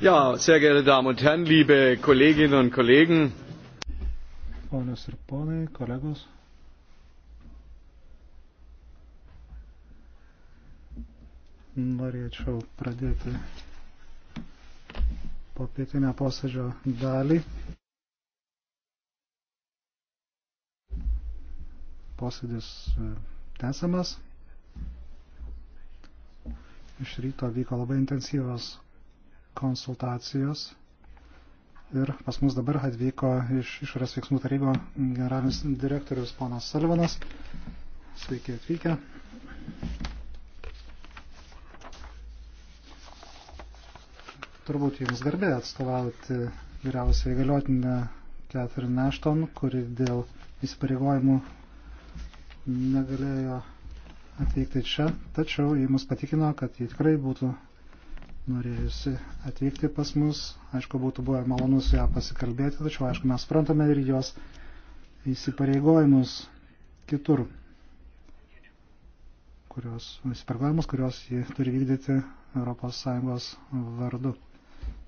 Ja, sehr geehrte Damen und Herren, liebe Kolleginnen und Kollegen. Ponios ir ponai, kolegos. Norėčiau pradėti popietinę posėdžio dalį. Posėdis e, tęsiamas. Iš ryto vyko labai intensyvas konsultacijos. Ir pas mus dabar atvyko iš išorės veiksmų tarybo generalinis direktorius ponas Salvanas. Sveiki atvykę. Turbūt jums garbė atstovauti vyriausiai galiotinę Catherine Ashton, kuri dėl įsipareigojimų negalėjo atvykti čia, tačiau jį mus patikino, kad jį tikrai būtų norėjusi atvykti pas mus. Aišku, būtų buvę malonu su ją pasikalbėti, tačiau, aišku, mes suprantame ir jos įsipareigojimus kitur, kurios, įsipareigojimus, kurios ji turi vykdyti ES vardu.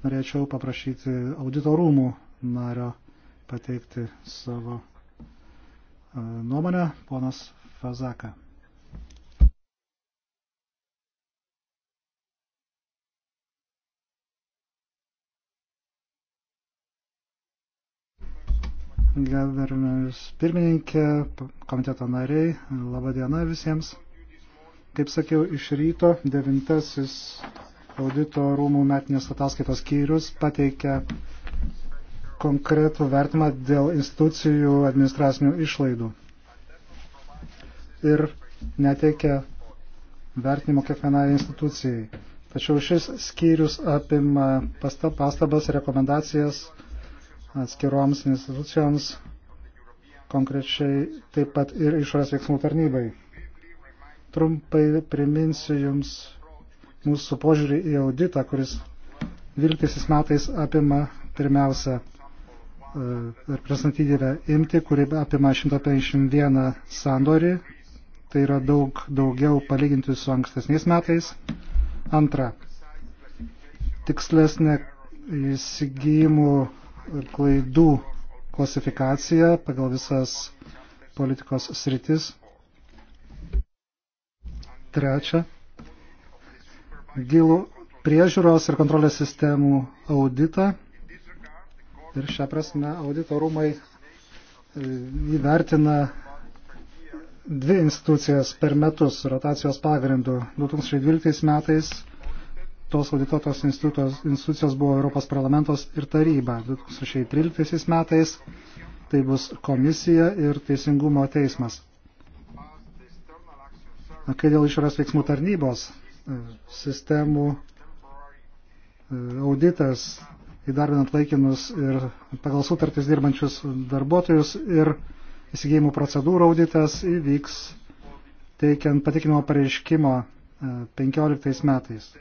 Norėčiau paprašyti auditorumų nario pateikti savo e, nuomonę, ponas Fazaka. Governors pirmininkė, komiteto nariai, laba diena visiems. Kaip sakiau, iš ryto devintasis audito rūmų metinės ataskaitos skyrius pateikia konkretų vertimą dėl institucijų administracinių išlaidų ir neteikia vertinimo kiekvienai institucijai. Tačiau šis skyrius apima pastabas, rekomendacijas atskiroms institucijoms, konkrečiai taip pat ir išorės veiksmų tarnybai. Trumpai priminsiu Jums mūsų požiūrį į auditą, kuris 12 metais apima pirmiausia e, reprezentatyvę imti, kuri apima 151 sandorį. Tai yra daug daugiau palyginti su ankstesniais metais. Antra, tikslesnė įsigijimų klaidų klasifikaciją pagal visas politikos sritis. Trečia, gilų priežiūros ir kontrolės sistemų auditą. Ir šią prasme audito rūmai e, įvertina dvi institucijas per metus rotacijos pagrindų. 2012 metais tos audituotos institucijos buvo Europos parlamentos ir taryba. 2013 metais tai bus komisija ir teisingumo teismas. Kai dėl išorės veiksmų tarnybos e, sistemų e, auditas įdarbinant laikinus ir pagal sutartis dirbančius darbuotojus ir įsigijimų procedūrų auditas įvyks teikiant patikinimo pareiškimo e, 15 metais.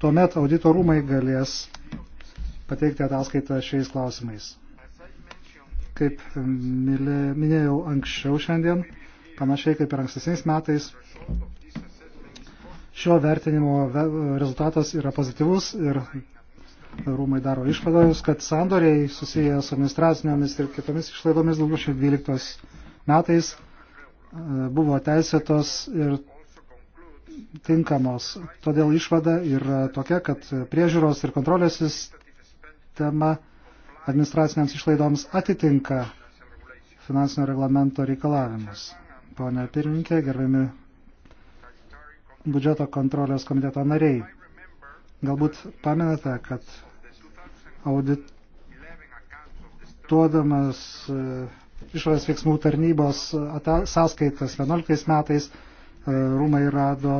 Tuomet auditorumai galės pateikti ataskaitą šiais klausimais. Kaip minėjau anksčiau šiandien, panašiai kaip ir ankstesniais metais, šio vertinimo rezultatas yra pozityvus ir rūmai daro išvadomis, kad sandoriai susiję su administracinėmis ir kitomis išlaidomis 2012 metais e, buvo teisėtos ir tinkamos. Todėl išvada yra tokia, kad priežiūros ir kontrolės sistema administraciniams išlaidoms atitinka finansinio reglamento reikalavimus. Pone pirmininkė, gerbiami biudžeto kontrolės komiteto nariai. Galbūt pamenate, kad audituodamas e, išorės veiksmų tarnybos sąskaitas 11 metais E, rūmai rado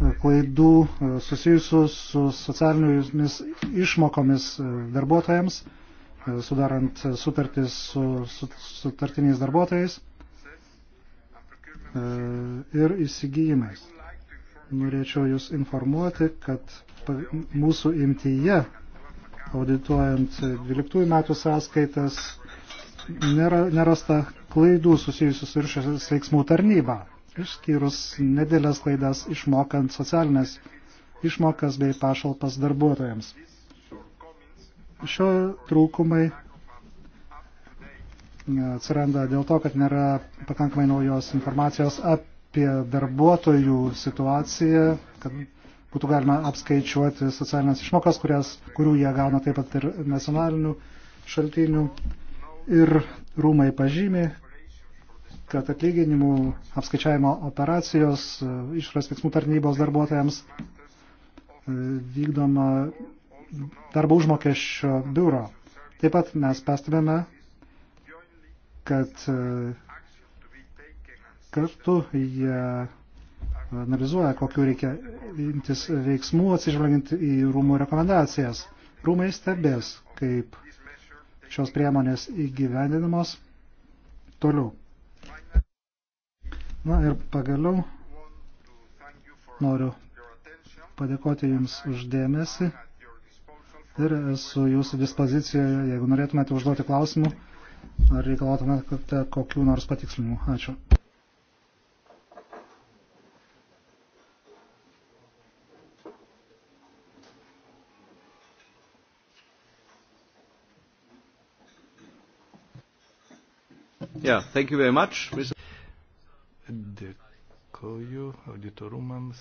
e, klaidų e, susijusių su socialinėmis išmokomis darbuotojams, sudarant sutartis su, su sutartiniais darbuotojais ir įsigijimais. Norėčiau Jūs informuoti, kad mūsų imtyje, audituojant 12 metų sąskaitas, nėra, nerasta klaidų susijusių su viršės veiksmų tarnyba išskyrus nedėlės klaidas išmokant socialinės išmokas bei pašalpas darbuotojams. Šio trūkumai e, atsiranda dėl to, kad nėra pakankamai naujos informacijos apie darbuotojų situaciją, kad būtų galima apskaičiuoti socialinės išmokas, kurias, kurių jie gauna taip pat ir nacionalinių šaltinių. Ir rūmai pažymė, kad atlyginimų apskaičiavimo operacijos e, išras veiksmų tarnybos darbuotojams e, vykdoma darbo užmokesčio biuro. Taip pat mes pastebėme, kad e, kartu jie analizuoja, kokiu reikia imtis veiksmų atsižvelgiant į rūmų rekomendacijas. Rūmai stebės, kaip šios priemonės įgyvendinamos toliau. Na ir pagaliau noriu padėkoti Jums uždėmesi ir esu Jūsų dispozicijoje, jeigu norėtumėte užduoti klausimų ar reikalautumėte kokių nors patikslinimų. Ačiū. Yeah, thank you very much, Mr. Dėkoju auditorumams.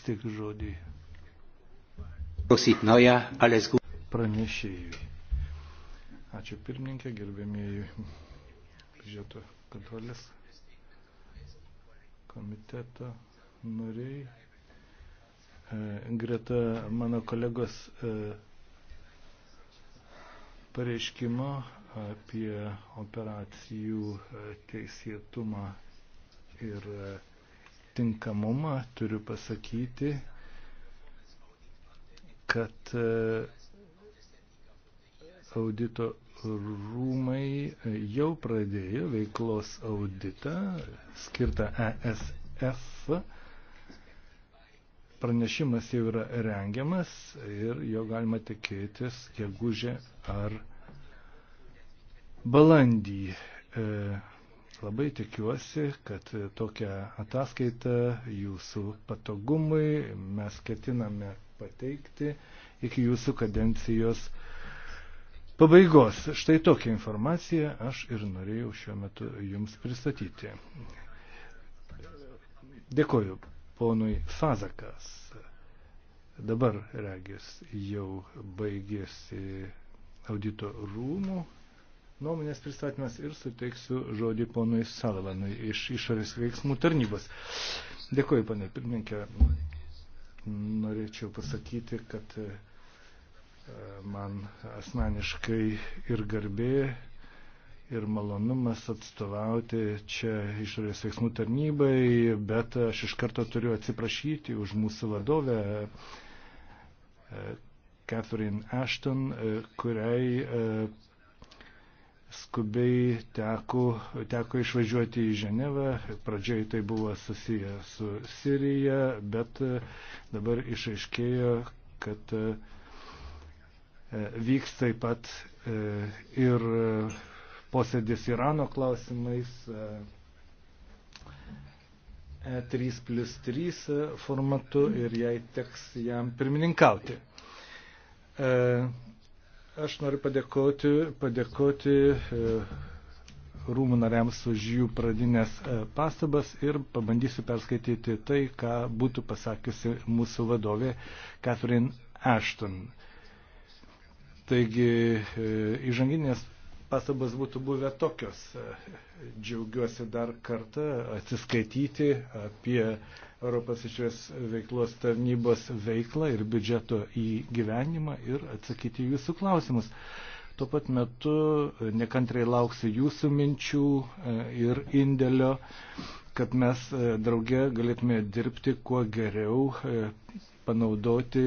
Stik žodį. Pranešėjui. Ačiū pirmininkė, gerbėmėjai biudžeto kontrolės komiteto nariai. E, greta mano kolegos e, pareiškimo apie operacijų e, teisėtumą ir e, tinkamumą, turiu pasakyti, kad e, audito rūmai jau pradėjo veiklos auditą skirtą ESF. Pranešimas jau yra rengiamas ir jo galima tikėtis gegužė ar balandį. E, labai tikiuosi, kad tokią ataskaitą jūsų patogumui mes ketiname pateikti iki jūsų kadencijos pabaigos. Štai tokią informaciją aš ir norėjau šiuo metu jums pristatyti. Dėkoju ponui Fazakas. Dabar regis jau baigėsi audito rūmų nuomonės pristatymas ir suteiksiu žodį ponui Salavanui iš išorės veiksmų tarnybos. Dėkuoju, panė pirmininkė. Norėčiau pasakyti, kad e, man asmeniškai ir garbė, ir malonumas atstovauti čia išorės veiksmų tarnybai, bet aš iš karto turiu atsiprašyti už mūsų vadovę e, Catherine Ashton, e, kuriai skubiai teko, teko išvažiuoti į Ženevą. Pradžiai tai buvo susiję su Sirija, bet e, dabar išaiškėjo, kad e, e, vyks taip pat ir posėdis Irano klausimais. E3 plus 3 formatu ir jai teks jam pirmininkauti. E, Aš noriu padėkoti, padėkoti e, rūmų nariams už jų pradinės e, pastabas ir pabandysiu perskaityti tai, ką būtų pasakiusi mūsų vadovė Catherine Ashton. Taigi, e, įžanginės pastabas būtų buvę tokios. Džiaugiuosi dar kartą atsiskaityti apie Europos išvės veiklos tarnybos veiklą ir biudžeto įgyvenimą ir atsakyti jūsų klausimus. Tuo pat metu nekantrai lauksiu jūsų minčių e, ir indėlio, kad mes e, drauge galėtume dirbti kuo geriau, e, panaudoti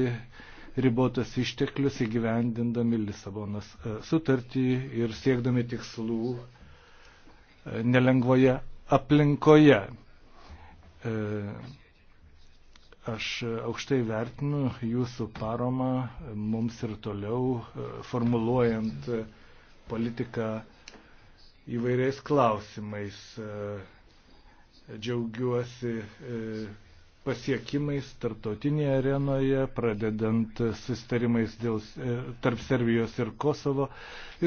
ribotus išteklius įgyvendindami Lisabonos e, sutartį ir siekdami tikslų e, nelengvoje aplinkoje. E, aš aukštai vertinu jūsų paramą mums ir toliau formuluojant politiką įvairiais klausimais. Džiaugiuosi pasiekimais tarptautinėje arenoje, pradedant sustarimais dėl, e, tarp Serbijos ir Kosovo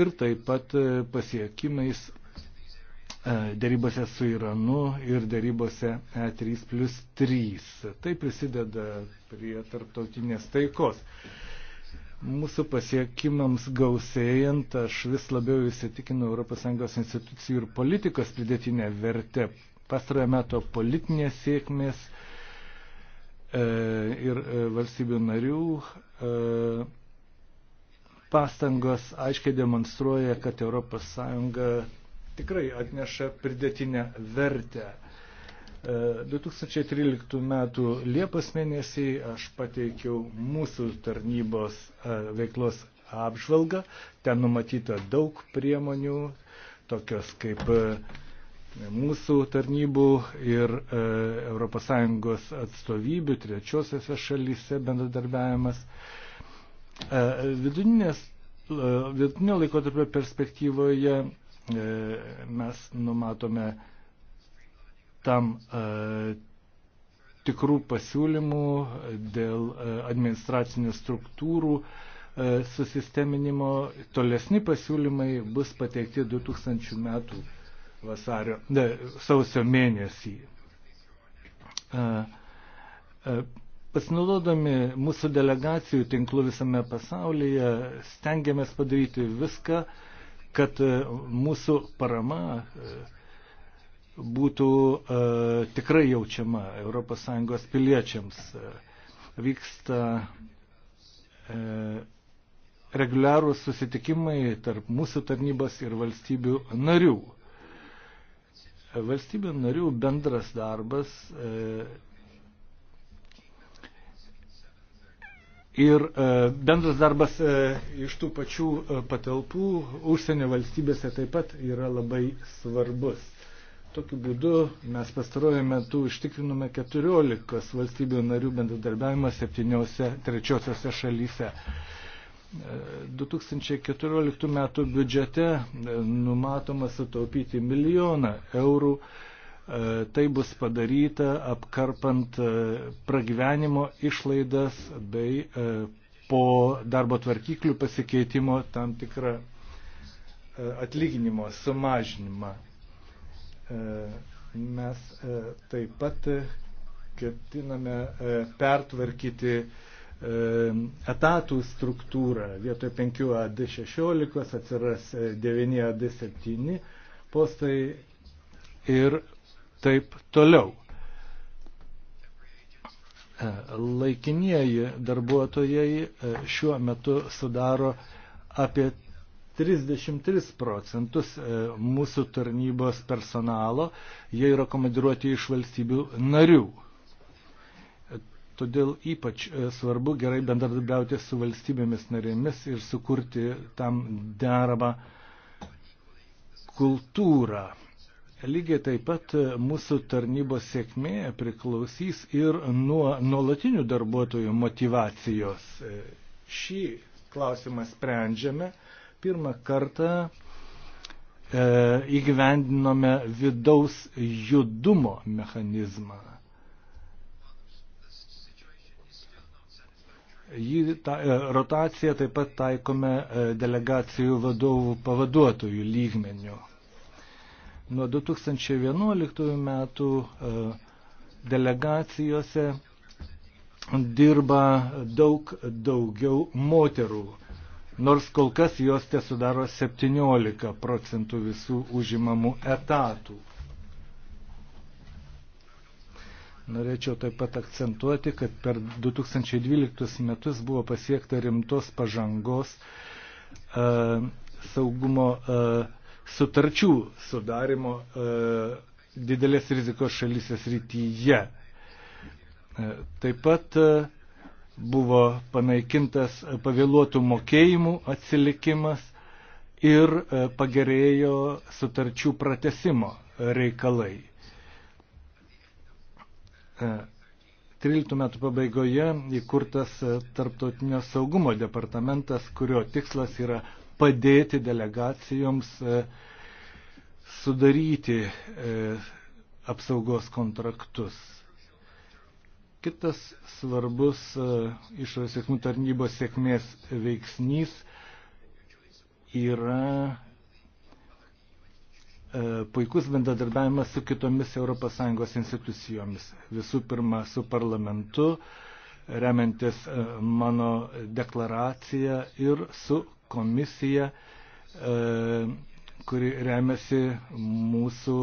ir taip pat e, pasiekimais e, dėrybose su Iranu ir dėrybose E3 plus 3. Tai prisideda prie tarptautinės taikos. Mūsų pasiekimams gausėjant, aš vis labiau įsitikinu ES institucijų ir politikos pridėtinę vertę. Pastarojo meto politinės sėkmės E, ir e, valstybių narių e, pastangos aiškiai demonstruoja, kad ES tikrai atneša pridėtinę vertę. 2013 m. Liepos mėnesį aš pateikiau mūsų tarnybos veiklos apžvalgą. Ten numatyta daug priemonių, tokios kaip mūsų tarnybų ir ES atstovybių trečiosiose šalyse bendradarbiavimas. E, Vidutinės, e, vidutinio laikotarpio perspektyvoje e, mes numatome tam tikrų pasiūlymų dėl administracinių struktūrų susisteminimo. Tolesni pasiūlymai bus pateikti 2000 metų vasario, ne, sausio mėnesį. Pasinaudodami mūsų delegacijų tinklų visame pasaulyje, stengiamės padaryti viską, kad mūsų parama būtų tikrai jaučiama ES piliečiams. Vyksta reguliarūs susitikimai tarp mūsų tarnybos ir valstybių narių. Valstybių narių bendras darbas e, ir e, bendras darbas e, iš tų pačių patalpų užsienio valstybėse taip pat yra labai svarbus. Tokiu būdu mes pastaruoju metu užtikrinome 14 valstybių narių bendradarbiavimą 7 trečiosiose šalyse. 2014 metų biudžete e, numatoma sutaupyti milijoną eurų. E, tai bus padaryta apkarpant e, pragyvenimo išlaidas bei po darbo tvarkyklių pasikeitimo tam tikrą atlyginimo sumažinimą. Mes taip pat ketiname pertvarkyti E, etatų struktūrą. Vietoj 5 AD16 atsiras 9 e, AD7 postai ir taip toliau. E, laikinieji darbuotojai šiuo metu sudaro apie 33 procentus mūsų tarnybos personalo, jie yra komandiruoti iš valstybių narių. Todėl ypač e, svarbu gerai bendradarbiauti su valstybėmis narėmis ir sukurti tam deramą kultūrą. Lygiai taip pat e, mūsų tarnybos sėkmė priklausys ir nuo nuolatinių darbuotojų motivacijos. E, Šį klausimą sprendžiame. Pirmą kartą e, įgyvendinome vidaus judumo mechanizmą Jį ta, e, rotaciją taip pat taikome e, delegacijų vadovų pavaduotojų lygmenių. Nuo 2011 metų e, delegacijose dirba daug daugiau moterų, nors kol kas jos te sudaro 17 procentų visų užimamų etatų. Norėčiau taip pat akcentuoti, kad per 2012 metus buvo pasiekta rimtos pažangos e, saugumo e, sutarčių sudarimo e, didelės rizikos šalyse srityje. E, taip pat e, buvo panaikintas pavėluotų mokėjimų atsilikimas ir e, pagerėjo sutarčių pratesimo reikalai. 13 e, metų pabaigoje įkurtas e, Tarptautinio saugumo departamentas, kurio tikslas yra padėti delegacijoms e, sudaryti apsaugos kontraktus. Kitas svarbus išorės veiksmų tarnybos sėkmės veiksnys yra E, puikus bendradarbiavimas su kitomis ES institucijomis. Visų pirma, su parlamentu, remiantis e, mano deklaraciją ir su komisija, e, kuri remiasi mūsų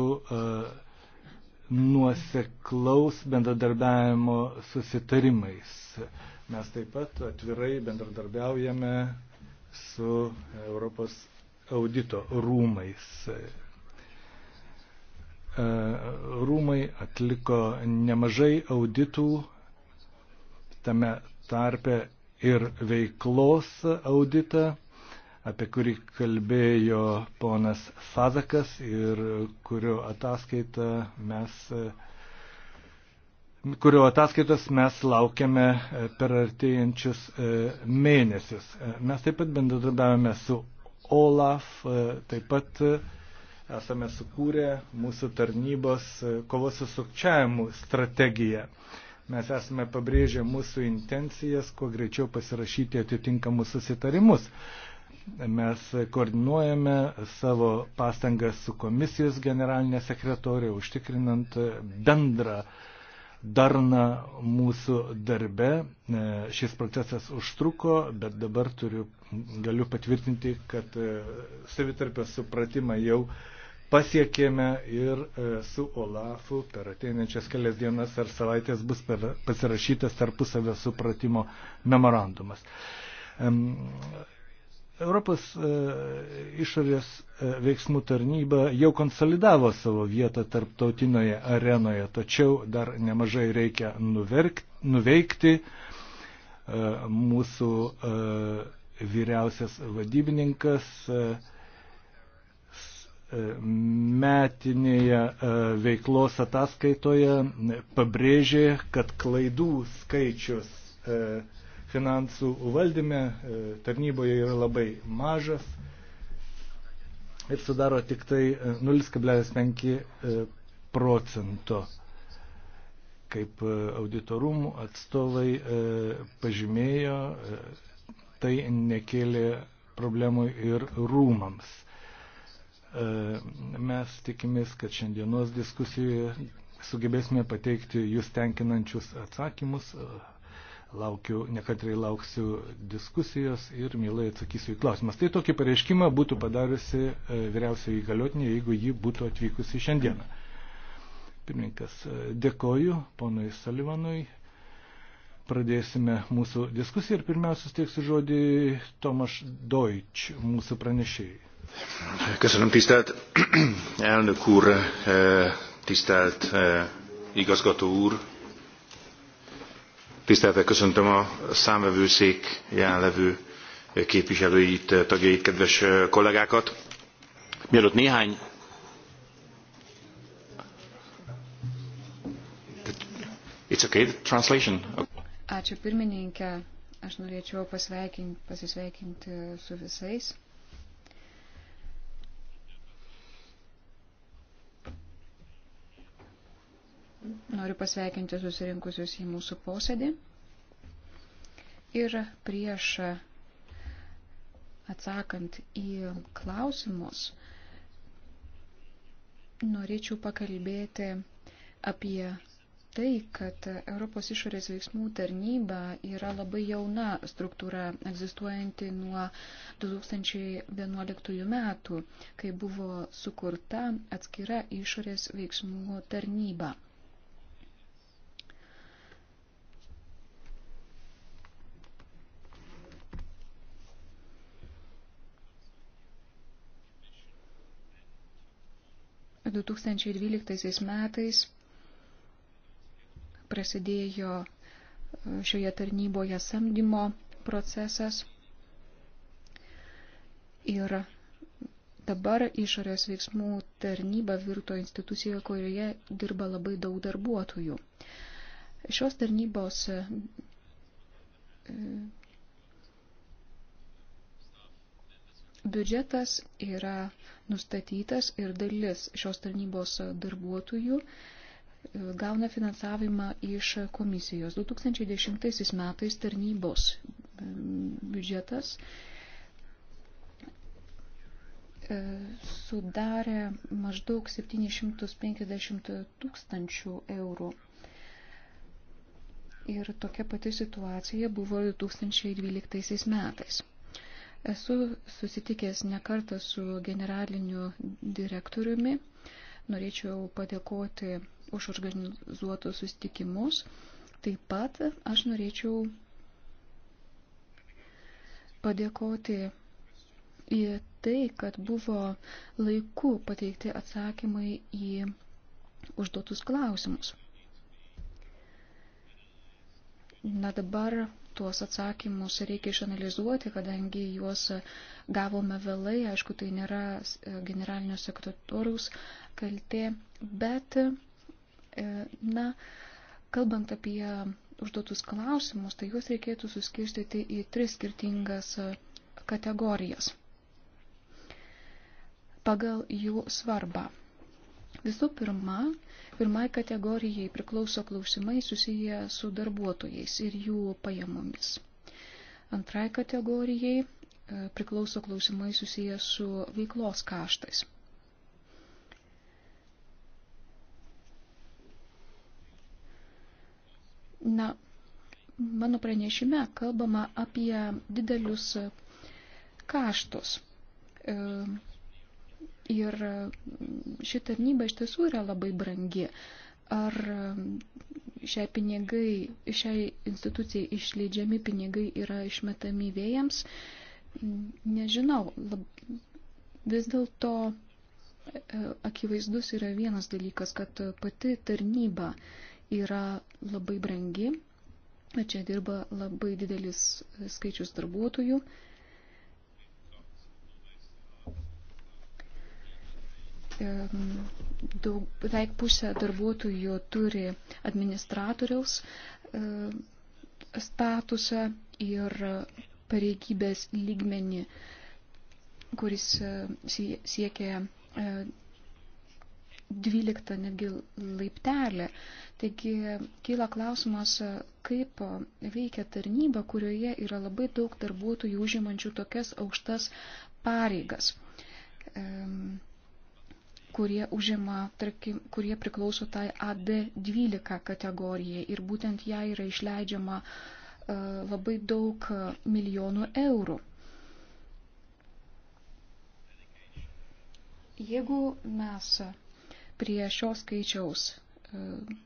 nuoseklaus bendradarbiavimo susitarimais. Mes taip pat atvirai bendradarbiaujame su Europos audito rūmais E, rūmai atliko nemažai auditų tame tarpe ir veiklos auditą, apie kurį kalbėjo ponas Fazakas ir kurio ataskaitą mes kurio ataskaitos mes laukiame per artėjančius e, mėnesius. E, mes taip pat bendradarbiavame su OLAF, taip pat esame sukūrę mūsų tarnybos kovos su sukčiavimu strategiją. Mes esame pabrėžę mūsų intencijas, kuo greičiau pasirašyti atitinkamus susitarimus. Mes koordinuojame savo pastangas su komisijos generalinė sekretorija, užtikrinant bendrą darną mūsų darbe. Šis procesas užtruko, bet dabar turiu, galiu patvirtinti, kad savitarpio supratimą jau uh, pasiekėme ir e, su Olafu per ateinančias kelias dienas ar savaitės bus pasirašytas tarpusavio supratimo memorandumas. Europos e, išorės e, veiksmų tarnyba jau konsolidavo savo vietą tarptautinoje arenoje, tačiau dar nemažai reikia nuverkt, nuveikti. Mūsų vyriausias vadybininkas E, metinėje e, veiklos ataskaitoje pabrėžė, kad klaidų skaičius e, finansų valdyme tarnyboje yra labai mažas ir sudaro tik tai 0,5 procento. Kaip auditorumų atstovai pažymėjo, tai nekėlė problemų ir rūmams. E, mes tikimės, kad šiandienos diskusijoje sugebėsime pateikti jūs tenkinančius atsakymus. E, laukiu, nekantrai lauksiu diskusijos ir mielai atsakysiu į klausimas. Tai tokį pareiškimą būtų padariusi e, vyriausiai įgaliotinė, jeigu ji būtų atvykusi šiandieną. Pirmininkas, dėkoju ponui Salivanui pradėsime mūsų diskusiją ir pirmiausia steiksiu žodį Tomaš Deutsch, mūsų pranešėjai. Köszönöm, tisztelt elnök úr, eh, tisztelt eh, igazgató úr, tisztelettel köszöntöm a számvevőszék jelenlevő képviselőit, eh, tagjait, kedves kollégákat. Mielőtt néhány It's okay, the translation. Ačiū pirmininkė. Aš norėčiau pasveikinti, pasisveikinti su visais. Noriu pasveikinti susirinkusius į mūsų posėdį. Ir prieš atsakant į klausimus, norėčiau pakalbėti apie tai, kad Europos išorės veiksmų tarnyba yra labai jauna struktūra, egzistuojanti nuo 2011 metų, kai buvo sukurta atskira išorės veiksmų tarnyba. 2012 metais prasidėjo e, šioje tarnyboje samdymo procesas ir dabar išorės veiksmų tarnyba virto institucijoje, kurioje dirba labai daug darbuotojų. Šios tarnybos e, Biudžetas yra nustatytas ir dalis šios tarnybos darbuotojų e, gauna finansavimą iš komisijos. 2010 metais tarnybos biudžetas e, sudarė maždaug 750 tūkstančių eurų. Ir tokia pati situacija buvo 2012 metais. Esu susitikęs nekartą su generaliniu direktoriumi. Norėčiau padėkoti už organizuotus susitikimus. Taip pat aš norėčiau padėkoti į tai, kad buvo laiku pateikti atsakymai į užduotus klausimus. Na dabar tuos atsakymus reikia išanalizuoti, kadangi juos gavome vėlai, aišku, tai nėra e, generalinio sekretoriaus kaltė, bet, e, na, kalbant apie užduotus klausimus, tai juos reikėtų suskirstyti į tris skirtingas e, kategorijas pagal jų svarbą. Visų pirma, pirmai kategorijai priklauso klausimai susiję su darbuotojais ir jų pajamomis. Antrai kategorijai e, priklauso klausimai susiję su veiklos kaštais. Na, mano pranešime kalbama apie didelius kaštus e, Ir mm, ši tarnyba iš tiesų yra labai brangi. Ar mm, šiai pinigai, šiai institucijai išleidžiami pinigai yra išmetami vėjams, mm, nežinau. Lab... Vis dėlto e, akivaizdus yra vienas dalykas, kad pati tarnyba yra labai brangi, čia dirba labai didelis skaičius darbuotojų, daug, beveik pusė darbuotojų turi administratoriaus e, statusą ir pareigybės lygmenį, kuris e, siekia 12 e, netgi laiptelį. Taigi kyla klausimas, kaip veikia tarnyba, kurioje yra labai daug darbuotojų užimančių tokias aukštas pareigas. Um, kurie užima, tarkim, kurie priklauso tai AB12 kategorijai ir būtent ją yra išleidžiama e, labai daug milijonų eurų. Jeigu mes prie šios skaičiaus e,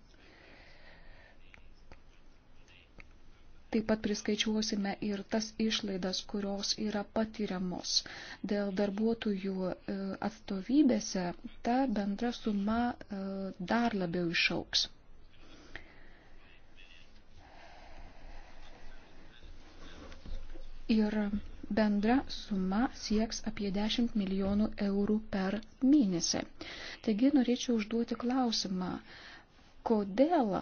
Taip pat priskaičiuosime ir tas išlaidas, kurios yra patiriamos dėl darbuotojų e, atstovybėse, ta bendra suma e, dar labiau išauks. Ir bendra suma sieks apie 10 milijonų eurų per mėnesį. Taigi norėčiau užduoti klausimą, kodėl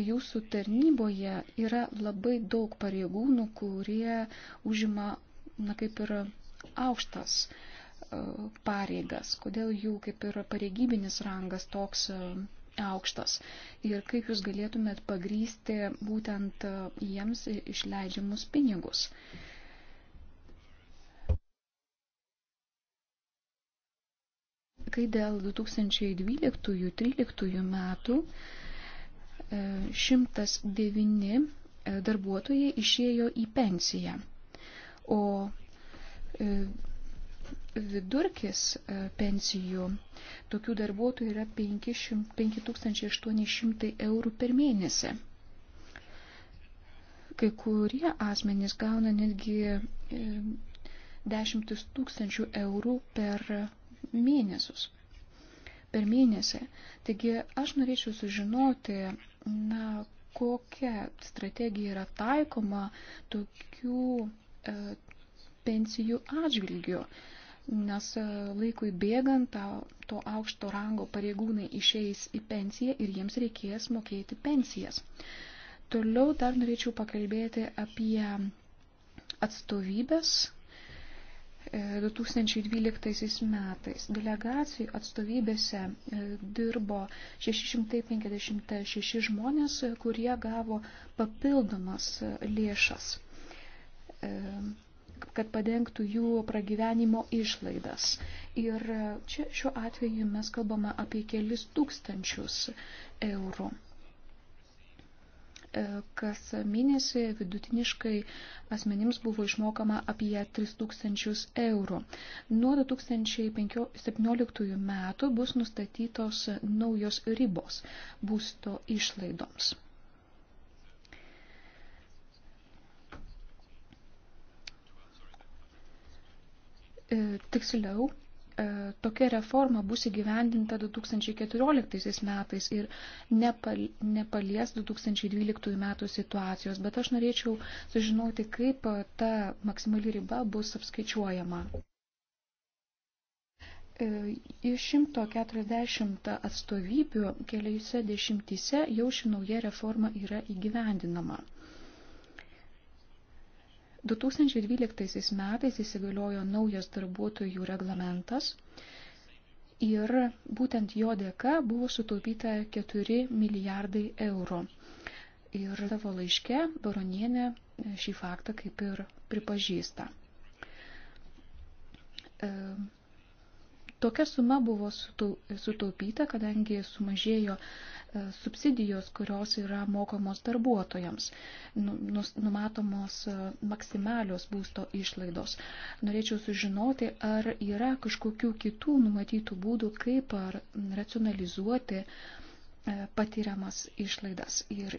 jūsų tarnyboje yra labai daug pareigūnų, kurie užima, na kaip ir aukštas e, pareigas, kodėl jų kaip ir pareigybinis rangas toks e, aukštas ir kaip jūs galėtumėt pagrysti būtent e, jiems išleidžiamus pinigus. Kai dėl 2012-2013 metų 109 e, e, darbuotojai išėjo į pensiją, o e, vidurkis pensijų tokių darbuotojų yra 5800 eurų per mėnesį. Kai kurie asmenys gauna netgi dešimtis tūkstančių eurų per mėnesius per mėnesį. Taigi aš norėčiau sužinoti, na, kokia strategija yra taikoma tokių e, pensijų atžvilgių. Nes e, laikui bėgant to, to aukšto rango pareigūnai išeis į pensiją ir jiems reikės mokėti pensijas. Toliau dar norėčiau pakalbėti apie atstovybės 2012 e, metais delegacijų atstovybėse e, dirbo 656 žmonės, kurie gavo papildomas e, lėšas, kad padengtų jų pragyvenimo išlaidas. Ir čia šiuo atveju mes kalbame apie kelis tūkstančius eurų. E, kas mėnesį vidutiniškai asmenims buvo išmokama apie 3000 eurų. Nuo 2017 metų bus nustatytos naujos ribos būsto išlaidoms. E, tiksliau, E, tokia reforma bus įgyvendinta 2014 metais ir nepalies 2012 metų situacijos, bet aš norėčiau sužinoti, kaip ta maksimali riba bus apskaičiuojama. E, iš 140 atstovybių keliose dešimtyse jau ši nauja reforma yra įgyvendinama. 2012 metais įsigaliojo naujas darbuotojų reglamentas ir būtent jo dėka buvo sutaupyta 4 milijardai eurų. Ir savo laiške baronienė šį faktą kaip ir pripažįsta. E, Tokia suma buvo sutaupyta, kadangi sumažėjo e, subsidijos, kurios yra mokamos darbuotojams, nu, numatomos e, maksimalios būsto išlaidos. Norėčiau sužinoti, ar yra kažkokių kitų numatytų būdų, kaip ar racionalizuoti e, patiriamas išlaidas ir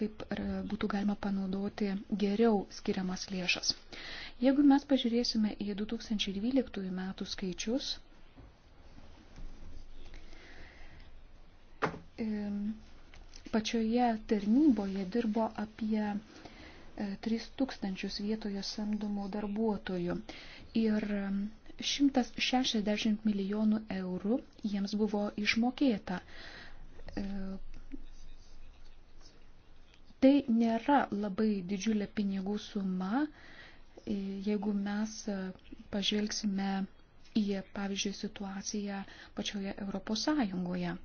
kaip būtų galima panaudoti geriau skiriamas lėšas. Jeigu mes pažiūrėsime į 2012 metų skaičius, pačioje tarnyboje dirbo apie 3000 e, vietoje samdomų darbuotojų ir 160 milijonų eurų jiems buvo išmokėta. E, tai nėra labai didžiulė pinigų suma, e, jeigu mes pažvelgsime į, pavyzdžiui, situaciją pačioje Europos Sąjungoje.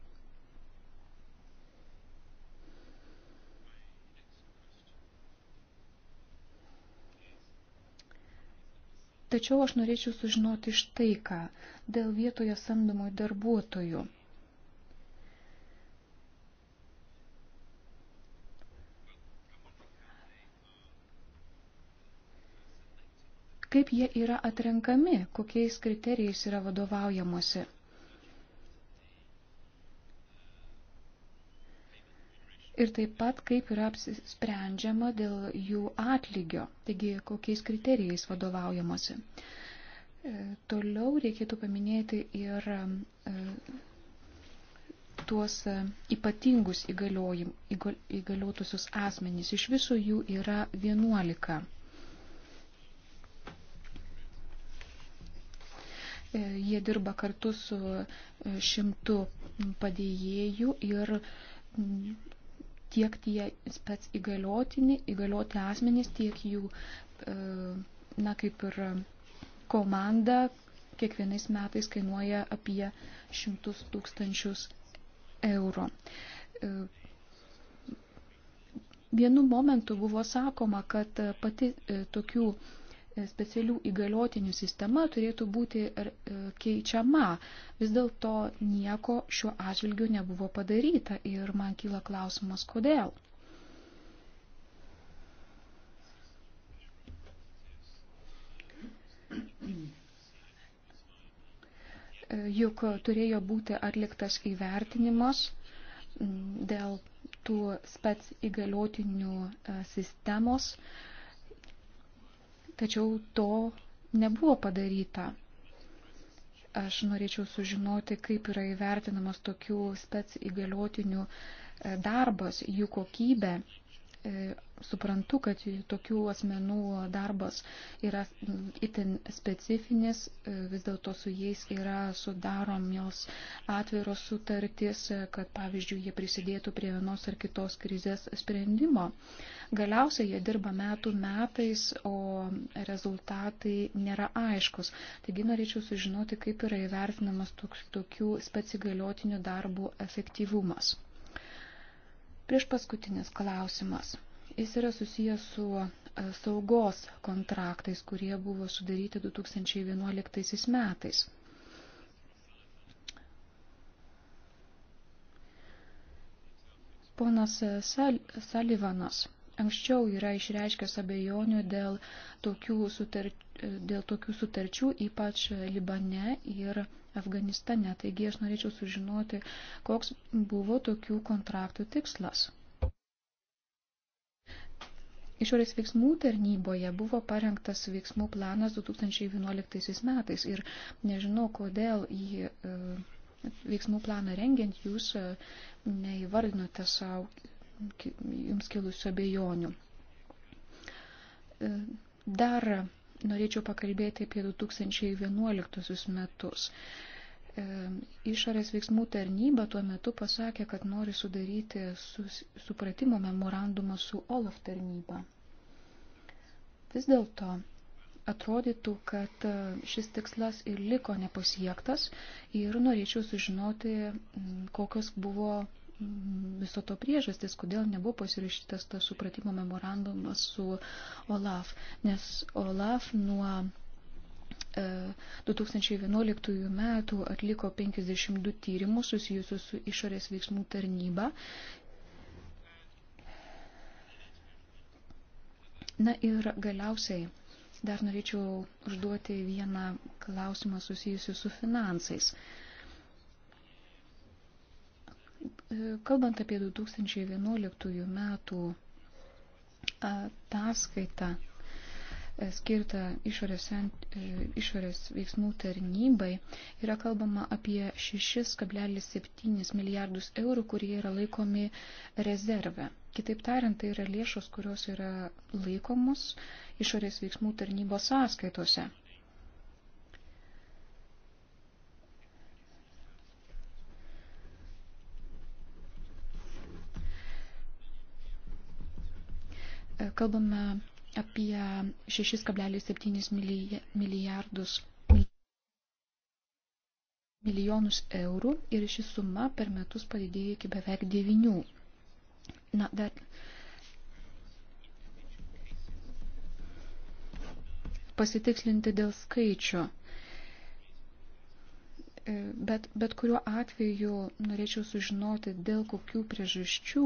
Tačiau aš norėčiau sužinoti štai ką dėl vietoje samdomų darbuotojų. Kaip jie yra atrenkami, kokiais kriterijais yra vadovaujamosi. ir taip pat kaip yra apsisprendžiama dėl jų atlygio, taigi kokiais kriterijais vadovaujamosi. E, toliau reikėtų paminėti ir e, tuos e, ypatingus įgaliotusius asmenys. Iš viso jų yra 11. Jie dirba kartu su šimtu padėjėjų ir tiek tie spec įgaliotini, įgalioti asmenys, tiek jų, e, na kaip ir komanda, kiekvienais metais kainuoja apie šimtus tūkstančius eurų. E, vienu momentu buvo sakoma, kad e, pati tokių specialių įgaliotinių sistema turėtų būti e, keičiama. Vis dėlto nieko šiuo atžvilgiu nebuvo padaryta ir man kyla klausimas, kodėl. E, juk turėjo būti atliktas įvertinimas dėl tų spec įgaliotinių e, sistemos, tačiau to nebuvo padaryta. Aš norėčiau sužinoti, kaip yra įvertinamas tokių spec įgaliotinių e, darbas, jų kokybė E, suprantu, kad tokių asmenų darbas yra itin specifinis, e, vis dėlto su jais yra sudaromios atviros sutartys, e, kad pavyzdžiui jie prisidėtų prie vienos ar kitos krizės sprendimo. Galiausiai jie dirba metų metais, o rezultatai nėra aiškus. Taigi norėčiau sužinoti, kaip yra įvertinamas tokių specigaliotinių darbų efektyvumas. Prieš paskutinis klausimas. Jis yra susijęs su e, saugos kontraktais, kurie buvo sudaryti 2011 metais. Ponas Salivanas. Sal anksčiau yra išreiškęs abejonių dėl tokių, sutar, dėl tokių sutarčių, ypač Libane ir Afganistane. Taigi aš norėčiau sužinoti, koks buvo tokių kontraktų tikslas. Išorės veiksmų tarnyboje buvo parengtas veiksmų planas 2011 metais ir nežinau, kodėl jį e, veiksmų planą rengiant jūs e, neįvardinote savo jums kilusių abejonių. E, dar norėčiau pakalbėti apie 2011 metus. E, išorės veiksmų tarnyba tuo metu pasakė, kad nori sudaryti sus, supratimo memorandumą su OLAF tarnyba. Vis dėlto atrodytų, kad e, šis tikslas ir liko nepasiektas ir norėčiau sužinoti, kokios buvo viso to priežastis, kodėl nebuvo pasirašytas tas supratimo memorandumas su OLAF, nes OLAF nuo 2011 e, metų atliko 52 tyrimus susijusius su išorės veiksmų tarnyba. Na ir galiausiai dar norėčiau užduoti vieną klausimą susijusiu su finansais. Uh, E, kalbant apie 2011 metų ataskaitą e, skirtą išorės, e, išorės veiksmų tarnybai, yra kalbama apie 6,7 milijardus eurų, kurie yra laikomi rezerve. Kitaip tariant, tai yra lėšos, kurios yra laikomos išorės veiksmų tarnybos sąskaitose. kalbame apie 6,7 milijardus milijonus eurų ir ši suma per metus padidėjo iki beveik 9. Na, dar pasitikslinti dėl skaičių. E, bet, bet kuriuo atveju norėčiau sužinoti, dėl kokių priežasčių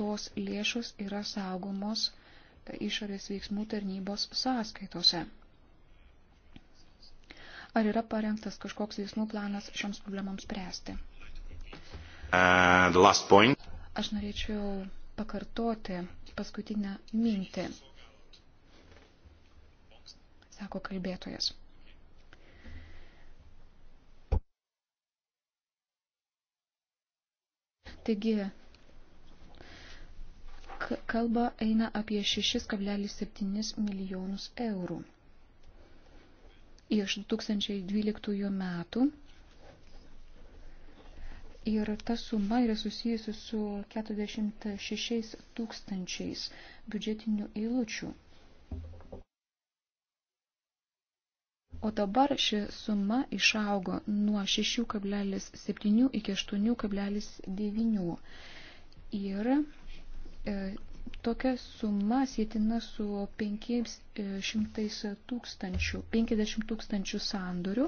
tos lėšos yra saugomos uh, išorės veiksmų tarnybos sąskaitose. Ar yra parengtas kažkoks veiksmų planas šioms problemams spręsti? Uh, Aš norėčiau pakartoti paskutinę mintį, sako kalbėtojas. Taigi, kalba eina apie 6,7 milijonus eurų. Iš 2012 metų ir ta suma yra susijusi su 46 tūkstančiais biudžetinių eilučių. O dabar ši suma išaugo nuo 6,7 iki 8,9. Ir E, tokia suma sėtina su 500 e, tūkstančių, 50 tūkstančių sandorių,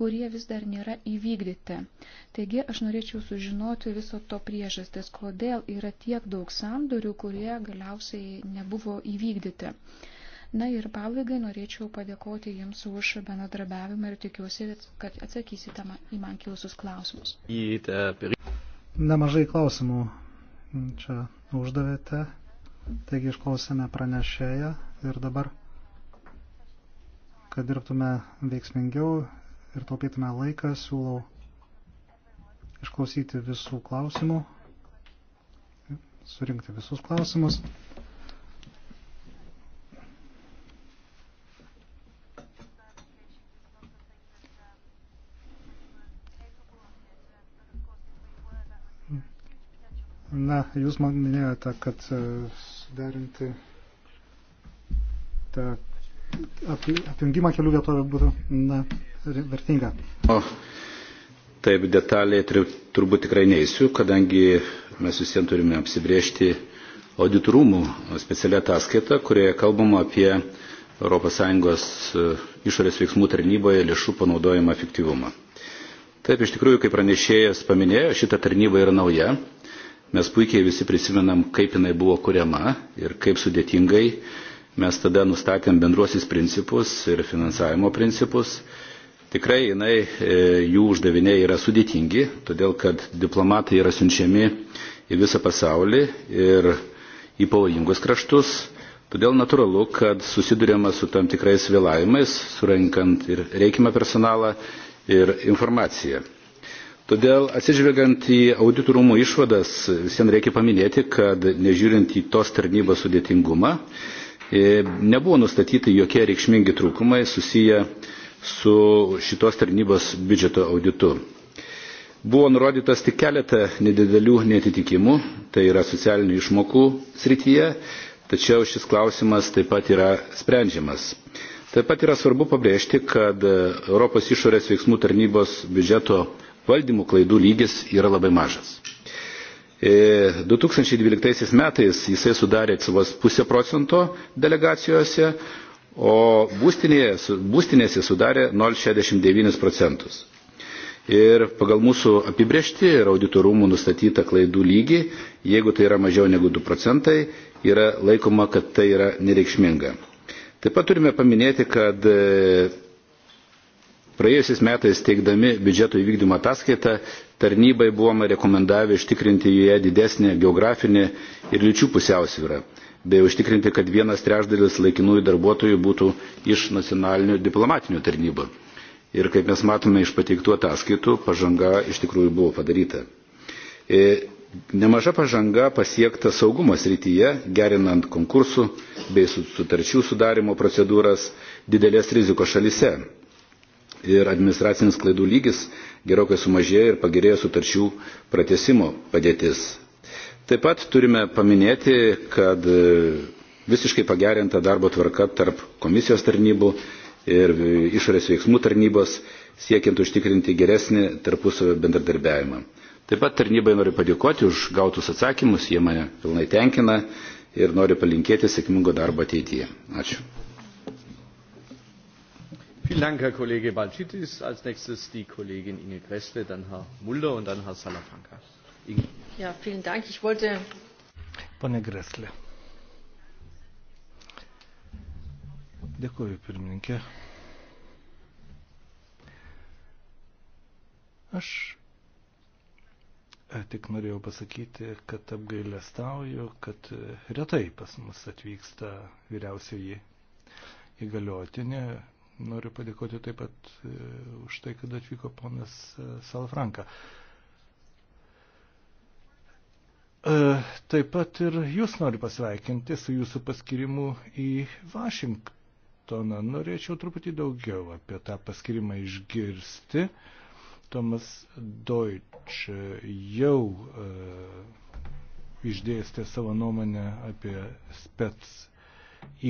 kurie vis dar nėra įvykdyti. Taigi aš norėčiau sužinoti viso to priežastis, kodėl yra tiek daug sandorių, kurie galiausiai nebuvo įvykdyti. Na ir pabaigai norėčiau padėkoti Jums už bendradarbiavimą ir tikiuosi, kad atsakysite į man kilusius klausimus. Nemažai klausimų čia uždavėte. Taigi išklausėme pranešėją ir dabar, kad dirbtume veiksmingiau ir taupytume laiką, siūlau išklausyti visų klausimų, surinkti visus klausimus. Na, jūs man minėjote, kad e, suderinti tą apjungimą kelių vietovių būtų na, vertinga. O, taip, detaliai turbūt tikrai neįsiu, kadangi mes visiems turime apsibriežti auditorumų specialią ataskaitą, kurioje kalbama apie ES e, išorės veiksmų tarnyboje lėšų panaudojimą efektyvumą. Taip, iš tikrųjų, kaip pranešėjas paminėjo, šita tarnyba yra nauja Mes puikiai visi prisimenam, kaip jinai buvo kuriama ir kaip sudėtingai mes tada nustatėm bendruosius principus ir finansavimo principus. Tikrai jinai, e, jų uždaviniai yra sudėtingi, todėl kad diplomatai yra siunčiami į visą pasaulį ir į pavojingus kraštus. Todėl natūralu, kad susidurėma su tam tikrais vėlavimais, surinkant ir reikimą personalą ir informaciją. Todėl atsižvelgiant į auditorumo išvadas, visiems reikia paminėti, kad nežiūrint į tos tarnybos sudėtingumą, e, nebuvo nustatyti jokie reikšmingi trūkumai susiję su šitos tarnybos biudžeto auditu. Buvo nurodytas tik keletą nedidelių netitikimų, tai yra socialinių išmokų srityje, tačiau šis klausimas taip pat yra sprendžiamas. Taip pat yra svarbu pabrėžti, kad Europos išorės veiksmų tarnybos biudžeto valdymų klaidų lygis yra labai mažas. 2012 e, metais jisai sudarė vos pusę procento delegacijose, o būstinėje, būstinėse sudarė 0,69 procentus. Ir pagal mūsų apibriešti ir auditorumų nustatytą klaidų lygį, jeigu tai yra mažiau negu 2 procentai, yra laikoma, kad tai yra nereikšminga. Taip pat turime paminėti, kad e, Praėjusiais metais teikdami biudžeto įvykdymo ataskaitą, tarnybai buvome rekomendavę ištikrinti joje didesnį geografinį ir lyčių pusiausvyrą, bei užtikrinti, kad vienas trešdalis laikinųjų darbuotojų būtų iš nacionalinių diplomatinių tarnybų. Ir kaip mes matome iš pateiktų ataskaitų, pažanga iš tikrųjų buvo padaryta. E, nemaža pažanga pasiekta saugumo srityje, gerinant konkursų bei sutarčių sudarimo procedūras didelės rizikos šalise ir administracinis klaidų lygis gerokai sumažėjo ir pagerėjo sutarčių pratesimo padėtis. Taip pat turime paminėti, kad e, visiškai pagerinta darbo tvarka tarp komisijos tarnybų ir e, išorės veiksmų tarnybos siekiant užtikrinti geresnį tarpusavio bendradarbiavimą. Taip pat tarnybai noriu padėkoti už gautus atsakymus, jie mane pilnai tenkina ir noriu palinkėti sėkmingo darbo ateityje. Ačiū. Vielen Dank, Herr Kollege Balcitis. Als nächstes die Kollegin Inge Gressle, dann Herr Mulder und dann Herr Salafranca. Inge. Ja, vielen Dank. Ich wollte. Pane Gressle. Dėkuoju, pirmininkė. Aš e, tik norėjau pasakyti, kad apgailestauju, kad e, retai pas mus atvyksta vyriausioji įgaliotinė Noriu padėkoti taip pat e, už tai, kad atvyko ponas e, Salafranka. E, taip pat ir jūs noriu pasveikinti su jūsų paskirimu į Vašingtoną. Norėčiau truputį daugiau apie tą paskirimą išgirsti. Tomas Deutsch jau išdėstė savo nuomonę apie spets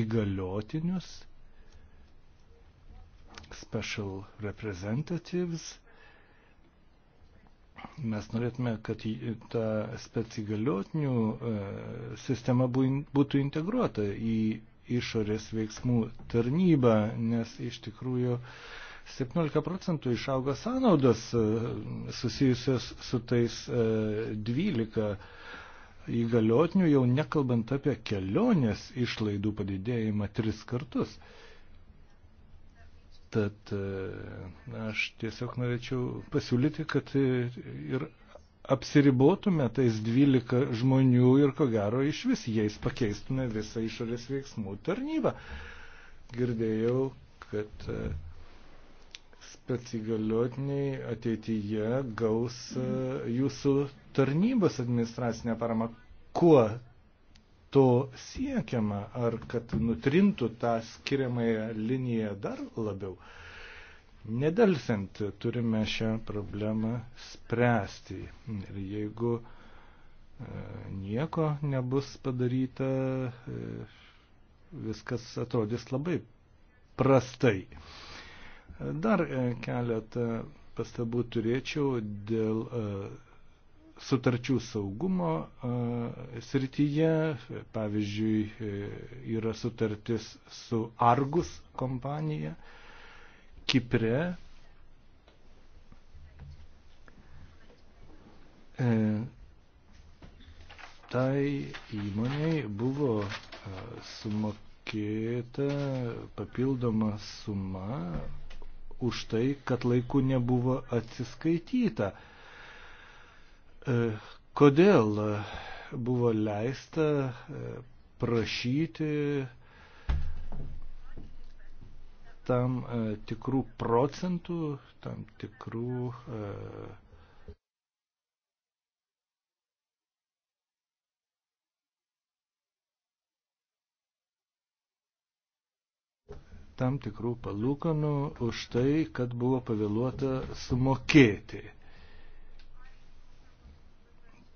įgaliotinius special representatives. Mes norėtume, kad ta specigaliotinių e, sistema būtų integruota į išorės veiksmų tarnybą, nes iš tikrųjų 17 procentų išauga sąnaudos e, susijusios su tais 12 e, įgaliotinių, jau nekalbant apie kelionės išlaidų padidėjimą tris kartus. Tad e, aš tiesiog norėčiau pasiūlyti, kad ir apsiribotume tais 12 žmonių ir ko gero iš vis jais pakeistume visą išorės veiksmų tarnybą. Girdėjau, kad e, specialiotiniai ateityje gaus e, jūsų tarnybos administracinę paramą. Kuo to siekiama, ar kad nutrintų tą skiriamąją liniją dar labiau. Nedelsiant turime šią problemą spręsti. Ir jeigu e, nieko nebus padaryta, e, viskas atrodys labai prastai. Dar e, keletą pastabų turėčiau dėl sutarčių saugumo srityje, pavyzdžiui, e, yra sutartis su Argus kompanija Kipre. E, tai įmoniai buvo sumokėta papildoma suma už tai, kad laiku nebuvo atsiskaityta. E, E, kodėl buvo leista e, prašyti tam e, tikrų procentų, tam tikrų tam tikrų palūkanų už tai, kad buvo pavėluota sumokėti.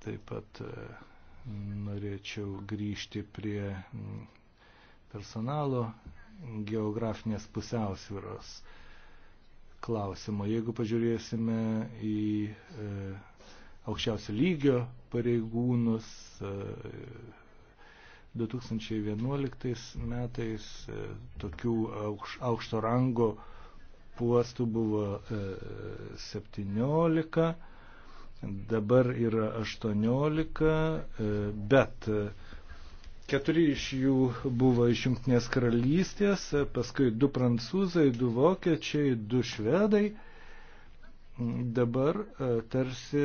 Taip pat e, norėčiau grįžti prie personalo geografinės pusiausviros klausimo. Jeigu pažiūrėsime į e, aukščiausio lygio pareigūnus, e, 2011 metais e, tokių aukš, aukšto rango puostų buvo e, 17 dabar yra 18, e, bet keturi iš jų buvo iš Junktinės karalystės, e, paskui du prancūzai, du vokiečiai, du švedai. Dabar e, tarsi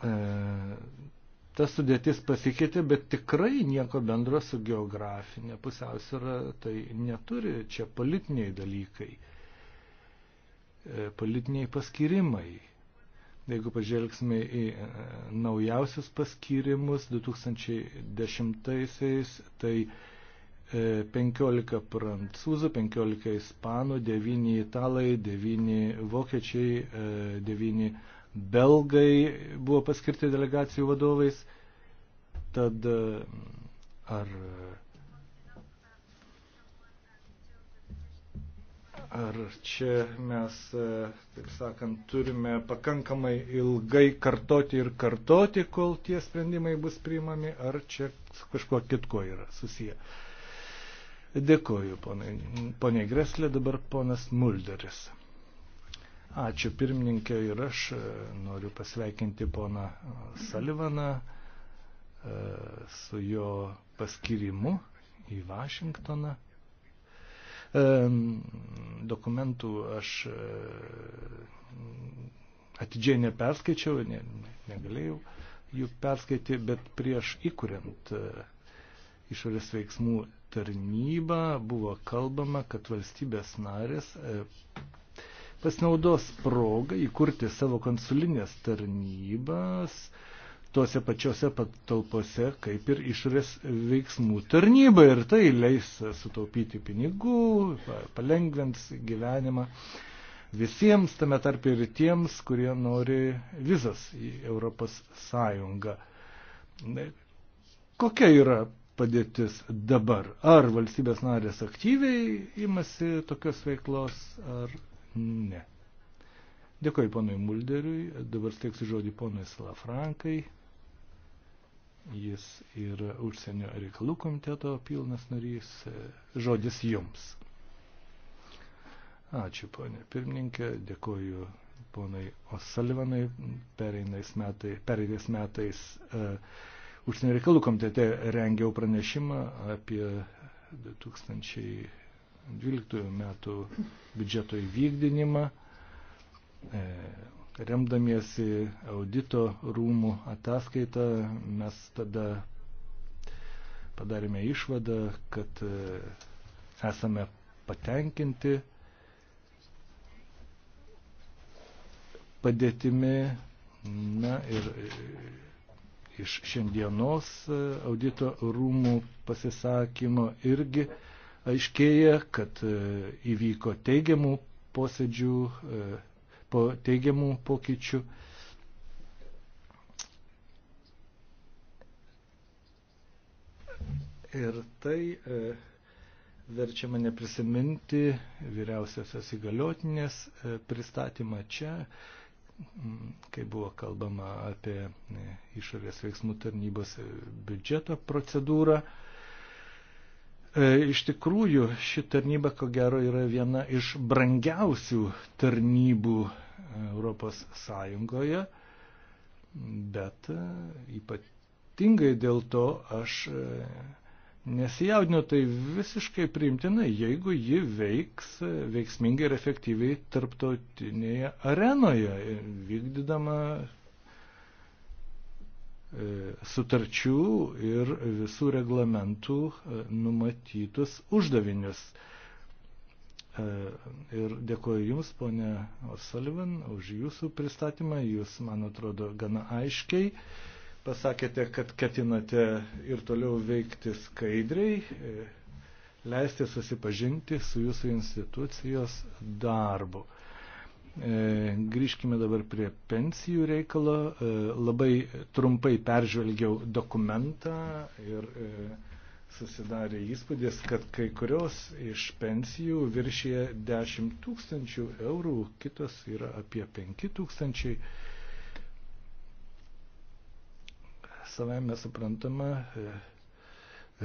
ta sudėtis pasikeitė, bet tikrai nieko bendro su geografinė pusiausvėra tai neturi, čia politiniai dalykai, politiniai paskirimai. Jeigu pažvelgsime į e, naujausius paskyrimus 2010-aisiais, tai 15 e, prancūzų, 15 ispanų, 9 italai, 9 vokiečiai, 9 e, belgai buvo paskirti delegacijų vadovais. Tad ar ar čia mes, e, taip sakant, turime pakankamai ilgai kartoti ir kartoti, kol tie sprendimai bus priimami, ar čia kažkuo kitko yra susiję. Dėkoju, ponai, poniai Greslė, dabar ponas Mulderis. Ačiū pirmininkė ir aš e, noriu pasveikinti poną Salivaną e, su jo paskirimu į Vašingtoną. Dokumentų aš e, atidžiai neperskaičiau, ne, negalėjau jų perskaityti, bet prieš įkuriant e, išorės veiksmų tarnybą buvo kalbama, kad valstybės narės e, pasinaudos progą įkurti savo konsulinės tarnybas, tuose pačiuose patalpose, kaip ir išorės veiksmų tarnyba. Ir tai leis sutaupyti pinigų, palengvins gyvenimą visiems, tame tarp ir tiems, kurie nori vizas į Europos Sąjungą. Kokia yra padėtis dabar? Ar valstybės narės aktyviai imasi tokios veiklos, ar ne? Dėkoju ponui Mulderiui, dabar steiksiu žodį ponui Salafrankai. Jis yra užsienio reikalų komiteto pilnas narys. Žodis jums. Ačiū, ponė pirmininkė. Dėkoju ponai O'Sullivanai. Pereitais metai, pereitais metais uh, užsienio reikalų komitete rengiau pranešimą apie 2012 metų biudžeto įvykdinimą. Uh, remdamiesi audito rūmų ataskaitą, mes tada padarėme išvadą, kad e, esame patenkinti padėtimi. Na ir e, iš šiandienos e, audito rūmų pasisakymo irgi aiškėja, kad įvyko teigiamų posėdžių po teigiamų pokyčių. Ir tai e, verčia mane prisiminti vyriausiosios įgaliotinės e, pristatymą čia, m, kai buvo kalbama apie e, išorės veiksmų tarnybos e, biudžeto procedūrą. E, E, iš tikrųjų, ši tarnyba, ko gero, yra viena iš brangiausių tarnybų e, Europos Sąjungoje, bet e, ypatingai dėl to aš nesijaudinu, tai visiškai priimtina, jeigu ji veiks veiksmingai ir efektyviai tarptautinėje arenoje, vykdydama E, sutarčių ir visų reglamentų e, numatytus uždavinius. E, ir dėkoju Jums, ponė O'Sullivan, už Jūsų pristatymą. Jūs, man atrodo, gana aiškiai pasakėte, kad ketinate ir toliau veikti skaidriai, leisti susipažinti su Jūsų institucijos darbu. E, grįžkime dabar prie pensijų reikalo. E, labai trumpai peržvelgiau dokumentą ir e, susidarė įspūdis, kad kai kurios iš pensijų viršyje 10 tūkstančių eurų, kitos yra apie 5 tūkstančiai. Savai mes suprantama,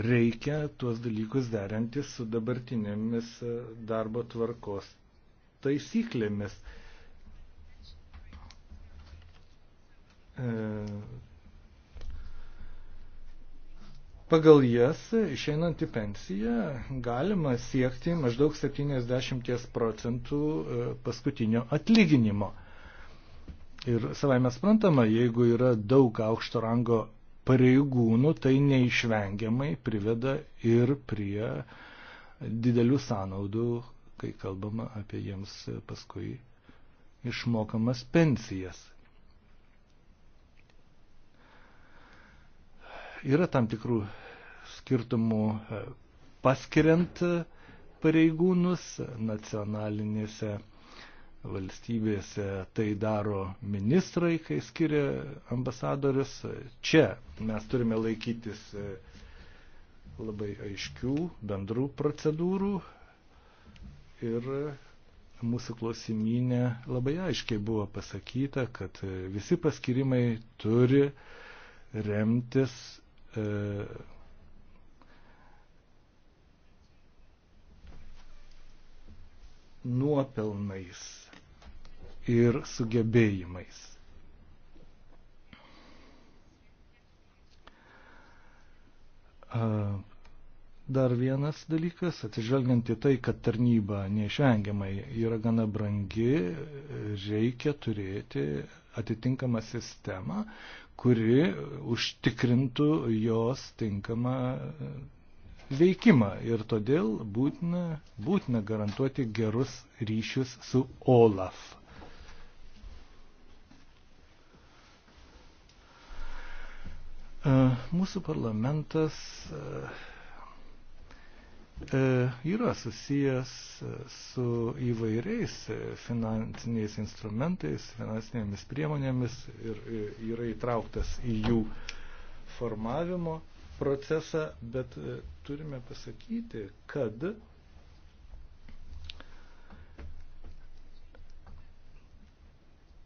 reikia tuos dalykus derinti su dabartinėmis darbo tvarkos taisyklėmis. E, pagal jas, išeinant į pensiją, galima siekti maždaug 70 procentų e, paskutinio atlyginimo. Ir savai mes sprantama, jeigu yra daug aukšto rango pareigūnų, tai neišvengiamai priveda ir prie didelių sąnaudų kai kalbama apie jiems paskui išmokamas pensijas. Yra tam tikrų skirtumų e, paskiriant pareigūnus nacionalinėse valstybėse tai daro ministrai, kai skiria ambasadorius. Čia mes turime laikytis e, labai aiškių bendrų procedūrų, ir mūsų klausimynė labai aiškiai buvo pasakyta, kad e, visi paskirimai turi remtis e, nuopelnais ir sugebėjimais. E, Dar vienas dalykas, atsižvelgiant į tai, kad tarnyba neišvengiamai yra gana brangi, reikia turėti atitinkamą sistemą, kuri užtikrintų jos tinkamą veikimą. Ir todėl būtina, būtina garantuoti gerus ryšius su OLAF. Mūsų parlamentas E, yra susijęs e, su įvairiais e, finansiniais instrumentais, finansinėmis priemonėmis ir yra įtrauktas į jų formavimo procesą, bet turime pasakyti, kad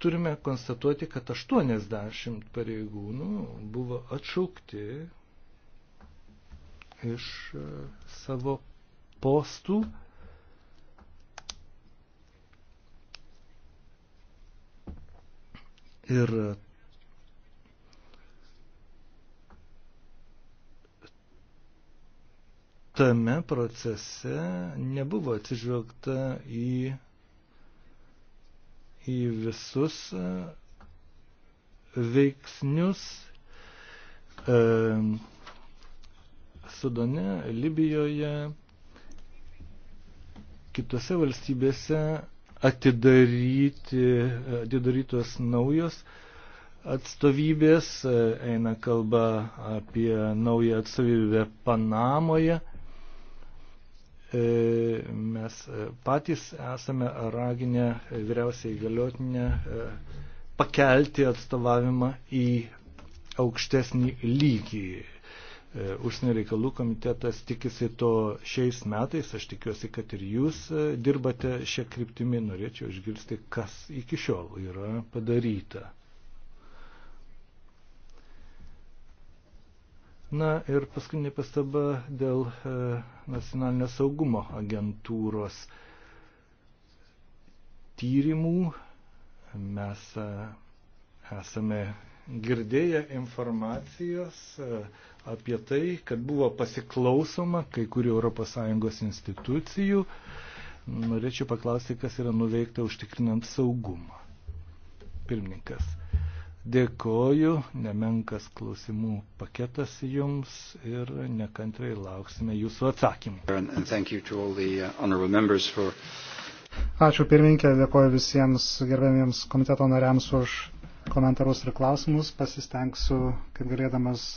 turime konstatuoti, kad 80 pareigūnų buvo atšaukti iš e, savo postų. Ir e, tame procese nebuvo atsižvelgta į, į visus e, veiksnius. E, Sudane, Libijoje, kitose valstybėse atidaryti, atidarytos naujos atstovybės, eina kalba apie naują atstovybę Panamoje. E, mes patys esame raginę vyriausiai galiotinę e, pakelti atstovavimą į aukštesnį lygį. E, užsienio reikalų komitetas tikisi to šiais metais, aš tikiuosi, kad ir jūs e, dirbate šią kryptimį, norėčiau išgirsti, kas iki šiol yra padaryta. Na ir paskutinė pastaba dėl e, nacionalinės saugumo agentūros tyrimų. Mes e, esame girdėję informacijos. E, apie tai, kad buvo pasiklausoma kai kurių ES institucijų. Norėčiau paklausti, kas yra nuveikta užtikrinant saugumą. Pirmininkas. Dėkoju, nemenkas klausimų paketas jums ir nekantrai lauksime jūsų atsakymų. Uh, Ačiū pirmininkė, dėkoju visiems gerbėmiems komiteto nariams už komentarus ir klausimus. Pasistengsiu, kaip galėdamas,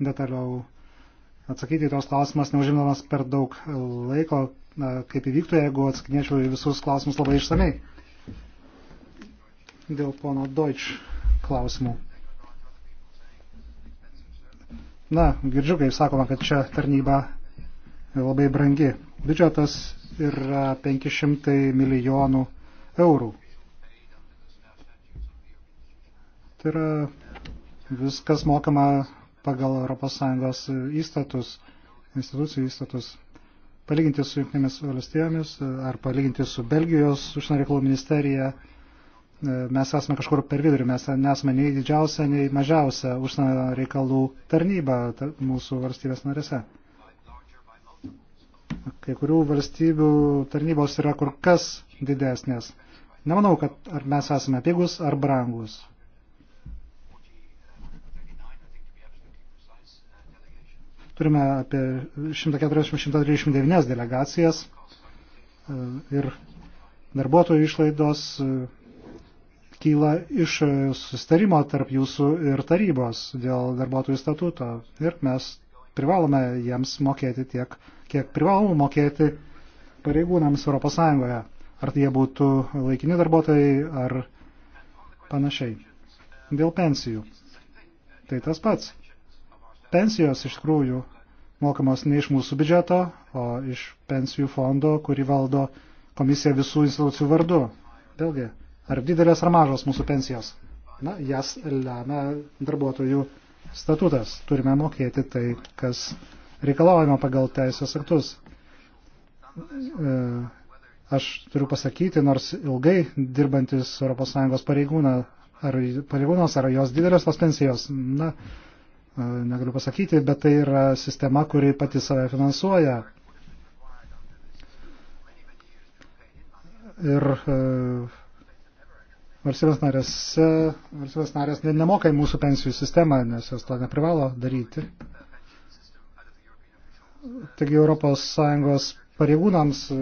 detaliau atsakyti į tos klausimas, neužimdamas per daug laiko, kaip įvyktų, jeigu atsakinėčiau į visus klausimus labai išsamei. Dėl pono Deutsch klausimų. Na, girdžiu, kaip sakoma, kad čia tarnyba labai brangi. Biudžetas yra 500 milijonų eurų. Tai yra viskas mokama pagal ES įstatus, institucijų įstatus. Palyginti su Junktinėmis valstijomis e, ar palyginti su Belgijos užsienio reikalų ministerija, e, mes esame kažkur per vidurį, mes nesame nei didžiausia, nei mažiausia užsienio reikalų tarnyba mūsų valstybės narėse. Kai kurių valstybių tarnybos yra kur kas didesnės. Nemanau, kad ar mes esame pigus ar brangus. Turime apie 140-139 delegacijas e, ir darbuotojų išlaidos e, kyla iš e, sustarimo tarp jūsų ir tarybos dėl darbuotojų statuto. Ir mes privalome jiems mokėti tiek, kiek privalome mokėti pareigūnams ES. Ar tai jie būtų laikini darbuotojai ar panašiai. Dėl pensijų. Tai tas pats. Pensijos iš tikrųjų mokamos ne iš mūsų biudžeto, o iš pensijų fondo, kurį valdo komisija visų institucijų vardu. Vėlgi, ar didelės ar mažos mūsų pensijos? Na, jas lemia darbuotojų statutas. Turime mokėti tai, kas reikalaujama pagal teisės aktus. E, aš turiu pasakyti, nors ilgai dirbantis ES pareigūnas ar, pareigūnas, ar jos didelės tos pensijos, na, E, negaliu pasakyti, bet tai yra sistema, kuri pati save finansuoja. Ir e, valstybės narės, valstybės narės nemoka į mūsų pensijų sistemą, nes jos to neprivalo daryti. Taigi Europos Sąjungos pareigūnams e,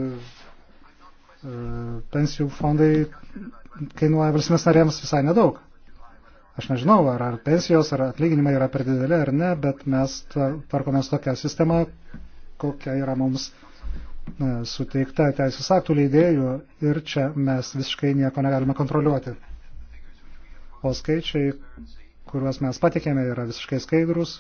pensijų fondai kainuoja valstybės narėms visai nedaug. Aš nežinau, ar, ar pensijos, ar atlyginimai yra per dideli ar ne, bet mes tvarkomės tokią sistemą, kokia yra mums e, suteikta teisės aktų leidėjų ir čia mes visiškai nieko negalime kontroliuoti. O skaičiai, kuriuos mes patikėme, yra visiškai skaidrus.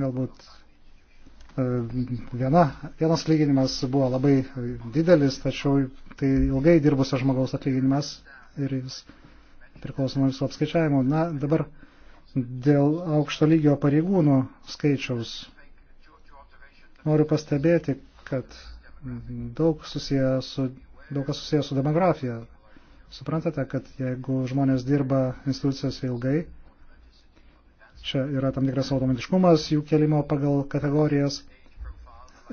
Galbūt e, viena, vienas atlyginimas buvo labai didelis, tačiau tai ilgai dirbusio žmogaus atlyginimas ir jis priklausomai visų apskaičiavimų. Na, dabar dėl aukšto lygio pareigūnų skaičiaus noriu pastebėti, kad daug, susiję su, daug kas susiję su demografija. Suprantate, kad jeigu žmonės dirba institucijose ilgai, čia yra tam tikras automatiškumas jų kelimo pagal kategorijas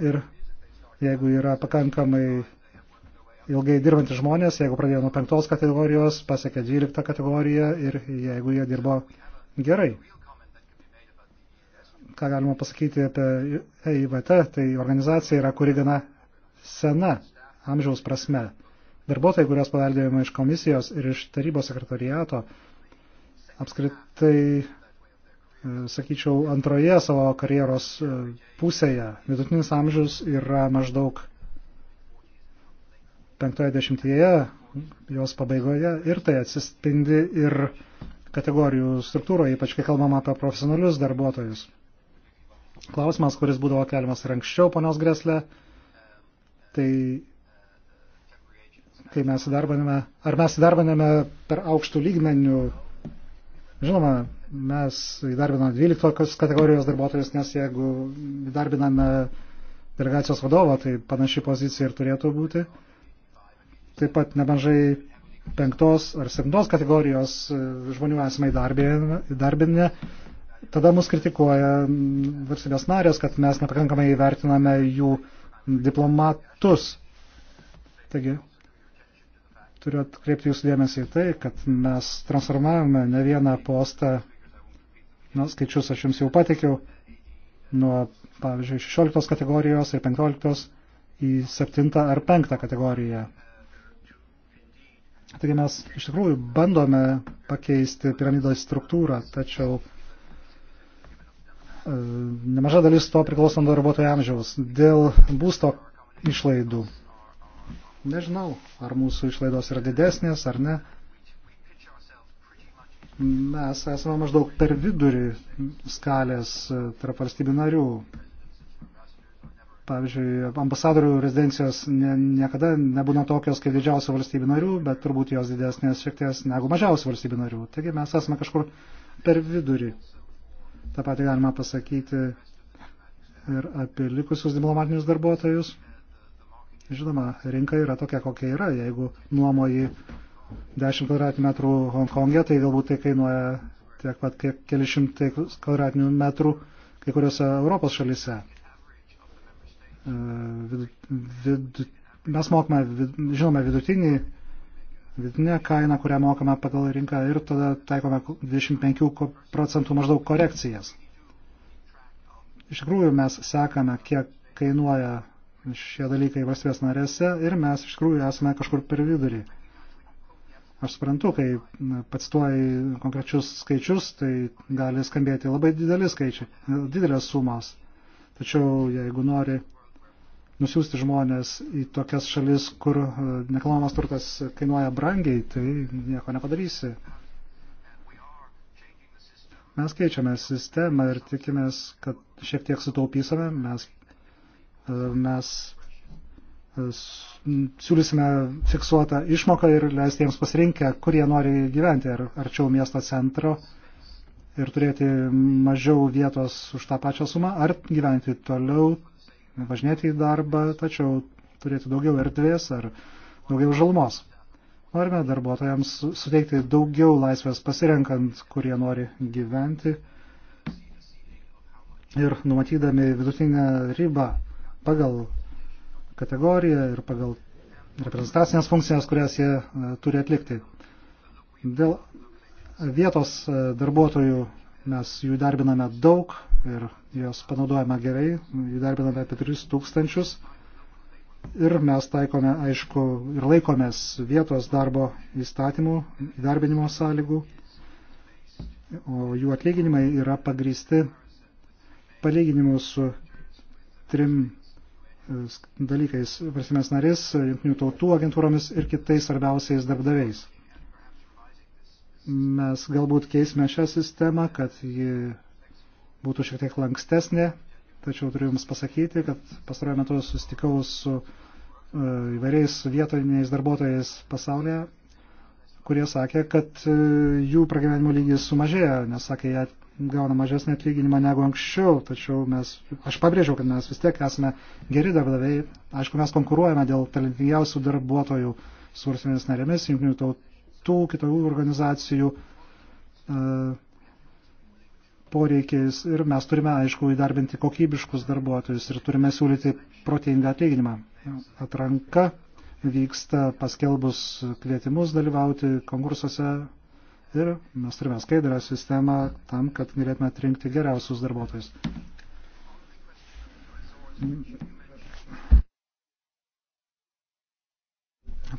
ir jeigu yra pakankamai ilgai dirbantys žmonės, jeigu pradėjo nuo penktos kategorijos, pasiekė dvyliktą kategoriją ir jeigu jie dirbo gerai. Ką galima pasakyti apie EIVT, tai organizacija yra kuri gana sena amžiaus prasme. Darbuotojai, kurios paveldėjome iš komisijos ir iš tarybos sekretariato, apskritai, e, sakyčiau, antroje savo karjeros e, pusėje vidutinis amžius yra maždaug 50-ieje, jos pabaigoje ir tai atsispindi ir kategorijų struktūroje, ypač kai kalbam apie profesionalius darbuotojus. Klausimas, kuris būdavo keliamas ir anksčiau, ponios Greslė, tai kai mes įdarbiname, ar mes įdarbiname per aukštų lygmenių, žinoma, mes įdarbiname 12 kategorijos darbuotojus, nes jeigu įdarbiname delegacijos vadovą, tai panaši pozicija ir turėtų būti taip pat nemažai penktos ar septintos kategorijos e, žmonių esame įdarbinę, tada mus kritikuoja mm, valstybės narės, kad mes nepakankamai įvertiname jų diplomatus. Taigi, turiu atkreipti jūsų dėmesį į tai, kad mes transformavome ne vieną postą, nu, skaičius aš jums jau patikiau, nuo, pavyzdžiui, 16 kategorijos ir 15 į 7 ar 5 kategoriją. Taigi mes iš tikrųjų bandome pakeisti piramidos struktūrą, tačiau e, nemaža dalis to priklauso nuo darbuotojų amžiaus. Dėl būsto išlaidų. Nežinau, ar mūsų išlaidos yra didesnės ar ne. Mes esame maždaug per vidurį skalės e, tarp valstybių narių. Pavyzdžiui, ambasadorių rezidencijos ne, niekada nebūna tokios kaip didžiausių valstybių narių, bet turbūt jos didesnės šiek tiek negu mažiausių valstybių narių. Taigi mes esame kažkur per vidurį. Ta pati galima pasakyti ir apie likusius diplomatinius darbuotojus. Žinoma, rinka yra tokia, kokia yra. Jeigu nuomoji 10 kvadratmetrų Hongkongė, e, tai galbūt tai kainuoja tiek pat kiek keli šimtai kvadratinių metrų kai kuriuose Europos šalyse. Vid, vid, mes mokame, vid, žinome, vidutinį, vidutinę kainą, kurią mokame pagal rinką ir tada taikome 25 procentų maždaug korekcijas. Iš tikrųjų mes sekame, kiek kainuoja šie dalykai valstybės narėse ir mes iš tikrųjų esame kažkur per vidurį. Aš suprantu, kai pacituoji konkrečius skaičius, tai gali skambėti labai dideli skaičiai, didelės sumos. Tačiau jeigu nori nusiųsti žmonės į tokias šalis, kur e, nekilnojamas turtas kainuoja brangiai, tai nieko nepadarysi. Mes keičiame sistemą ir tikimės, kad šiek tiek sutaupysime, mes, e, mes e, siūlysime fiksuotą išmoką ir leisti jiems pasirinkę, kur jie nori gyventi, ar arčiau miesto centro ir turėti mažiau vietos už tą pačią sumą, ar gyventi toliau važinėti į darbą, tačiau turėti daugiau erdvės ar daugiau žalmos. Norime darbuotojams suteikti daugiau laisvės pasirenkant, kurie nori gyventi ir numatydami vidutinę ribą pagal kategoriją ir pagal reprezentacinės funkcijas, kurias jie e, turi atlikti. Dėl vietos e, darbuotojų Mes jų darbiname daug ir jos panaudojame gerai, jų darbiname apie 3 tūkstančius ir mes taikome, aišku, ir laikomės vietos darbo įstatymų, įdarbinimo sąlygų, o jų atlyginimai yra pagristi palyginimu su trim e, dalykais - valstybės narės, jungtinių tautų agentūromis ir kitais svarbiausiais darbdaviais mes galbūt keisime šią sistemą, kad ji būtų šiek tiek lankstesnė, tačiau turiu Jums pasakyti, kad pastaruoju metu susitikau su e, įvairiais vietoniais darbuotojais pasaulyje, kurie sakė, kad e, jų pragyvenimo lygis sumažėjo, nes sakė, jie gauna mažesnį atlyginimą negu anksčiau, tačiau mes, aš pabrėžiau, kad mes vis tiek esame geri darbdaviai, aišku, mes konkuruojame dėl talentingiausių darbuotojų su valstybėmis narėmis, jungtinių tautų kitų, kitų organizacijų e, poreikiais ir mes turime, aišku, įdarbinti kokybiškus darbuotojus ir turime siūlyti proteingą atlyginimą. Atranka vyksta paskelbus kvietimus dalyvauti konkursuose ir mes turime skaidrą sistemą tam, kad galėtume atrinkti geriausius darbuotojus.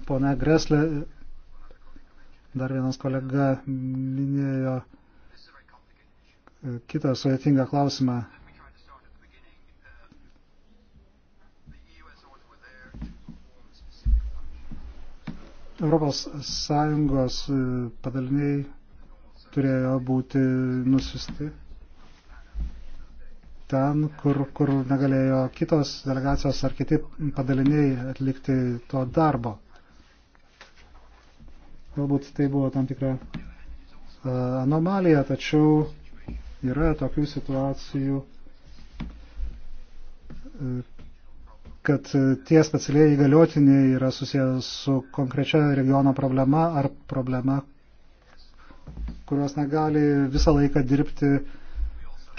Pone Greslė Dar vienas kolega minėjo e, kitą sudėtingą klausimą. Europos Sąjungos e, padaliniai turėjo būti nusiusti ten, kur, kur negalėjo kitos delegacijos ar kiti padaliniai atlikti to darbo. Galbūt tai buvo tam tikra anomalija, tačiau yra tokių situacijų, e, kad tie specialiai įgaliotiniai yra susijęs su konkrečia regiono problema ar problema, kurios negali visą laiką dirbti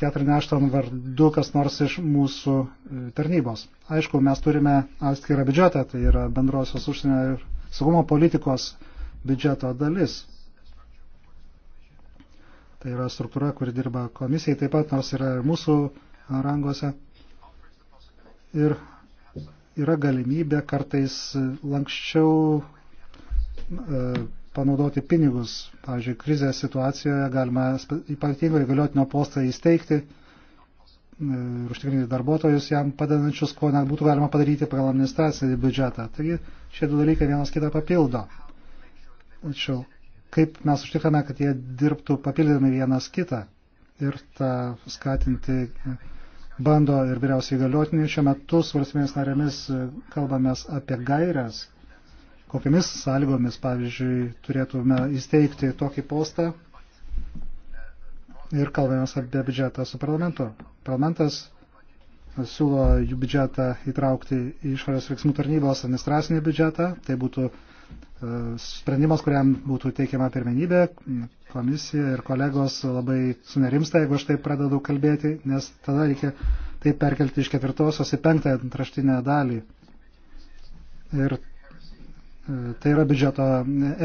Catherine Ashton vardu kas nors iš mūsų e, tarnybos. Aišku, mes turime atskirą biudžetą, tai yra bendrosios užsienio ir saugumo politikos biudžeto dalis. Tai yra struktūra, kuri dirba komisijai, taip pat nors yra ir mūsų rangose. Ir yra galimybė kartais lankščiau e, panaudoti pinigus. Pavyzdžiui, krizės situacijoje galima ypatingai galiotinio postą įsteigti e, ir užtikrinti darbuotojus jam padedančius, ko net būtų galima padaryti pagal administracinį biudžetą. Taigi šie du dalykai vienas kitą papildo. Tačiau kaip mes užtikrame, kad jie dirbtų papildydami vienas kitą ir tą skatinti bando ir vyriausiai galiotinį. Šiuo metu su valstybėmis narėmis kalbamės apie gairias, kokiamis sąlygomis, pavyzdžiui, turėtume įsteigti tokį postą ir kalbamės apie biudžetą su parlamentu. Parlamentas siūlo jų biudžetą įtraukti į išorės veiksmų tarnybos administracinį biudžetą, tai būtų E, sprendimas, kuriam būtų teikiama pirmenybė, komisija ir kolegos labai sunerimsta, jeigu aš tai pradedu kalbėti, nes tada reikia tai perkelti iš ketvirtosios į penktąją antraštinę dalį. Ir e, tai yra biudžeto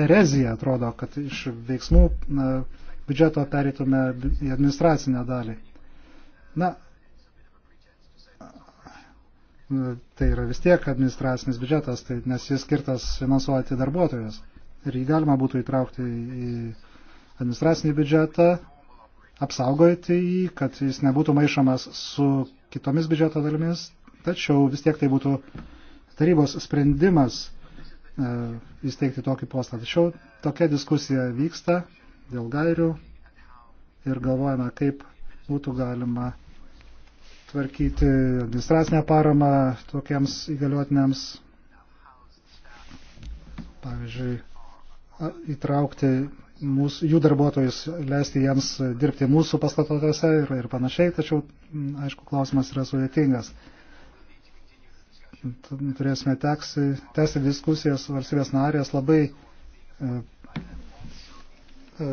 erezija, atrodo, kad iš veiksmų biudžeto perėtume į administracinę dalį. Na, tai yra vis tiek administracinis biudžetas, tai, nes jis skirtas finansuoti darbuotojus. Ir jį galima būtų įtraukti į administracinį biudžetą, apsaugoti jį, kad jis nebūtų maišomas su kitomis biudžeto dalimis, tačiau vis tiek tai būtų tarybos sprendimas e, įsteigti tokį postą. Tačiau tokia diskusija vyksta dėl gairių ir galvojame, kaip būtų galima tvarkyti administracinę paramą tokiems įgaliotiniams, pavyzdžiui, įtraukti mūsų, jų darbuotojus, leisti jiems dirbti mūsų pastatotose ir, ir panašiai, tačiau, aišku, klausimas yra sudėtingas. Turėsime teksi, tęsti diskusijas, valstybės narės labai e, e,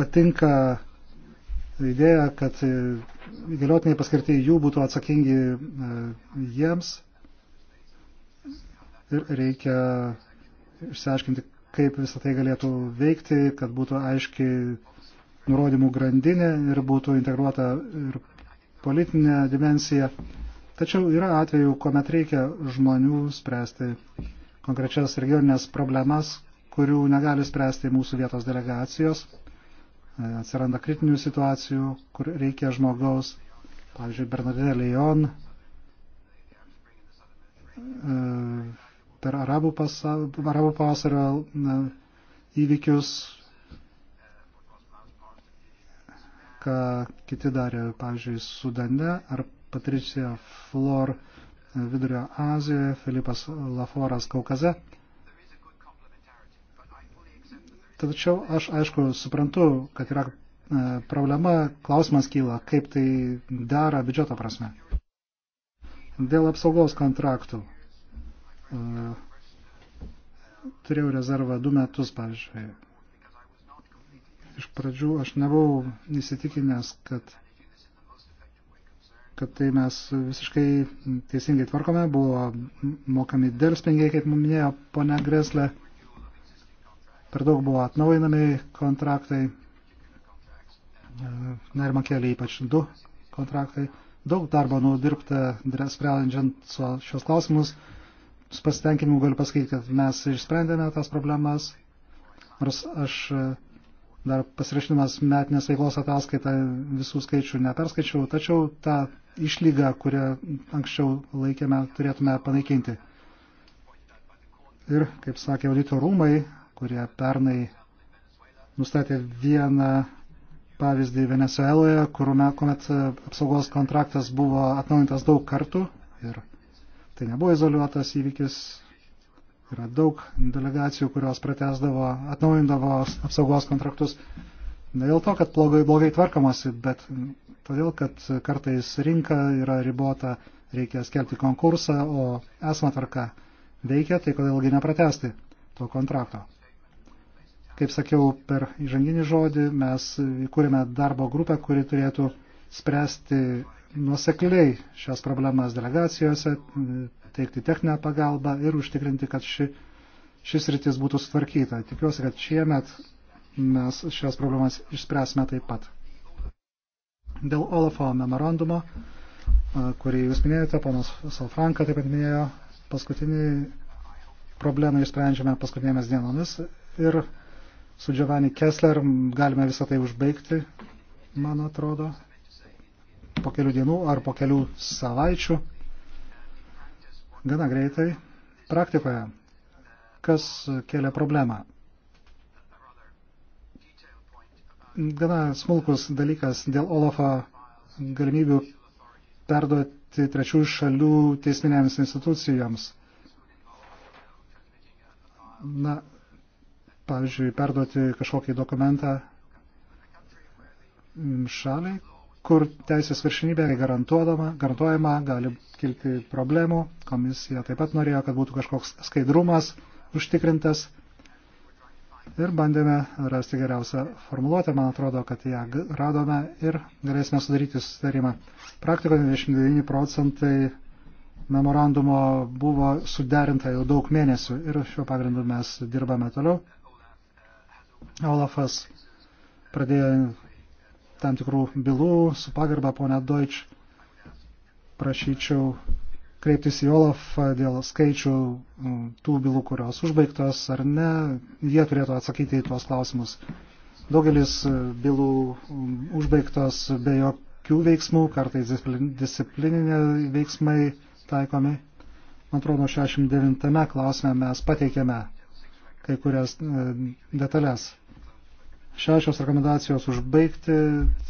patinka idėja, kad e, įgaliotiniai paskirti jų būtų atsakingi e, jiems ir reikia išsiaiškinti, kaip visą tai galėtų veikti, kad būtų aiški nurodymų grandinė ir būtų integruota ir politinė dimensija. Tačiau yra atvejų, kuomet reikia žmonių spręsti konkrečias regioninės problemas, kurių negali spręsti mūsų vietos delegacijos E, atsiranda kritinių situacijų, kur reikia žmogaus. Pavyzdžiui, Bernadette Leon e, per arabų, pasa, arabų pavasario e, įvykius, ką kiti darė, pavyzdžiui, Sudane ar Patricija Flor vidurio Azijoje, Filipas Laforas Kaukaze. Tačiau aš, aišku, suprantu, kad yra e, problema, klausimas kyla, kaip tai dera biudžeto prasme. Dėl apsaugos kontraktų. E, turėjau rezervą du metus, pavyzdžiui. Iš pradžių aš nebuvau įsitikinęs, kad, kad tai mes visiškai teisingai tvarkome, buvo mokami dėlspingiai, kaip minėjo ponia Greslė per daug buvo atnaujinami kontraktai, e, nerima kelia ypač du kontraktai. Daug darbo nudirbta, sprendžiant šios klausimus. Su pasitenkinimu galiu pasakyti, kad mes išsprendėme tas problemas. Nors aš e, dar pasirašydamas metinės veiklos ataskaitą visų skaičių neperskaičiau, tačiau tą išlygą, kurią anksčiau laikėme, turėtume panaikinti. Ir, kaip sakė audito rūmai, kurie pernai nustatė vieną pavyzdį Venezueloje, kurume, kuomet apsaugos kontraktas buvo atnaujintas daug kartų ir tai nebuvo izoliuotas įvykis. Yra daug delegacijų, kurios pratesdavo, atnaujindavo apsaugos kontraktus. Ne dėl to, kad blogai, blogai tvarkomasi, bet todėl, kad kartais rinka yra ribota, reikia skelbti konkursą, o esama tvarka veikia, tai kodėlgi nepratesti to kontrakto. Kaip sakiau, per įžanginį žodį mes įkūrėme darbo grupę, kuri turėtų spręsti nuosekliai šias problemas delegacijose, teikti techninę pagalbą ir užtikrinti, kad ši, šis rytis būtų sutvarkyta. Tikiuosi, kad šiemet mes šias problemas išspręsime taip pat. Dėl Olafo memorandumo, kurį jūs minėjote, ponas Salfranka taip pat minėjo, paskutinį problemą išsprendžiame paskutinėmis dienomis ir su Giovanni Kessler galime visą tai užbaigti, man atrodo, po kelių dienų ar po kelių savaičių, gana greitai, praktikoje, kas kelia problemą. Gana smulkus dalykas dėl Olafo galimybių perduoti trečiųjų šalių teisminėms institucijoms. Na, pavyzdžiui, perduoti kažkokį dokumentą šaliai, kur teisės viršinybė garantuojama, gali kilti problemų. Komisija taip pat norėjo, kad būtų kažkoks skaidrumas užtikrintas. Ir bandėme rasti geriausią formuluotę, man atrodo, kad ją radome ir galėsime sudaryti susitarimą. Praktikoje 29 procentai memorandumo buvo suderinta jau daug mėnesių ir šiuo pagrindu mes dirbame toliau. Olafas pradėjo tam tikrų bylų su pagarba ponia Deutsch. Prašyčiau kreiptis į Olafą dėl skaičių mm, tų bylų, kurios užbaigtos ar ne. Jie turėtų atsakyti į tuos klausimus. Daugelis e, bylų mm, užbaigtos be jokių veiksmų, kartais disciplininė veiksmai taikomi. Man atrodo, 69 klausime mes pateikėme kai kurias e, detalės. Šešios rekomendacijos užbaigti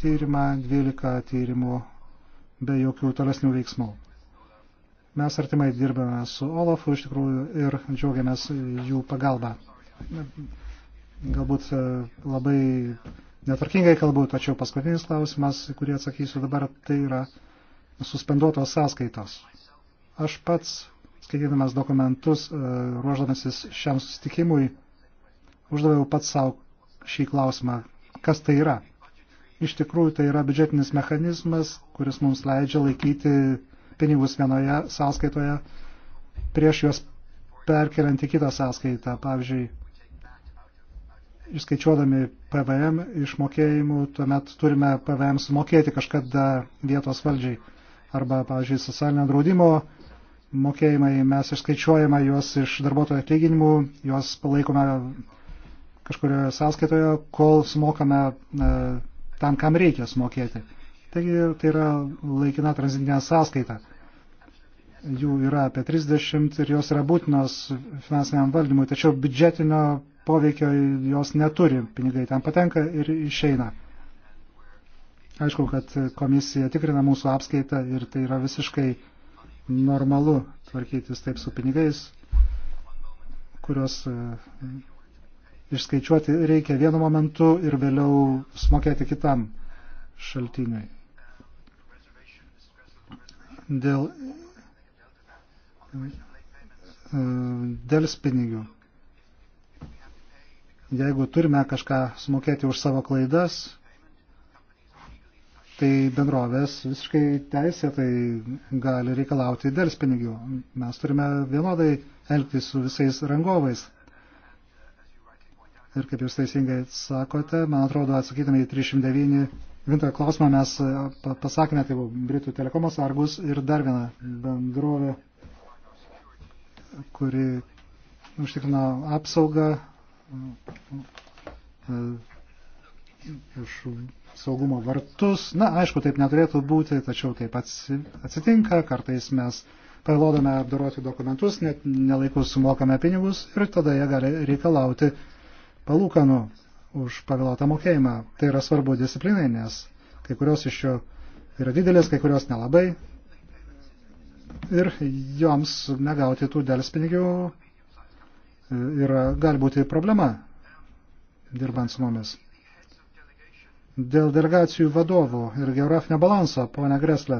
tyrimą, dvylika tyrimų be jokių tolesnių veiksmų. Mes artimai dirbame su Olafu iš tikrųjų ir džiaugiamės jų pagalba. Galbūt e, labai netvarkingai kalbu, tačiau paskutinis klausimas, kurį atsakysiu dabar, tai yra suspenduotos sąskaitos. Aš pats skaitydamas dokumentus, e, ruoždamasis šiam sustikimui, uždaviau pats savo šį klausimą, kas tai yra. Iš tikrųjų, tai yra biudžetinis mechanizmas, kuris mums leidžia laikyti pinigus vienoje sąskaitoje prieš juos perkeliant į kitą sąskaitą. Pavyzdžiui, išskaičiuodami PVM išmokėjimų, tuomet turime PVM sumokėti kažkada vietos valdžiai. Arba, pavyzdžiui, socialinio draudimo mokėjimai, mes išskaičiuojame juos iš darbuotojų atlyginimų, juos palaikome kažkurioje sąskaitoje, kol sumokame e, tam, kam reikia sumokėti. Taigi tai yra laikina tranzitinė sąskaita. Jų yra apie 30 ir jos yra būtinos finansiniam valdymui, tačiau biudžetinio poveikio jos neturi, pinigai ten patenka ir išeina. Aišku, kad komisija tikrina mūsų apskaitą ir tai yra visiškai normalu tvarkytis taip su pinigais, kuriuos e, išskaičiuoti reikia vienu momentu ir vėliau sumokėti kitam šaltiniui. Dėl e, delspinigių. Jeigu turime kažką sumokėti už savo klaidas, tai bendrovės visiškai teisėtai gali reikalauti delspinigių. Mes turime vienodai elgtis su visais rangovais. Ir kaip jūs teisingai sakote, man atrodo, atsakydami į 309 Vintojo klausimą mes e, pasakėme, tai buvo Britų telekomas Argus ir dar viena bendrovė, kuri užtikrino apsaugą e, iš saugumo vartus. Na, aišku, taip neturėtų būti, tačiau taip atsitinka. Kartais mes pavėlodame apdoroti dokumentus, net nelaikus sumokame pinigus ir tada jie gali reikalauti palūkanų už pavėlotą mokėjimą. Tai yra svarbu disciplinai, nes kai kurios iš jo yra didelės, kai kurios nelabai. Ir joms negauti tų delspinigių e, yra, gali būti problema dirbant su mumis. Dėl delegacijų vadovų ir geografinio balanso, ponia Greslė.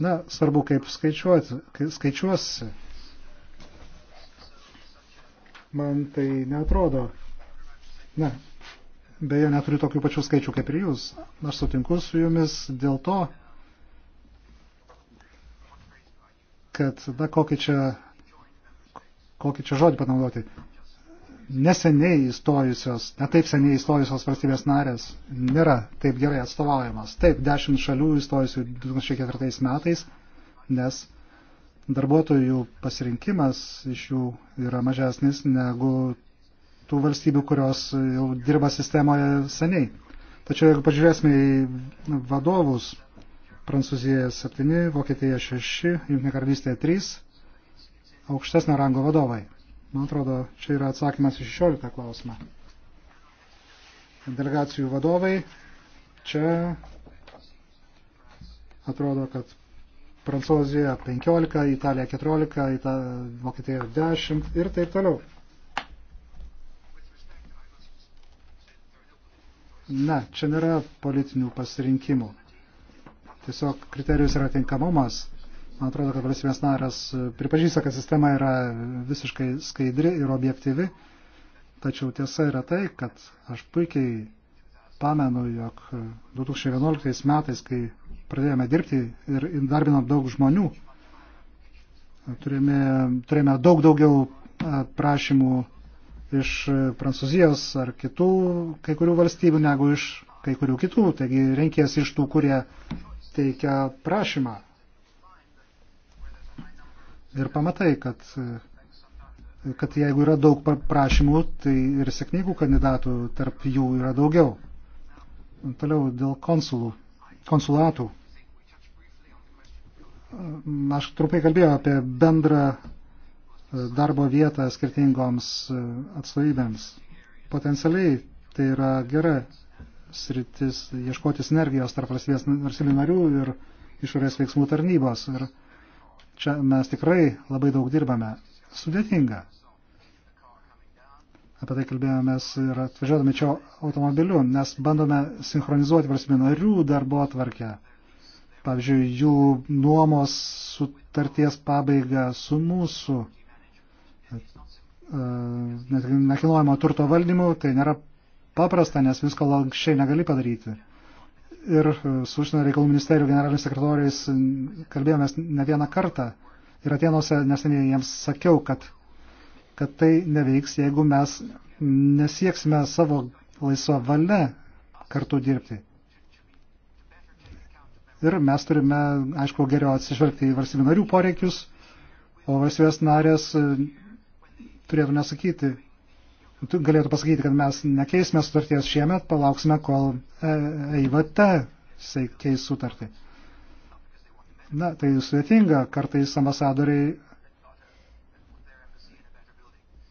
Na, svarbu, kaip skaičiuoti, kaip skaičiuosi. Man tai netrodo. Ne. Beje, neturiu tokių pačių skaičių kaip ir jūs. Aš sutinku su jumis dėl to, kad, na, kokį čia, kokį čia žodį panaudoti neseniai įstojusios, netaip seniai įstojusios valstybės narės nėra taip gerai atstovaujamas. Taip, dešimt šalių įstojusių 2004 metais, nes darbuotojų pasirinkimas iš jų yra mažesnis negu tų valstybių, kurios jau dirba sistemoje seniai. Tačiau jeigu pažiūrėsime į vadovus, Prancūzija 7, Vokietija 6, Junktinė karalystė 3, aukštesnio rango vadovai. Man atrodo, čia yra atsakymas į 16 klausimą. Delegacijų vadovai. Čia atrodo, kad Prancūzija 15, Italija 14, Ita Vokietija 10 ir taip toliau. Ne, čia nėra politinių pasirinkimų. Tiesiog kriterijus yra tinkamumas Man atrodo, kad valstybės narės pripažįsta, kad sistema yra visiškai skaidri ir objektyvi. Tačiau tiesa yra tai, kad aš puikiai pamenu, jog 2011 metais, kai pradėjome dirbti ir darbinom daug žmonių, turėjome, turėjome daug daugiau prašymų iš Prancūzijos ar kitų kai kurių valstybių negu iš kai kurių kitų. Taigi renkės iš tų, kurie teikia prašymą ir pamatai, kad, kad jeigu yra daug prašymų, tai ir sėkmingų kandidatų tarp jų yra daugiau. Toliau dėl konsulų, konsulatų. Aš trupai kalbėjau apie bendrą e, darbo vietą skirtingoms e, atstovybėms. Potencialiai tai yra gera sritis ieškoti sinergijos tarp valstybės narių ir išorės veiksmų tarnybos. Ir Čia mes tikrai labai daug dirbame. Sudėtinga. Apie tai kalbėjomės ir atvažiuodami čia automobiliu, nes bandome sinchronizuoti valstybių narių darbo atvarkę. Pavyzdžiui, jų nuomos sutarties pabaiga su mūsų e, nekilnojamo turto valdymu, tai nėra paprasta, nes visko lankščiai negali padaryti ir su užsienio reikalų ministerijų generaliniais sekretoriais kalbėjomės ne vieną kartą. Ir atėnuose neseniai jiems sakiau, kad, kad tai neveiks, jeigu mes nesieksime savo laisvą valią kartu dirbti. Ir mes turime, aišku, geriau atsižvelgti į valstybių narių poreikius, o valstybės narės e, turėtų nesakyti, galėtų pasakyti, kad mes nekeisime sutarties šiemet, palauksime, kol EIVT e keis sutartį. Na, tai sudėtinga, kartais ambasadoriai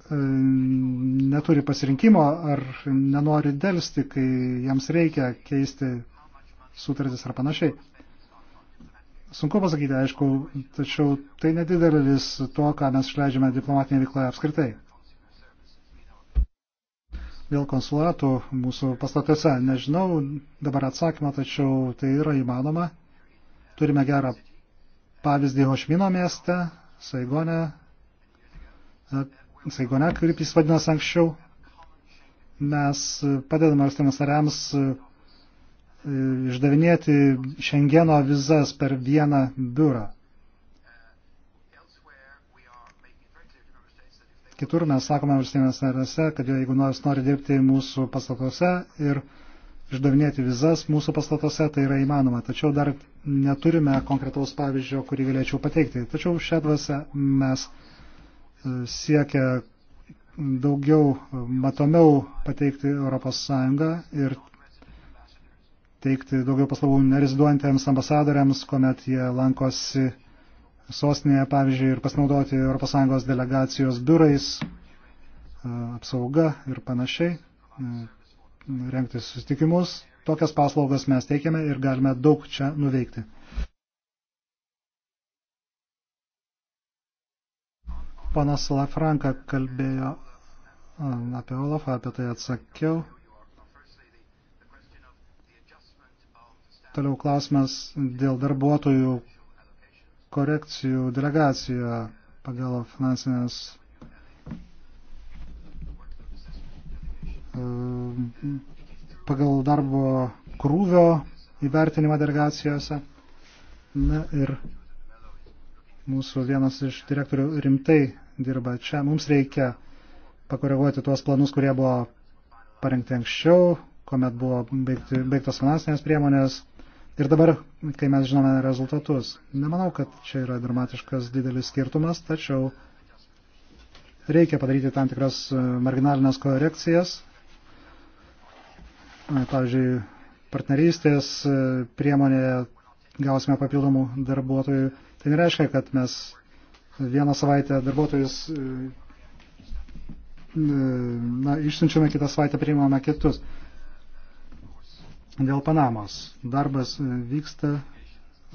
e, neturi pasirinkimo ar nenori dėlsti, kai jiems reikia keisti sutartis ar panašiai. Sunku pasakyti, aišku, tačiau tai nedidelis to, ką mes išleidžiame diplomatinėje veikloje apskritai dėl konsulatų mūsų pastatuose. Nežinau dabar atsakymą, tačiau tai yra įmanoma. Turime gerą pavyzdį Hošmino mieste, Saigone, e, Saigone, kaip jis vadinasi anksčiau. Mes padedame valstybės nariams e, išdavinėti Šengeno vizas per vieną biurą. kitur mes sakome valstybės narėse, kad jeigu nors nori dirbti mūsų pastatuose ir išdavinėti vizas mūsų pastatuose, tai yra įmanoma. Tačiau dar neturime konkretaus pavyzdžio, kurį galėčiau pateikti. Tačiau šią dvasę mes e, siekia daugiau matomiau pateikti ES ir teikti daugiau paslaugų nereziduojantiems ambasadoriams, kuomet jie lankosi sostinėje, pavyzdžiui, ir pasinaudoti ES delegacijos biurais, apsauga ir panašiai, rengti susitikimus. Tokias paslaugas mes teikiame ir galime daug čia nuveikti. Panas Lafranka kalbėjo apie Olafą, apie tai atsakiau. Toliau klausimas dėl darbuotojų korekcijų delegacijoje pagal finansinės e, pagal darbo krūvio įvertinimą delegacijose. Na ir mūsų vienas iš direktorių rimtai dirba čia. Mums reikia pakoreguoti tuos planus, kurie buvo parengti anksčiau, kuomet buvo baigti, baigtos finansinės priemonės, Ir dabar, kai mes žinome rezultatus, nemanau, kad čia yra dramatiškas didelis skirtumas, tačiau reikia padaryti tam tikras e, marginalinės korekcijas. E, pavyzdžiui, partnerystės e, priemonėje gausime papildomų darbuotojų. Tai nereiškia, kad mes vieną savaitę darbuotojus na, išsiunčiame, kitą savaitę priimame kitus. Dėl Panamos darbas e, vyksta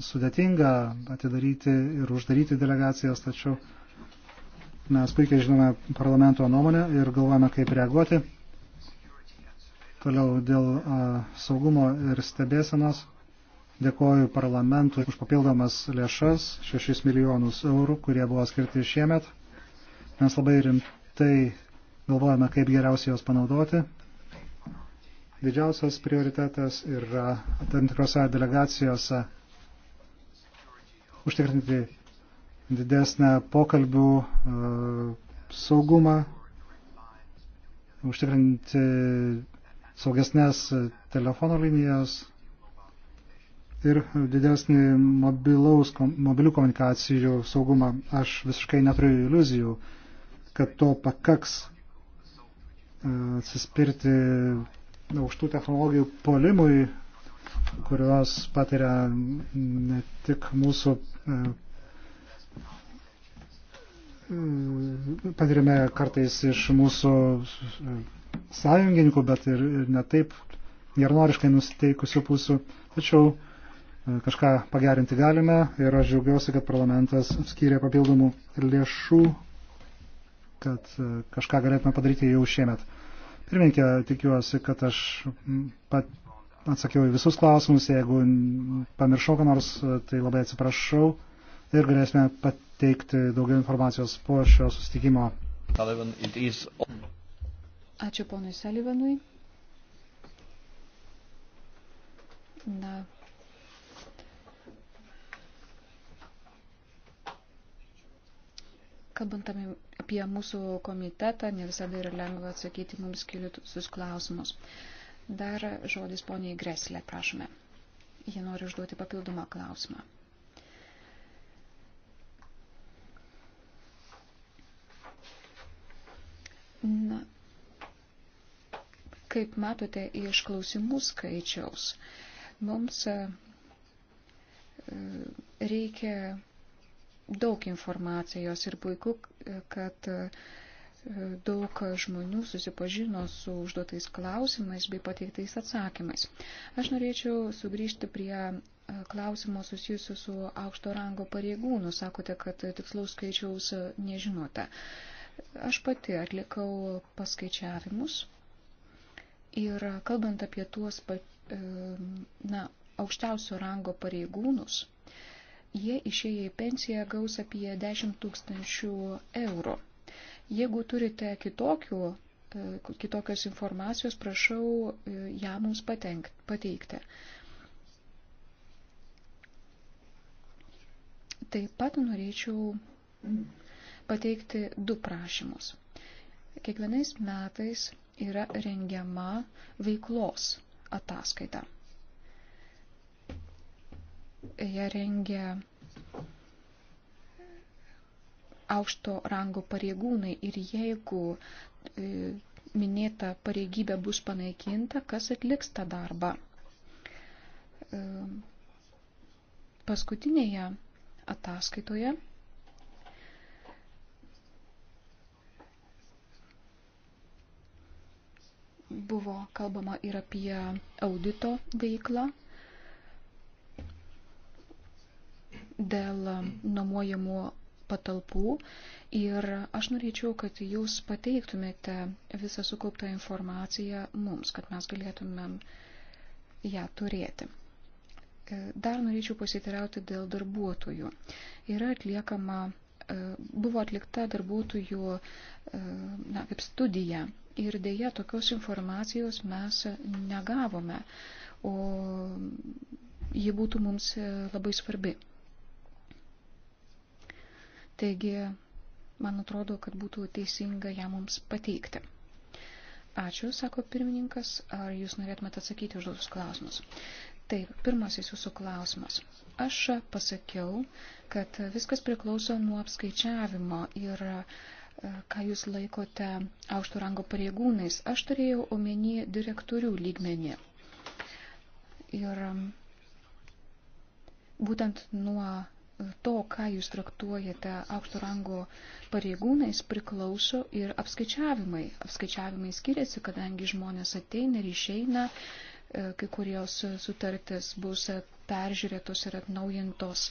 sudėtinga atidaryti ir uždaryti delegacijas, tačiau mes puikiai žinome parlamento nuomonę ir galvojame, kaip reaguoti. Toliau dėl a, saugumo ir stebėsenos dėkoju parlamentui už papildomas lėšas, 6 milijonus eurų, kurie buvo skirti šiemet. Mes labai rimtai galvojame, kaip geriausiai jos panaudoti. Didžiausias prioritetas yra tam tikrose delegacijose užtikrinti didesnę pokalbių e, saugumą, užtikrinti saugesnės telefono linijas ir didesnį mobilaus, mobilių komunikacijų saugumą. Aš visiškai neturiu iliuzijų, kad to pakaks e, atsispirti aukštų technologijų polimui, kurios patiria ne tik mūsų e, patirime kartais iš mūsų e, sąjungininkų, bet ir, ir netaip geronoriškai nusiteikusių pusių. Tačiau e, kažką pagerinti galime ir aš džiaugiuosi, kad parlamentas skyrė papildomų lėšų, kad kažką galėtume padaryti jau šiemet. Pirminkė, tikiuosi, kad aš pat atsakiau į visus klausimus. Jeigu pamiršau, ką nors, tai labai atsiprašau ir galėsime pateikti daugiau informacijos po šio sustikimo. Ačiū ponui Salivanui. Na. Kalbant apie mūsų komitetą, ne visada yra lengva atsakyti mums kilusius klausimus. Dar žodis poniai Greslė, prašome. Jie nori užduoti papildomą klausimą. Na, kaip matote iš klausimų skaičiaus, mums e, reikia daug informacijos ir puiku, kad e, daug žmonių susipažino su užduotais klausimais bei pateiktais atsakymais. Aš norėčiau sugrįžti prie e, klausimo susijusiu su aukšto rango pareigūnu. Sakote, kad tikslaus skaičiaus nežinote. Aš pati atlikau paskaičiavimus ir kalbant apie tuos e, na, aukščiausio rango pareigūnus, jie išėję į pensiją gaus apie 10 tūkstančių eurų. Jeigu turite kitokio, e, kitokios informacijos, prašau e, ją mums patenkt, pateikti. Taip pat norėčiau pateikti du prašymus. Kiekvienais metais yra rengiama veiklos ataskaita ją rengia aukšto rango pareigūnai ir jeigu e, minėta pareigybė bus panaikinta, kas atliks tą darbą. E, paskutinėje ataskaitoje buvo kalbama ir apie audito veiklą dėl nuomojamų patalpų ir aš norėčiau, kad jūs pateiktumėte visą sukauptą informaciją mums, kad mes galėtumėm ją turėti. E, dar norėčiau pasitirauti dėl darbuotojų. Yra atliekama, e, buvo atlikta darbuotojų e, na, kaip studija ir dėja tokios informacijos mes negavome, o ji būtų mums labai svarbi. Taigi, man atrodo, kad būtų teisinga ją mums pateikti. Ačiū, sako pirmininkas, ar jūs norėtumėte atsakyti užduotus klausimus. Taip, pirmasis jūsų klausimas. Aš pasakiau, kad viskas priklauso nuo apskaičiavimo ir e, ką jūs laikote aukšto rango pareigūnais. Aš turėjau omeny direktorių lygmenį. Ir būtent nuo to, ką jūs traktuojate aukšto rango pareigūnais, priklauso ir apskaičiavimai. Apskaičiavimai skiriasi, kadangi žmonės ateina ir išeina, e, kai kurios sutartis bus peržiūrėtos ir atnaujintos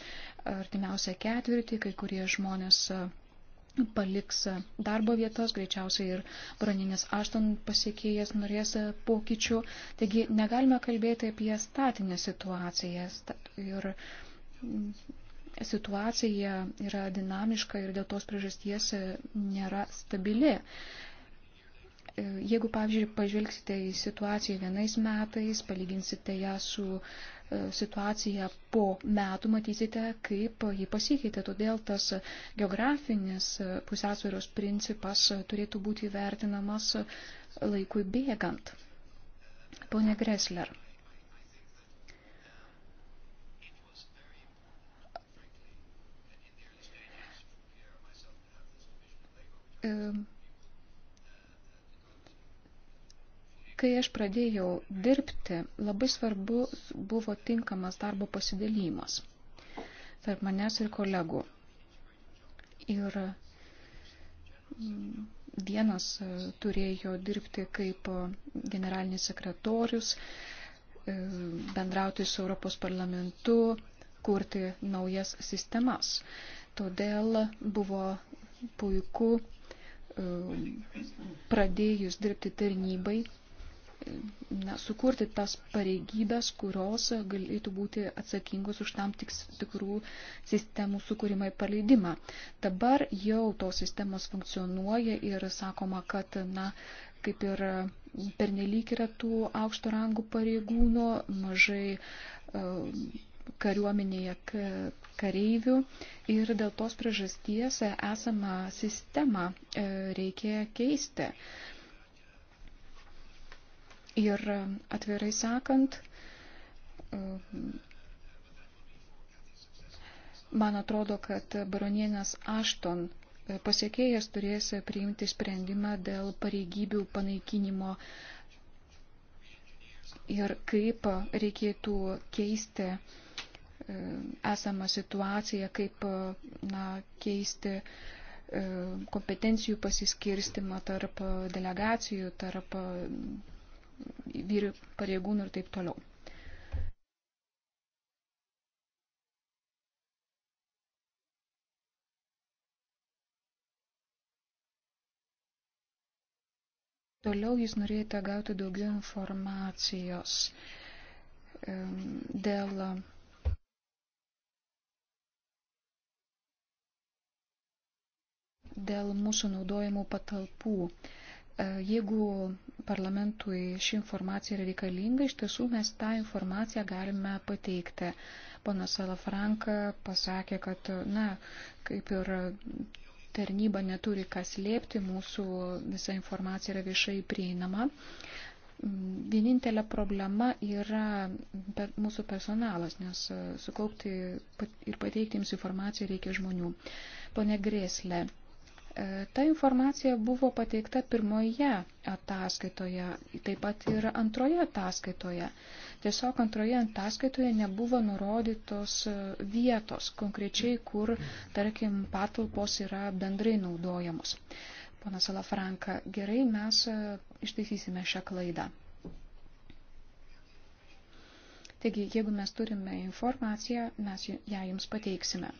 artimiausią ketvirtį, kai kurie žmonės e, paliks darbo vietas, greičiausiai ir braninės ašton pasiekėjas norės pokyčių. Taigi negalime kalbėti apie statinę situaciją ir situacija yra dinamiška ir dėl tos priežasties nėra stabili. Jeigu, pavyzdžiui, pažvelgsite į situaciją vienais metais, palyginsite ją su e, situacija po metų, matysite, kaip ji pasikeitė. Todėl tas geografinis pusiausvėros principas turėtų būti vertinamas laikui bėgant. Pone Gresler. Kai aš pradėjau dirbti, labai svarbu buvo tinkamas darbo pasidalymas tarp manęs ir kolegų. Ir mm, vienas e, turėjo dirbti kaip e, generalinis sekretorius, e, bendrauti su Europos parlamentu, kurti naujas sistemas. Todėl buvo puiku pradėjus dirbti tarnybai, na, sukurti tas pareigybės, kurios galėtų būti atsakingos už tam tikrų sistemų sukūrimą ir paleidimą. Dabar jau tos sistemos funkcionuoja ir sakoma, kad, na, kaip ir pernelyg yra tų aukšto rangų pareigūnų, mažai uh, kariuomenėje kareivių ir dėl tos priežasties esamą sistemą e, reikia keisti. Ir e, atvirai sakant, e, man atrodo, kad baronienas Ašton pasiekėjas turės priimti sprendimą dėl pareigybių panaikinimo ir kaip reikėtų keisti uh, E, esamą situaciją, kaip e, na, keisti e, kompetencijų pasiskirstimą tarp delegacijų, tarp vyrių pareigūnų ir taip toliau. Toliau jūs norėjote gauti daugiau informacijos dėl dėl mūsų naudojimų patalpų. E, jeigu parlamentui ši informacija yra reikalinga, iš tiesų mes tą informaciją galime pateikti. Ponas Salafranka pasakė, kad, na, kaip ir tarnyba neturi kas lėpti, mūsų visa informacija yra viešai prieinama. Vienintelė problema yra mūsų personalas, nes e, sukaupti ir pateikti jums informaciją reikia žmonių. Pone Grėslė, E, ta informacija buvo pateikta pirmoje ataskaitoje, taip pat ir antroje ataskaitoje. Tiesiog antroje ataskaitoje nebuvo nurodytos vietos konkrečiai, kur, tarkim, patalpos yra bendrai naudojamos. Pana Salafranka, gerai, mes e, ištaisysime šią klaidą. Taigi, jeigu mes turime informaciją, mes ją jums pateiksime.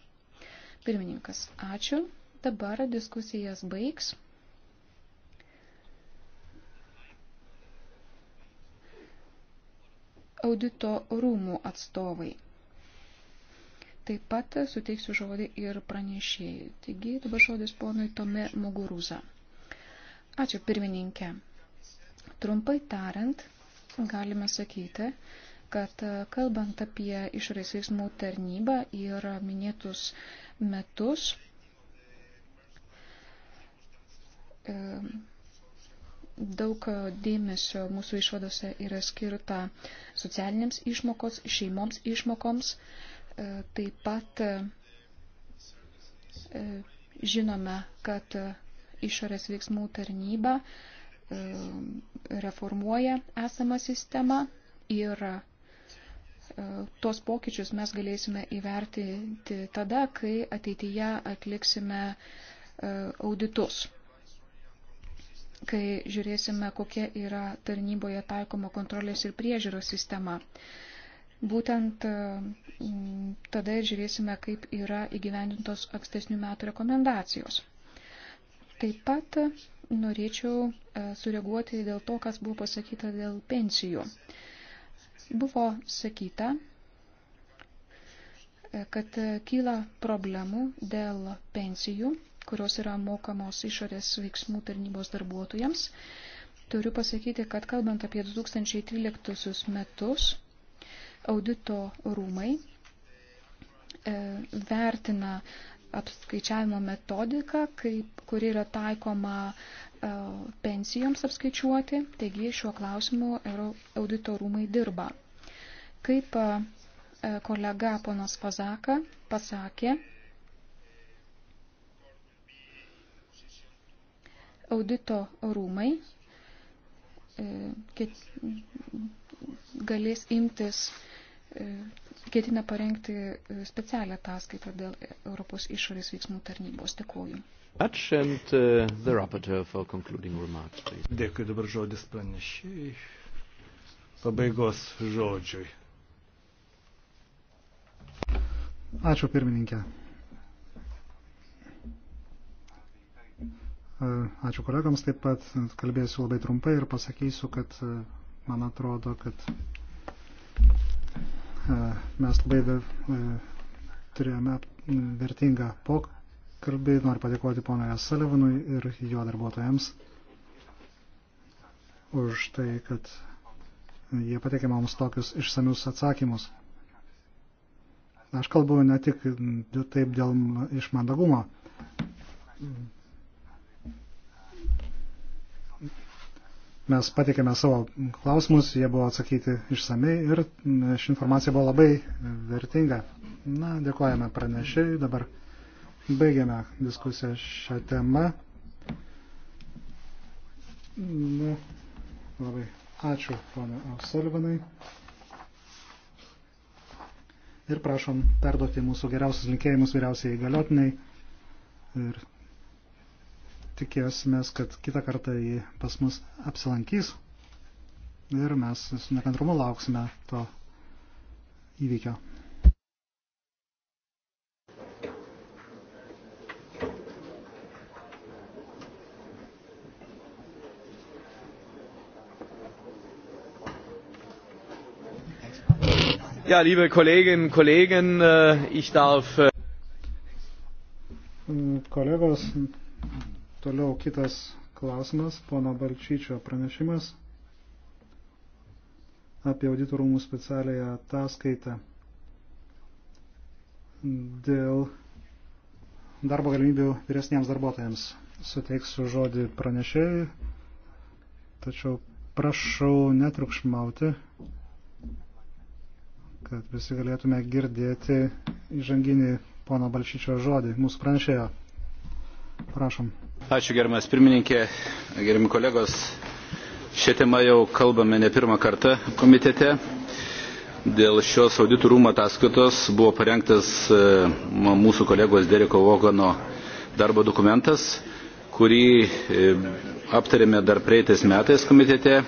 Pirmininkas, ačiū. Dabar diskusijas baigs. Audito rūmų atstovai. Taip pat suteiksiu žodį ir pranešėjai. Taigi dabar žodis ponui Tome Muguruza. Ačiū pirmininkė. Trumpai tariant, galime sakyti, kad kalbant apie išorės veiksmų tarnybą ir minėtus metus, daug e, dėmesio mūsų išvadose yra skirta socialinėms išmokos, šeimoms išmokoms. E, taip pat e, žinome, kad išorės veiksmų tarnyba reformuoja esamą sistemą ir tos pokyčius mes galėsime įvertinti tada, kai ateityje atliksime auditus kai žiūrėsime, kokia yra tarnyboje taikoma kontrolės ir priežiūros sistema. Būtent e, tada ir žiūrėsime, kaip yra įgyvendintos ankstesnių metų rekomendacijos. Taip pat norėčiau e, sureaguoti dėl to, kas buvo pasakyta dėl pensijų. Buvo sakyta, e, kad kyla problemų dėl pensijų kurios yra mokamos išorės veiksmų tarnybos darbuotojams. Turiu pasakyti, kad kalbant apie 2013 metus, audito rūmai e, vertina apskaičiavimo metodiką, kaip, kuri yra taikoma e, pensijoms apskaičiuoti, taigi šiuo klausimu audito rūmai dirba. Kaip e, kolega ponas Fazaka pasakė, audito rūmai e, galės imtis, e, ketina parengti e, specialią ataskaitą dėl Europos išorės veiksmų tarnybos. Dėkuoju. Uh, Dėkui dabar žodis pranešėjai. Pabaigos žodžiui. Ačiū pirmininkė. E, ačiū kolegams taip pat, kalbėsiu labai trumpai ir pasakysiu, kad e, man atrodo, kad e, mes labai turėjome vertingą pokalbį, noriu padėkoti ponoje Salivanui ir jo darbuotojams už tai, kad jie patekė mums tokius išsamius atsakymus. Aš kalbu ne tik taip dėl išmandagumo mes patikėme savo klausimus, jie buvo atsakyti išsamei ir ši informacija buvo labai vertinga. Na, dėkojame pranešėjai, dabar baigiame diskusiją šią temą. Na, labai ačiū, ponė O'Sullivanai. Ir prašom perduoti mūsų geriausius linkėjimus vyriausiai įgaliotiniai. Ir tikėsimės, kad kitą kartą jį pas mus apsilankys ir mes su nekantrumu lauksime to įvykio. Ja, liebe Kolleginnen und Kollegen, äh, ich darf. Äh, Kolegos, Toliau kitas klausimas, pono Balčyčio pranešimas apie auditorumų specialiąją ataskaitą dėl darbo galimybių vyresniems darbuotojams. Suteiksiu žodį pranešėjai, tačiau prašau netrukšmauti, kad visi galėtume girdėti įžanginį pono Balšyčio žodį, mūsų pranešėjo. Prašom. Ačiū gerbiamas pirmininkė, gerbiami kolegos. Šią temą jau kalbame ne pirmą kartą komitete. Dėl šios auditų rūmų ataskaitos buvo parengtas e, mūsų kolegos Deriko Vogano darbo dokumentas, kurį e, aptarėme dar praeitais metais komitete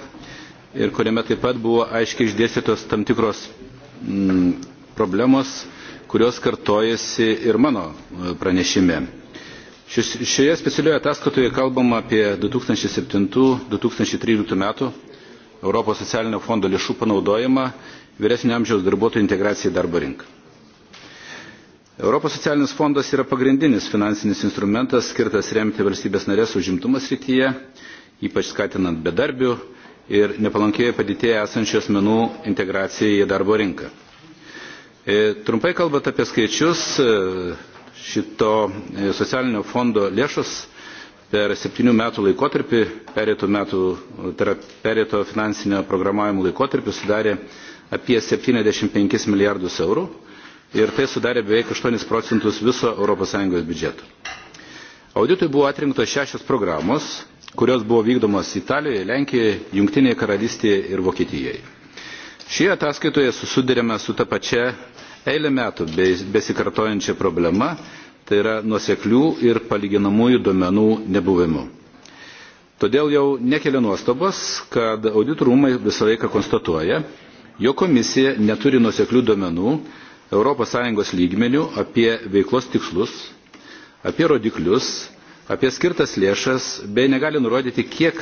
ir kuriame taip pat buvo aiškiai išdėstytos tam tikros problemos, kurios kartojasi ir mano e, pranešime. Šioje specialioje ataskatoje kalbama apie 2007-2013 metų Europos socialinio fondo lėšų panaudojimą vyresnio amžiaus darbuotojų integracijai darbo rinką. Europos socialinis fondas yra pagrindinis finansinis instrumentas skirtas remti valstybės narės užimtumo srityje, ypač skatinant bedarbių ir nepalankėje padėtėje esančių asmenų integraciją į darbo rinką. E, trumpai kalbant apie skaičius, e, šito e, socialinio fondo lėšas per septynių metų laikotarpį pereito, metų, tai pereito finansinio programavimo laikotarpį sudarė apie 75 milijardus eurų ir tai sudarė beveik 8 procentus viso ES biudžeto. Auditui buvo atrinktos šešios programos, kurios buvo vykdomos Italijoje, Lenkijoje, Jungtinėje karalystėje ir Vokietijoje. Šioje ataskaitoje susidurėme su ta pačia eilę metų besikartojančia problema, tai yra nuoseklių ir palyginamųjų duomenų nebuvimu. Todėl jau nekelia nuostabos, kad auditorumai visą laiką konstatuoja, jo komisija neturi nuoseklių duomenų ES lygmenių apie veiklos tikslus, apie rodiklius, apie skirtas lėšas, bei negali nurodyti, kiek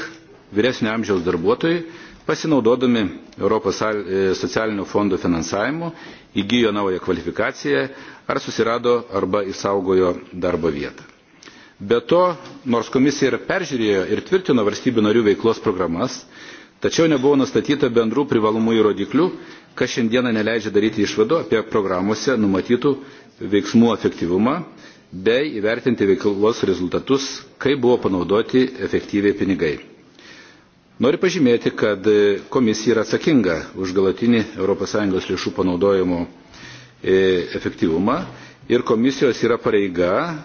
vyresnio amžiaus darbuotojai pasinaudodami Europos e, socialinio fondo finansavimu, įgyjo naują kvalifikaciją ar susirado arba išsaugojo darbo vietą. Be to, nors komisija ir peržiūrėjo ir tvirtino valstybių narių veiklos programas, tačiau nebuvo nustatyta bendrų privalumų įrodiklių, kas šiandieną neleidžia daryti išvadų apie programuose numatytų veiksmų efektyvumą bei įvertinti veiklos rezultatus, kaip buvo panaudoti efektyviai pinigai. Noriu pažymėti, kad e, komisija yra atsakinga už galatinį ES lėšų panaudojimo e, efektyvumą ir komisijos yra pareiga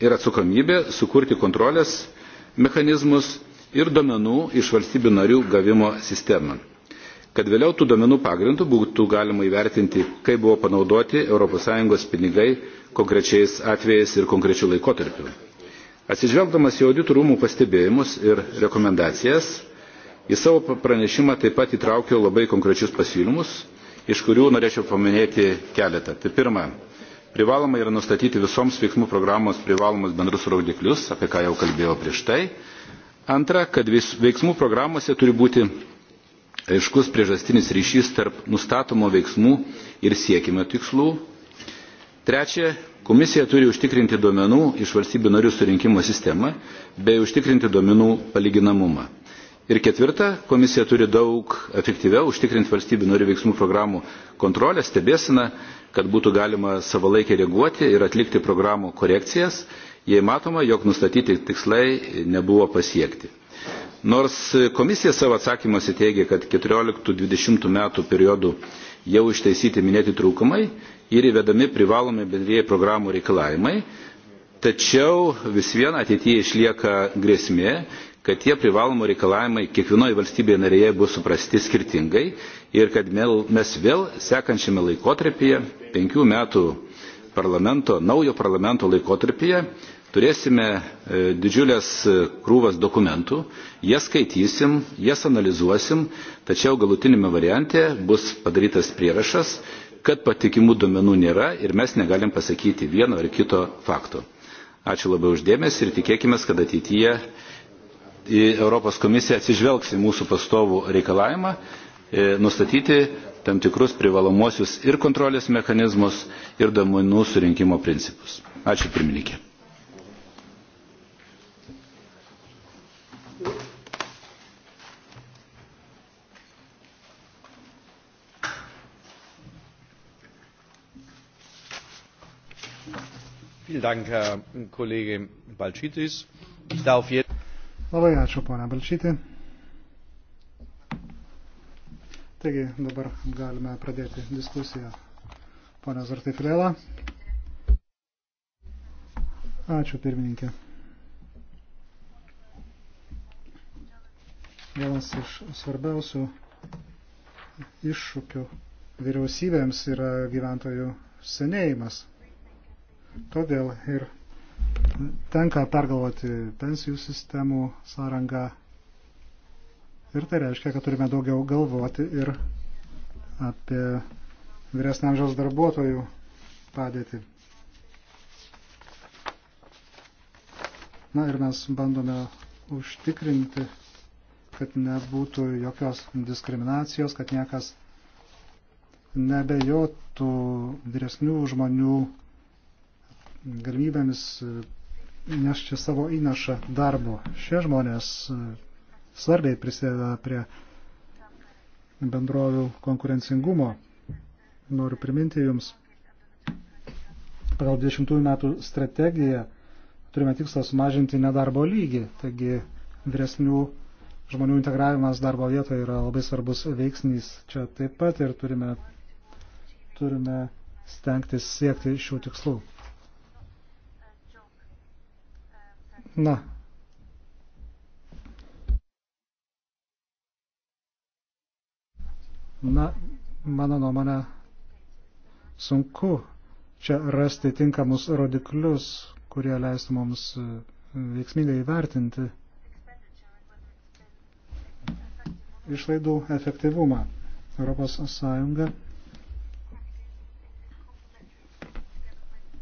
ir atsakomybė sukurti kontrolės mechanizmus ir duomenų iš valstybių narių gavimo sistemą, kad vėliau tų duomenų pagrindų būtų galima įvertinti, kaip buvo panaudoti ES pinigai konkrečiais atvejais ir konkrečiu laikotarpiu. Atsižvelgdamas į auditorumų pastebėjimus ir rekomendacijas, Į savo pranešimą taip pat įtraukiau labai konkrečius pasiūlymus, iš kurių norėčiau paminėti keletą. Tai pirma, privaloma yra nustatyti visoms veiksmų programos privalomus bendrus rodiklius, apie ką jau kalbėjau prieš tai. Antra, kad vis, veiksmų programuose turi būti aiškus priežastinis ryšys tarp nustatomo veiksmų ir siekime tikslų. Trečia, komisija turi užtikrinti duomenų iš valstybių narių surinkimo sistemą bei užtikrinti duomenų palyginamumą. Ir ketvirta, komisija turi daug efektyviau užtikrinti valstybių norių veiksmų programų kontrolę, stebėsiną, kad būtų galima savalaikiai reaguoti ir atlikti programų korekcijas, jei matoma, jog nustatyti tikslai nebuvo pasiekti. Nors komisija savo atsakymuose teigia, kad 14-20 metų periodų jau išteisyti minėti trūkumai ir įvedami privalomi bendrėjai programų reikalavimai, tačiau vis vien ateityje išlieka grėsmė, kad tie privalomo reikalavimai kiekvienoje valstybėje narėje bus suprasti skirtingai ir kad mes vėl sekančiame laikotarpyje, penkių metų parlamento, naujo parlamento laikotarpyje, turėsime e, didžiulės e, krūvas dokumentų, jas skaitysim, jas analizuosim, tačiau galutinėme variante bus padarytas prierašas, kad patikimų duomenų nėra ir mes negalim pasakyti vieno ar kito fakto. Ačiū labai uždėmesi ir tikėkime, kad ateityje Europos komisija atsižvelgs į mūsų pastovų reikalavimą e, nustatyti tam tikrus privalomuosius ir kontrolės mechanizmus, ir domenų surinkimo principus. Ačiū pirmininkė. Vielen Dank, Herr Kollege Balcitis. Ich darf jetzt Labai ačiū, ponia Balčytė. Taigi dabar galime pradėti diskusiją. Pone Zartifrėla. Ačiū, pirmininkė. Vienas iš svarbiausių iššūkių vyriausybėms yra gyventojų senėjimas. Todėl ir Tenka pergalvoti pensijų sistemų sąrangą ir tai reiškia, kad turime daugiau galvoti ir apie vyresniamžiaus darbuotojų padėtį. Na ir mes bandome užtikrinti, kad nebūtų jokios diskriminacijos, kad niekas nebejotų vyresnių žmonių galimybėmis e, neš čia savo įnašą darbo. Šie žmonės e, svarbiai prisideda prie bendrovių konkurencingumo. Noriu priminti Jums, pagal 20 metų strategiją turime tikslą sumažinti nedarbo lygį, taigi vyresnių žmonių integravimas darbo vietoje yra labai svarbus veiksnys. Čia taip pat ir turime, turime stengtis siekti šių tikslų. Na. Na, mano nuomonė, sunku čia rasti tinkamus rodiklius, kurie leistų mums e, veiksmingai įvertinti išlaidų efektyvumą. Europos Sąjunga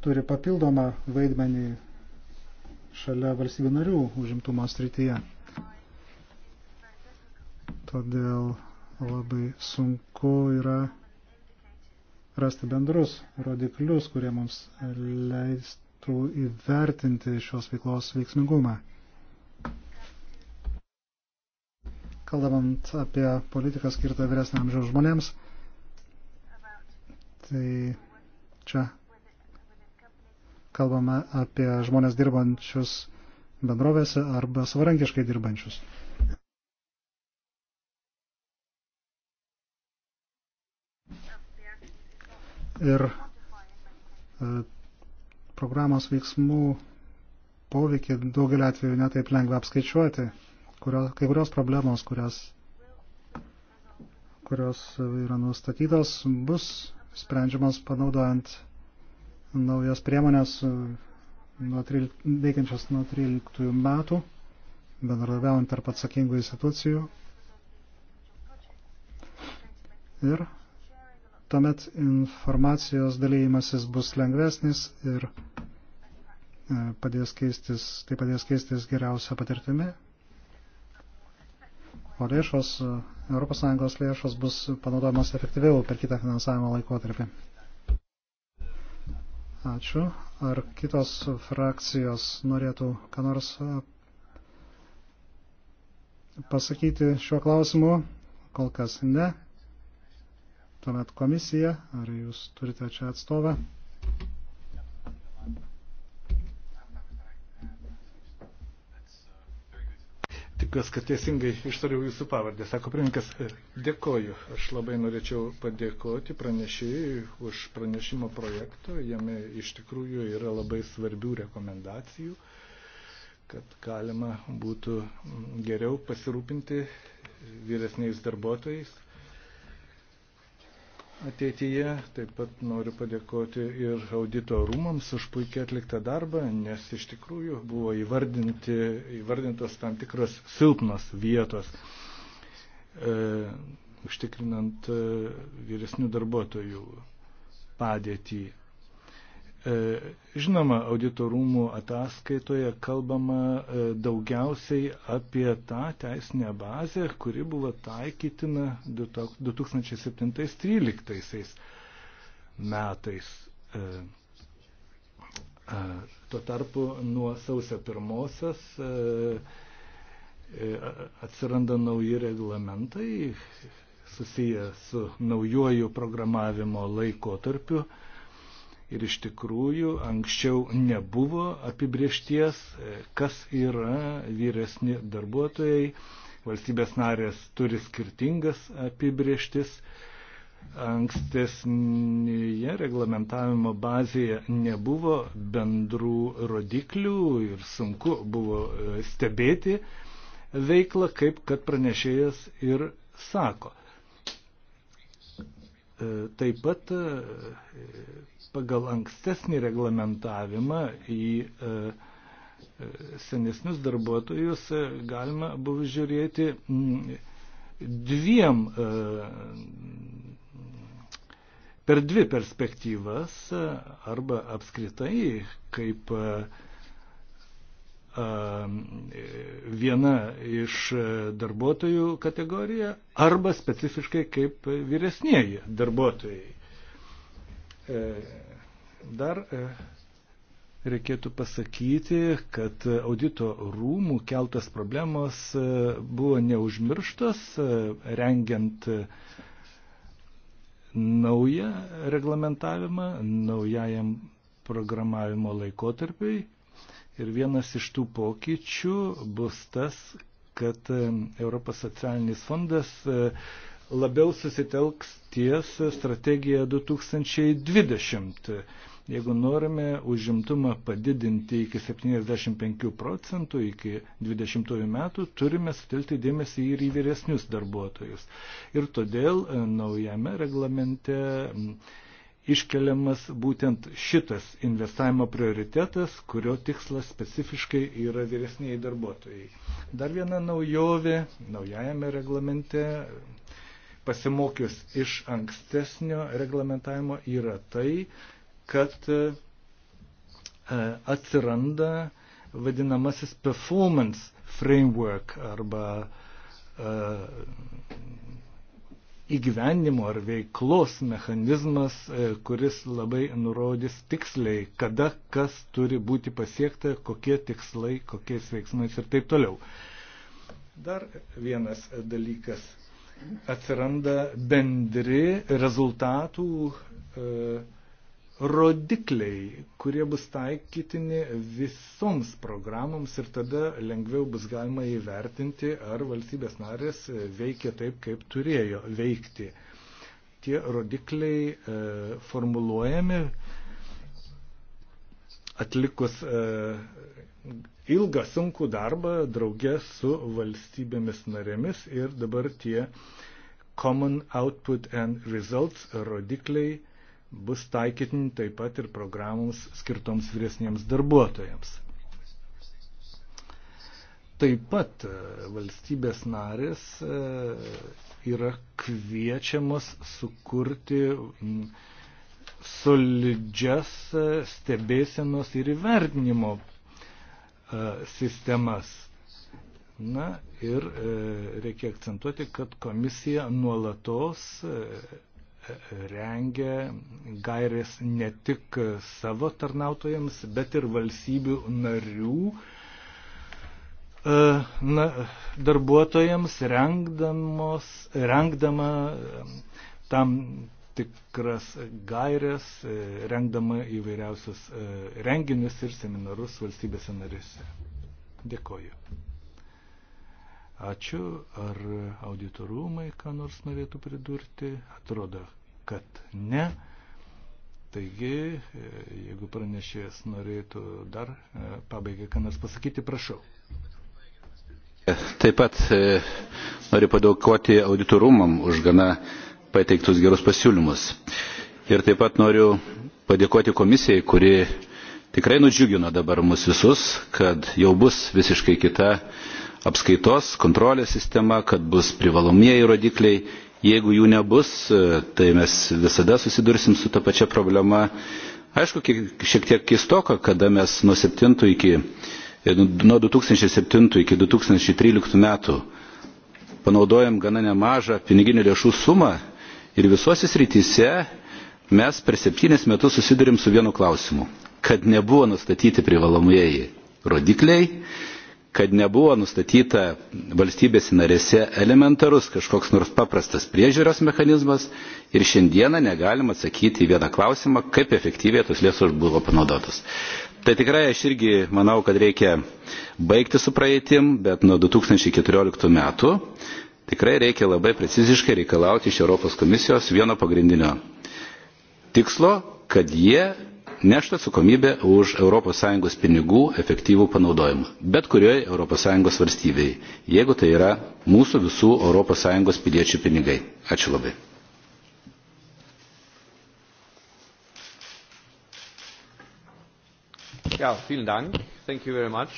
turi papildomą vaidmenį šalia valstybių narių užimtumo srityje. Todėl labai sunku yra rasti bendrus rodiklius, kurie mums leistų įvertinti šios veiklos veiksmingumą. Kalbant apie politiką skirtą vyresniam amžiaus žmonėms, tai čia kalbame apie žmonės dirbančius bendrovėse arba savarankiškai dirbančius. Ir e, programos veiksmų poveikį daugelį atveju netaip lengva apskaičiuoti, kurio, kai kurios problemos, kurias, kurios yra nustatytos, bus sprendžiamas panaudojant naujas priemonės e, nuo 13, veikiančias nuo 13 metų, bendradarbiaujant tarp atsakingų institucijų. Ir tuomet informacijos dalyjimasis bus lengvesnis ir e, padės keistis, tai padės keistis geriausia patirtimi. O lėšos, ES lėšos bus panaudojamos efektyviau per kitą finansavimo laikotarpį. Ačiū. Ar kitos frakcijos norėtų ką nors e, pasakyti šiuo klausimu? Kol kas ne. Tuomet komisija, ar jūs turite čia atstovą? Tikiuosi, kad teisingai ištariau jūsų pavardę. Sako pirmininkas, dėkoju. Aš labai norėčiau padėkoti pranešėjui už pranešimo projektą. Jame iš tikrųjų yra labai svarbių rekomendacijų, kad galima būtų geriau pasirūpinti vyresniais darbuotojais ateityje. Taip pat noriu padėkoti ir audito rūmams už puikiai atliktą darbą, nes iš tikrųjų buvo įvardintos tam tikros silpnos vietos, e, užtikrinant e, vyresnių darbuotojų padėtį. E, žinoma, auditorumų ataskaitoje kalbama e, daugiausiai apie tą teisinę bazę, kuri buvo taikytina 2007-2013 metais. E, tuo tarpu nuo sausio pirmosios atsiranda nauji reglamentai susiję su naujoju programavimo laikotarpiu. tarpiu Ir iš tikrųjų anksčiau nebuvo apibriešties, e, kas yra vyresni darbuotojai. Valstybės narės turi skirtingas apibrieštis. Ankstesnėje reglamentavimo bazėje nebuvo bendrų rodiklių ir sunku buvo e, stebėti veiklą, kaip kad pranešėjas ir sako. E, taip pat e, pagal ankstesnį reglamentavimą į e, senesnius darbuotojus galima buvo žiūrėti dviem per dvi perspektyvas arba apskritai kaip Um, viena iš e, darbuotojų kategorija arba specifiškai kaip vyresnieji darbuotojai. E, dar e, reikėtų pasakyti, kad audito rūmų keltas problemos buvo neužmirštos rengiant naują reglamentavimą naujajam programavimo laikotarpiai Ir vienas iš tų pokyčių bus tas, kad Europos socialinis fondas e, labiau susitelks ties strategija 2020. Jeigu norime užimtumą padidinti iki 75 procentų iki 20 metų, turime sutilti dėmesį ir į vyresnius darbuotojus. Ir todėl e, naujame reglamente iškeliamas būtent šitas investavimo prioritetas, kurio tikslas specifiškai yra vyresniai darbuotojai. Dar viena naujovė naujajame reglamente, pasimokius iš ankstesnio reglamentavimo, yra tai, kad e, atsiranda vadinamasis performance framework arba e, įgyvendimo ar veiklos mechanizmas, e, kuris labai nurodys tiksliai, kada kas turi būti pasiekta, kokie tikslai, kokiais veiksmais ir taip toliau. Dar vienas dalykas. Atsiranda bendri rezultatų e, rodikliai, kurie bus taikytini visoms programoms ir tada lengviau bus galima įvertinti, ar valstybės narės e, veikia taip, kaip turėjo veikti. Tie rodikliai e, formuluojami atlikus e, ilgą sunkų darbą draugę su valstybėmis narėmis ir dabar tie Common Output and Results rodikliai bus taikytini taip pat ir programoms skirtoms vyresniems darbuotojams. Taip pat e, valstybės narės e, yra kviečiamos sukurti solidžias e, stebėsenos ir įvertinimo sistemas. Na ir reikia akcentuoti, kad komisija nuolatos rengia gairės ne tik savo tarnautojams, bet ir valstybių narių e, na, darbuotojams rengdamos, rengdama e, tam tikras gairias, e, rengdama įvairiausius renginius ir seminarus valstybėse narėse. Dėkoju. Ačiū. Ar auditorumai ką nors norėtų pridurti? Atrodo, kad ne. Taigi, e, jeigu pranešėjas norėtų dar e, pabaigai ką nors pasakyti, prašau. Taip pat e, noriu padaukoti auditorumam už gana pateiktus gerus pasiūlymus. Ir taip pat noriu padėkoti komisijai, kuri tikrai nudžiugino dabar mus visus, kad jau bus visiškai kita apskaitos, kontrolės sistema, kad bus privalomieji rodikliai. Jeigu jų nebus, e, tai mes visada susidursim su ta pačia problema. Aišku, šiek tiek keistoka, kada mes nuo, iki, e, nu, nuo 2007 iki 2013 metų panaudojam gana nemažą piniginių lėšų sumą ir visose srityse mes per septynis metus susidurim su vienu klausimu, kad nebuvo nustatyti privalomieji rodikliai kad nebuvo nustatyta valstybėse narėse elementarus kažkoks nors paprastas priežiūros mechanizmas ir šiandieną negalim atsakyti į vieną klausimą, kaip efektyviai tos lėšos buvo panaudotos. Tai tikrai aš irgi manau, kad reikia baigti su praeitim, bet nuo 2014 metų tikrai reikia labai preciziškai reikalauti iš Europos komisijos vieno pagrindinio tikslo, kad jie neštų atsakomybę už ES pinigų efektyvų panaudojimą, bet kurioje ES valstybėje, jeigu tai yra mūsų visų ES piliečių pinigai. Ačiū labai. Ja, vielen Dank. Thank you very much.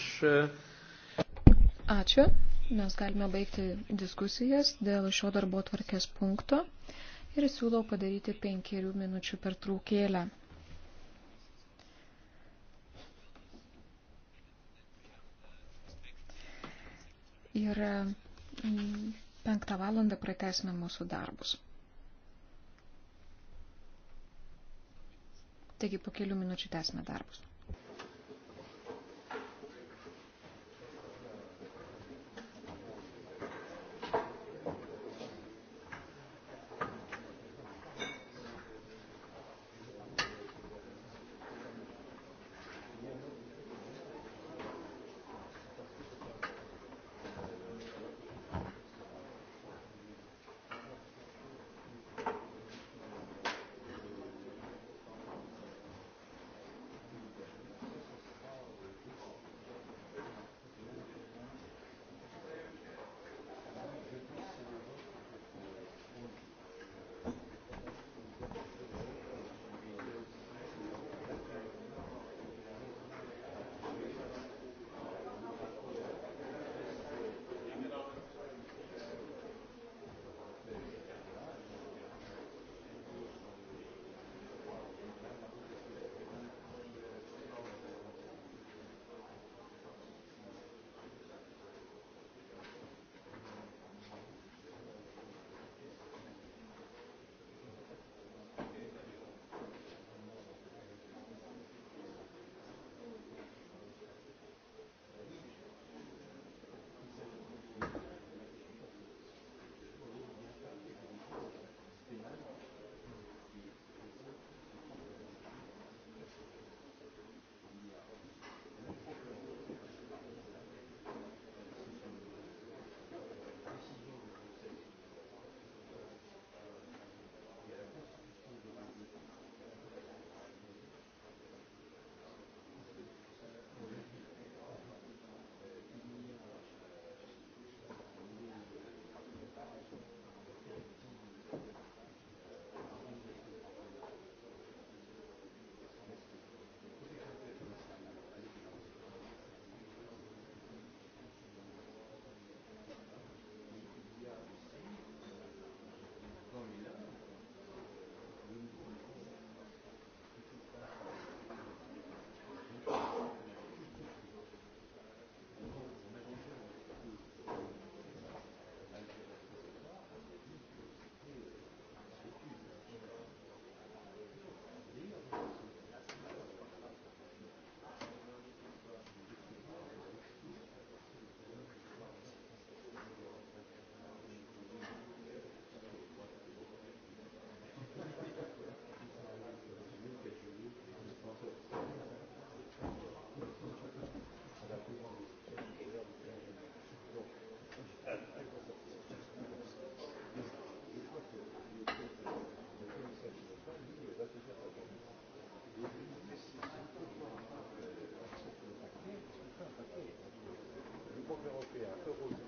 Ačiū. Mes galime baigti diskusijas dėl šio darbo tvarkės punkto ir siūlau padaryti penkerių minučių pertraukėlę. ir mm, penktą valandą pratesime mūsų darbus. Taigi po kelių minučių tęsime darbus. européen, eurozone,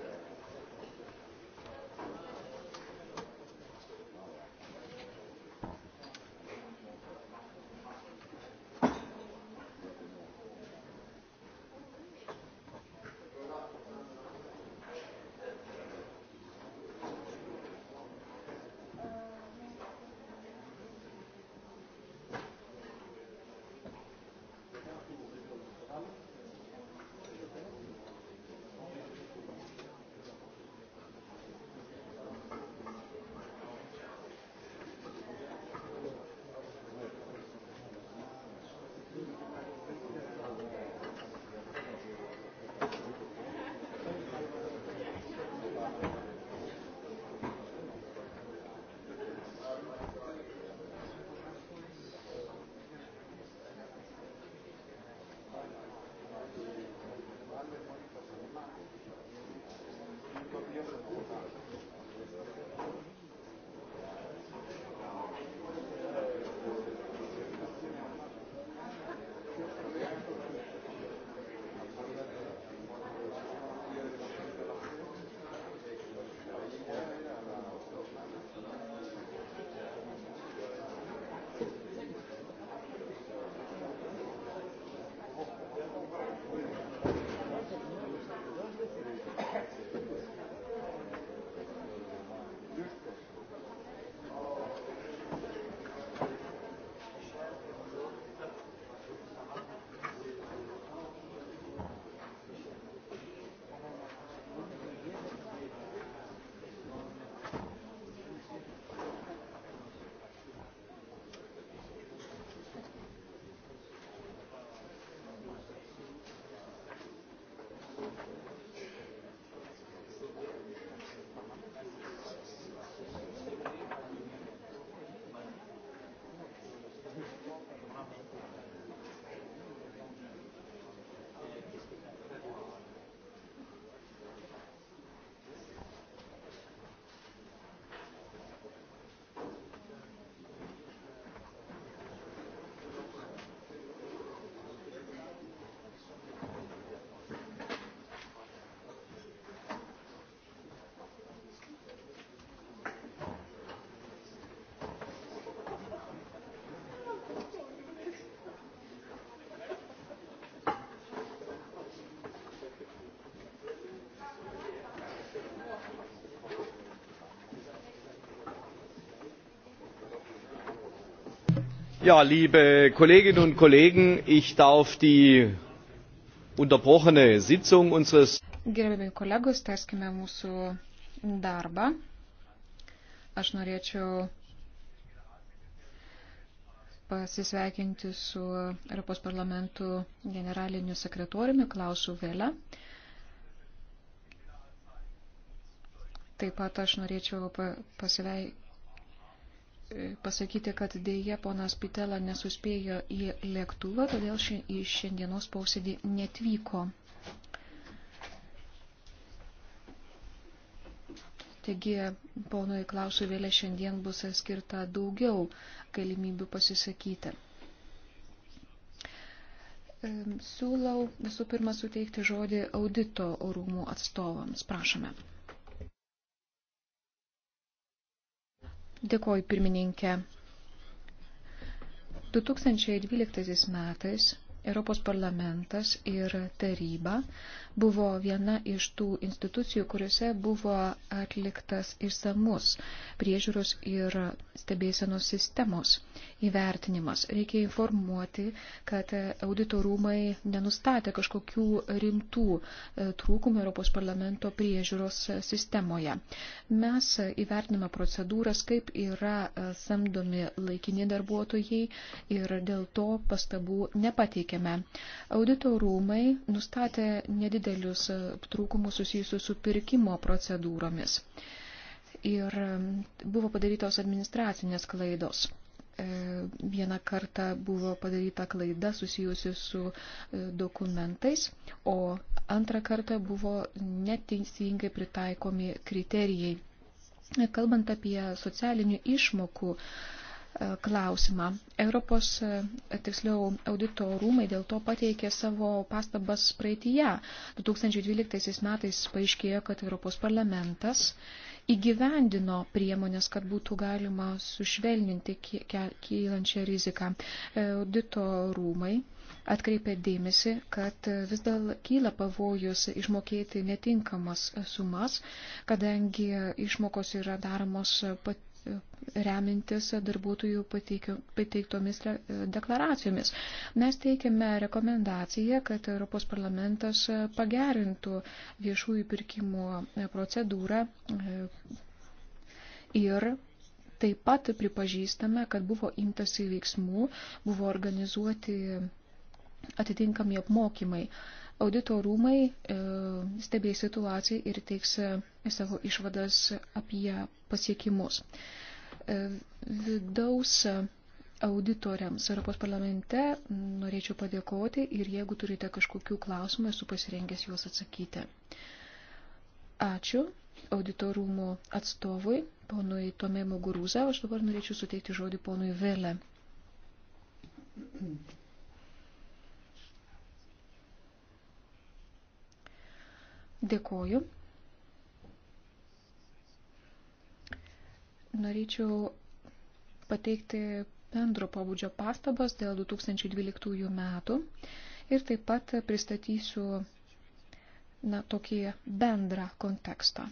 Ja, liebe Kolleginnen und Kollegen, ich darf die unterbrochene Sitzung unseres. Gerbiami kolegos, tęskime mūsų darbą. Aš norėčiau pasisveikinti su Europos parlamentų generaliniu sekretoriumi Klausu Vėle. Taip pat aš norėčiau pasveikinti pasakyti, kad dėje ponas Pitela nesuspėjo į lėktuvą, todėl ši, į šiandienos posėdį netvyko. Taigi, ponui Klausui vėlė šiandien bus skirta daugiau galimybių pasisakyti. Siūlau visų pirma suteikti žodį audito rūmų atstovams. Prašome. Dėkoju pirmininkė. 2012 metais Europos parlamentas ir taryba buvo viena iš tų institucijų, kuriuose buvo atliktas išsamus priežiūros ir stebėsenos sistemos įvertinimas. Reikia informuoti, kad audito rūmai nenustatė kažkokių rimtų e, trūkumų Europos parlamento priežiūros sistemoje. Mes įvertiname procedūras, kaip yra e, samdomi laikini darbuotojai ir dėl to pastabų nepateikė teikiame. Audito rūmai nustatė nedidelius e, trūkumus susijusius su pirkimo procedūromis. Ir e, buvo padarytos administracinės klaidos e, vieną kartą buvo padaryta klaida susijusi su dokumentais, o antrą kartą buvo neteisingai pritaikomi kriterijai. Kalbant apie socialinių išmokų E, klausimą. Europos, e, tiksliau, audito rūmai dėl to pateikė savo pastabas praeitįje. 2012 metais paaiškėjo, kad Europos parlamentas įgyvendino priemonės, kad būtų galima sušvelninti kylančią riziką. E, audito rūmai atkreipė dėmesį, kad vis dėl kyla pavojus išmokėti netinkamas sumas, kadangi išmokos yra daromos pat remintis darbuotojų pateiktomis deklaracijomis. Mes teikiame rekomendaciją, kad Europos parlamentas pagerintų viešųjų pirkimų procedūrą e, ir taip pat pripažįstame, kad buvo imtasi veiksmų, buvo organizuoti atitinkami apmokymai. Audito rūmai e, stebės situaciją ir teiks e, savo išvadas apie pasiekimus. E, vidaus auditoriams Europos parlamente norėčiau padėkoti ir jeigu turite kažkokių klausimų, esu pasirengęs juos atsakyti. Ačiū auditorumų atstovui, ponui Tomėmo Gurūza, aš dabar norėčiau suteikti žodį ponui Vėlė. Thank you. Dėkoju. Norėčiau pateikti bendro pabudžio pastabas dėl 2012 metų ir taip pat pristatysiu na, tokį bendrą kontekstą.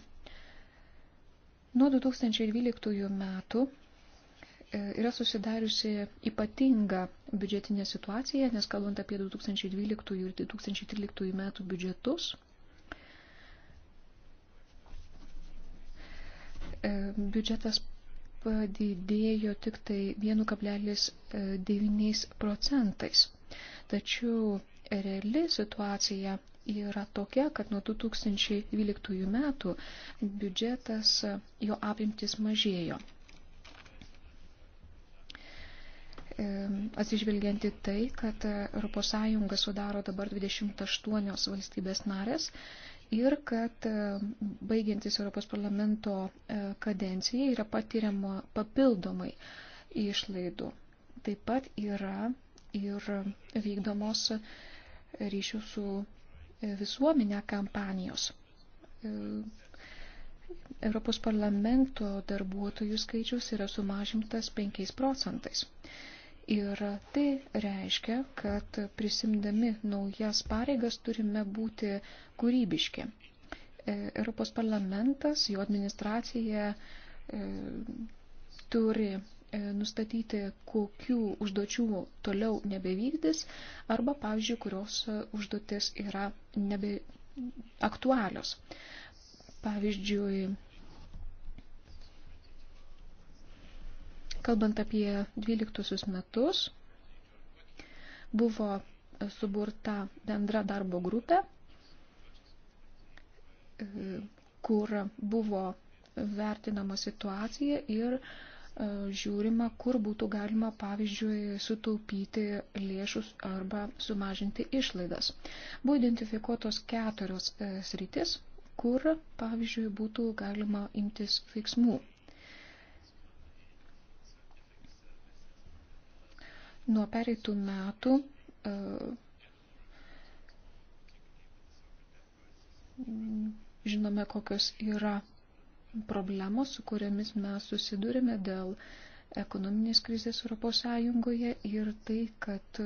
Nuo 2012 metų e, yra susidariusi ypatinga biudžetinė situacija, nes kalbant apie 2012 ir 2013 metų biudžetus, E, biudžetas padidėjo tik tai 1,9 procentais. Tačiau reali situacija yra tokia, kad nuo 2012 metų biudžetas jo apimtis mažėjo. E, Atsižvelgianti tai, kad ES sudaro dabar 28 valstybės narės ir kad e, baigiantis Europos parlamento e, kadencijai yra patiriama papildomai išlaidų. Taip pat yra ir vykdomos ryšių su visuomenė kampanijos. E, Europos parlamento darbuotojų skaičius yra sumažintas 5 procentais. Ir tai reiškia, kad prisimdami naujas pareigas turime būti kūrybiški. E, Europos parlamentas, jo administracija e, turi e, nustatyti, kokių užduočių toliau nebevykdys arba, pavyzdžiui, kurios užduotis yra nebe aktualios. Pavyzdžiui, Kalbant apie 12 metus, buvo suburta bendra darbo grupė, kur buvo vertinama situacija ir e, žiūrima, kur būtų galima, pavyzdžiui, sutaupyti lėšus arba sumažinti išlaidas. Buvo identifikuotos keturios e, sritis, kur, pavyzdžiui, būtų galima imtis veiksmų. Nuo pereitų metų e, žinome, kokios yra problemos, su kuriamis mes susidurime dėl ekonominės krizės Europos Sąjungoje ir tai, kad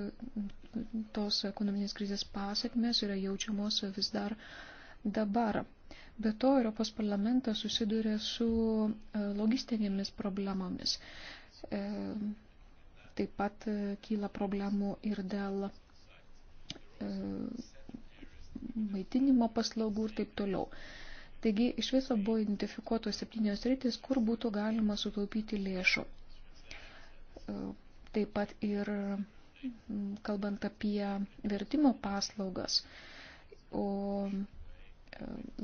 tos ekonominės krizės pasiekmes yra jaučiamos vis dar dabar. Be to, Europos parlamentas susiduria su e, logistinėmis problemomis. E, Taip pat e, kyla problemų ir dėl e, maitinimo paslaugų ir taip toliau. Taigi iš viso buvo identifikuotos septynios rytis, kur būtų galima sutaupyti lėšų. E, taip pat ir kalbant apie vertimo paslaugas, o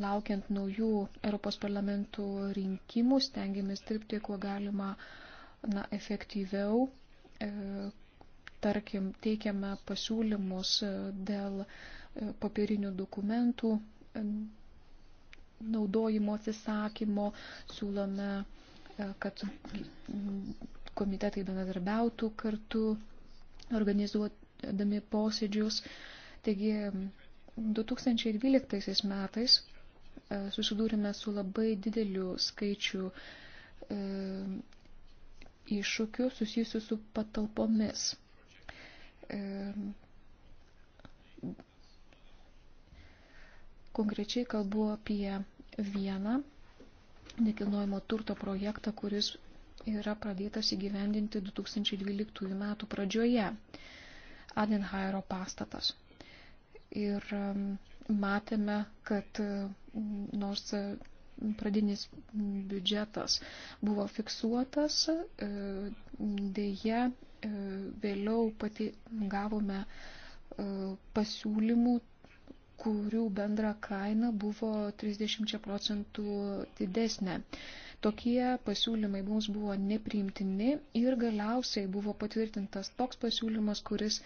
laukiant naujų Europos parlamentų rinkimų stengiamės dirbti kuo galima na, efektyviau E, tarkim, teikiame pasiūlymus e, dėl e, papirinių dokumentų naudojimo atsisakymo, siūlome, kad komitetai bendradarbiautų kartu, organizuodami posėdžius. Taigi 2012 metais susidūrėme su labai dideliu skaičiu iššūkių susijusių su patalpomis. E, konkrečiai kalbu apie vieną nekilnojimo turto projektą, kuris yra pradėtas įgyvendinti 2012 metų pradžioje Adenhairo pastatas. Ir e, matėme, kad e, nors pradinis biudžetas buvo fiksuotas, e, dėje e, vėliau pati gavome e, pasiūlymų, kurių bendra kaina buvo 30 procentų didesnė. Tokie pasiūlymai mums buvo nepriimtini ir galiausiai buvo patvirtintas toks pasiūlymas, kuris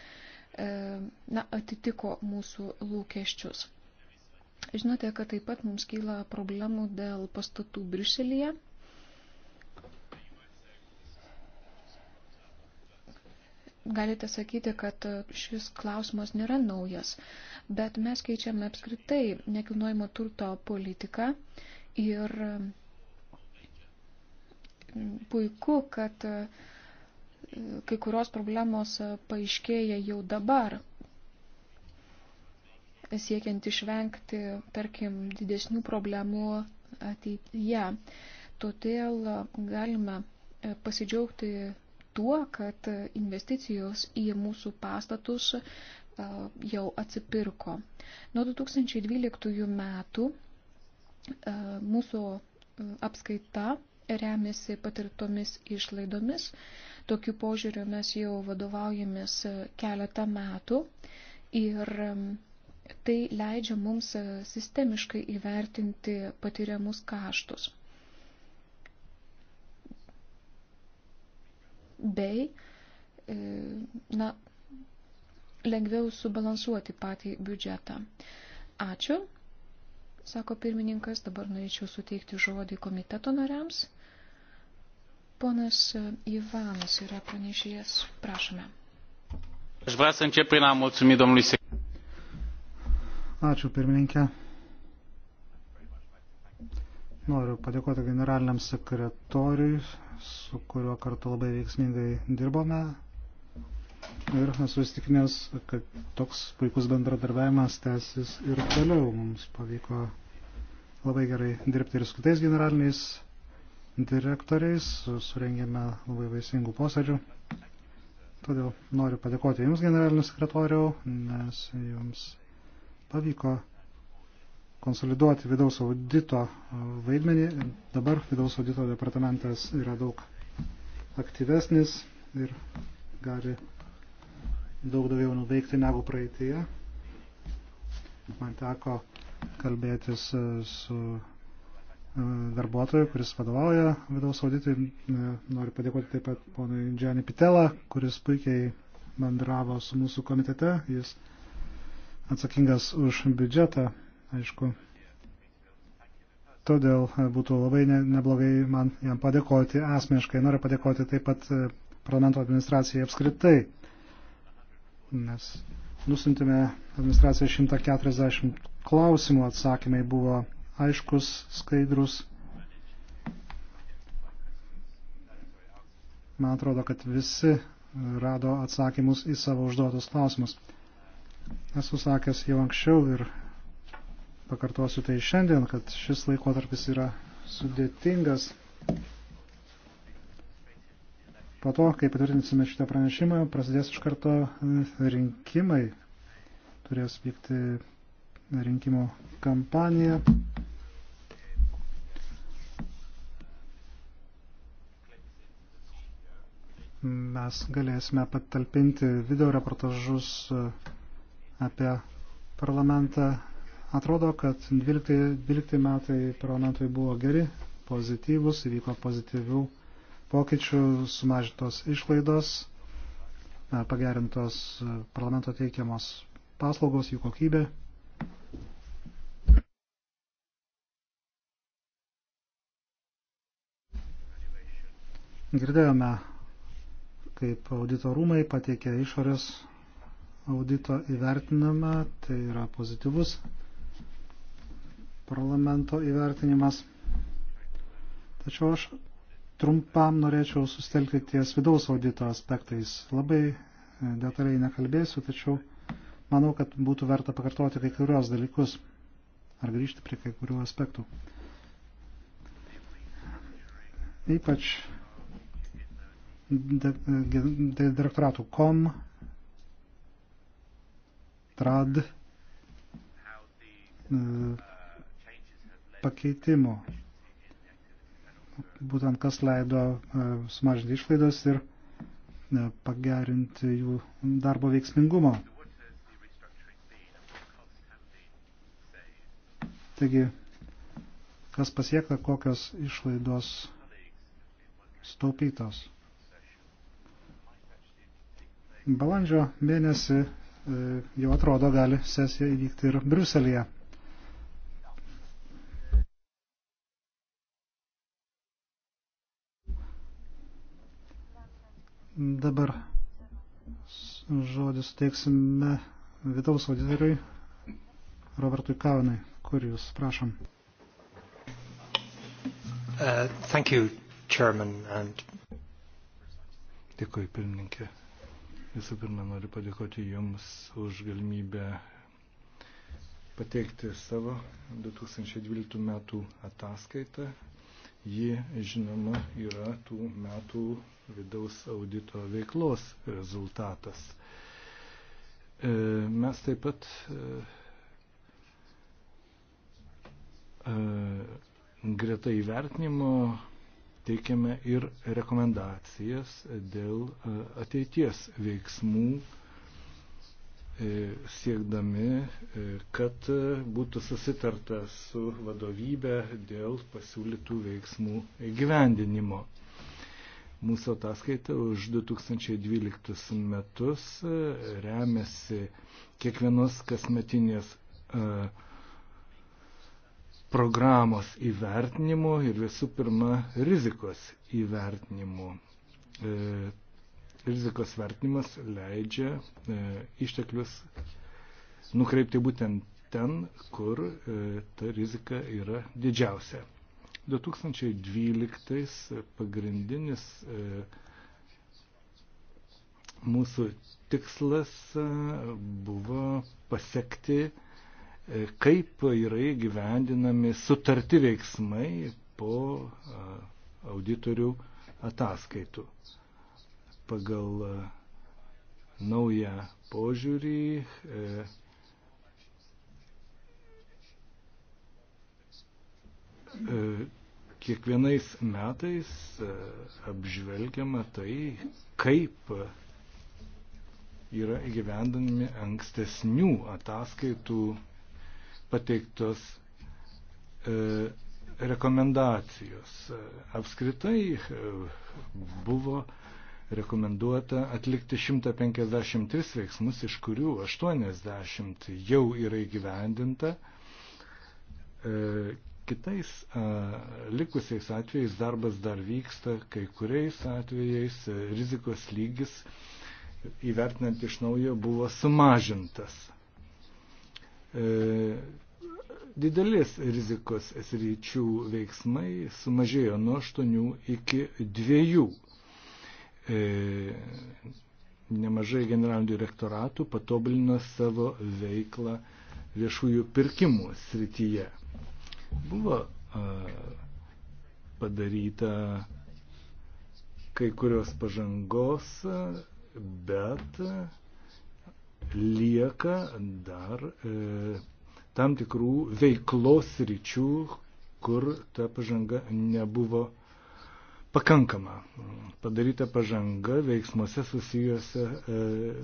na, atitiko mūsų lūkesčius. Žinote, kad taip pat mums kyla problemų dėl pastatų Briuselėje. Galite sakyti, kad šis klausimas nėra naujas, bet mes keičiame apskritai nekilnojimo turto politiką ir puiku, kad kai kurios problemos paaiškėja jau dabar, siekiant išvengti, tarkim, didesnių problemų ateityje. Todėl galime e, pasidžiaugti tuo, kad investicijos į mūsų pastatus e, jau atsipirko. Nuo 2012 metų e, mūsų apskaita remiasi patirtomis išlaidomis. Tokiu požiūriu mes jau vadovaujamės keletą metų ir Tai leidžia mums e, sistemiškai įvertinti patiriamus kaštus. Bei, e, na, lengviau subalansuoti patį biudžetą. Ačiū, sako pirmininkas, dabar norėčiau suteikti žodį komiteto nariams. Ponas e, Ivanas yra pranešėjas. Prašome. Aš vėl sančia prin a mulțumi domnului Ačiū pirmininkė. Noriu padėkoti generaliniam sekretoriui, su kuriuo kartu labai veiksmingai dirbome. Ir esu įstikinęs, kad toks puikus bendradarbiavimas tęsis ir toliau. Mums pavyko labai gerai dirbti ir su kitais generaliniais direktoriais, surengėme labai vaisingų posėdžių. Todėl noriu padėkoti Jums, generalinis sekretoriau, nes Jums pavyko konsoliduoti vidaus audito vaidmenį. Dabar vidaus audito departamentas yra daug aktyvesnis ir gali daug daugiau nuveikti negu praeitėje. Man teko kalbėtis su e, darbuotoju, kuris vadovauja vidaus auditui. E, noriu padėkoti taip pat ponui Džiani Pitela, kuris puikiai bendravo su mūsų komitete. Jis atsakingas už biudžetą, aišku. Todėl būtų labai neblogai man jam padėkoti asmeniškai. Noriu padėkoti taip pat e, parlamento administracijai apskritai, nes nusintėme administraciją 140 klausimų, atsakymai buvo aiškus, skaidrus. Man atrodo, kad visi rado atsakymus į savo užduotus klausimus. Esu sakęs jau anksčiau ir pakartosiu tai šiandien, kad šis laikotarpis yra sudėtingas. Po to, kai patvirtinsime šitą pranešimą, prasidės iš karto rinkimai. Turės vykti rinkimų kampanija. Mes galėsime patalpinti video reportažus apie parlamentą. Atrodo, kad 12, 12 metai parlamentui buvo geri, pozityvus, įvyko pozityvių pokyčių, sumažintos išlaidos, e, pagerintos e, parlamento teikiamos paslaugos, jų kokybė. Girdėjome, kaip auditorumai pateikė išorės audito įvertinama, tai yra pozityvus parlamento įvertinimas. Tačiau aš trumpam norėčiau sustelkti ties vidaus audito aspektais. Labai e, detaliai nekalbėsiu, tačiau manau, kad būtų verta pakartoti kai kurios dalykus ar grįžti prie kai kurių aspektų. Ypač direktoratų kom trad e, pakeitimų. Būtent kas leido e, sumažinti išlaidas ir e, pagerinti jų darbo veiksmingumą. Taigi, kas pasiekta, kokios išlaidos staupytos. Balandžio mėnesį E, jau atrodo gali sesija įvykti ir Briuselėje. Dabar žodį suteiksime vidaus auditoriui Robertui Kavanai, kur jūs prašom. Uh, thank you, Chairman. And... Dėkui, pirmininkė. Visų pirma, noriu padėkoti Jums už galimybę pateikti savo 2012 metų ataskaitą. Ji, žinoma, yra tų metų vidaus audito veiklos rezultatas. E, mes taip pat e, e, greta įvertinimo teikiame ir rekomendacijas dėl e, ateities veiksmų e, siekdami, e, kad būtų susitarta su vadovybė dėl pasiūlytų veiksmų įgyvendinimo. Mūsų ataskaita už 2012 metus remiasi kiekvienos kasmetinės uh, programos įvertinimu ir visų pirma rizikos įvertinimu. E, rizikos vertinimas leidžia e, išteklius nukreipti būtent ten, kur e, ta rizika yra didžiausia. 2012 pagrindinis e, mūsų tikslas e, buvo pasiekti e, E, kaip yra įgyvendinami sutarti veiksmai po e, auditorių ataskaitų. Pagal e, naują požiūrį kiekvienais metais apžvelgiama tai, kaip yra įgyvendinami ankstesnių ataskaitų pateiktos e, rekomendacijos. Apskritai e, buvo rekomenduota atlikti 153 veiksmus, iš kurių 80 jau yra įgyvendinta. E, kitais a, likusiais atvejais darbas dar vyksta, kai kuriais atvejais e, rizikos lygis įvertinant iš naujo buvo sumažintas. E, didelės rizikos sričių veiksmai sumažėjo nuo 8 iki 2. E, nemažai generalinių direktoratų patobulino savo veiklą viešųjų pirkimų srityje. Buvo padaryta kai kurios pažangos, bet lieka dar e, tam tikrų veiklos ryčių, kur ta pažanga nebuvo pakankama. Padaryta pažanga veiksmuose e,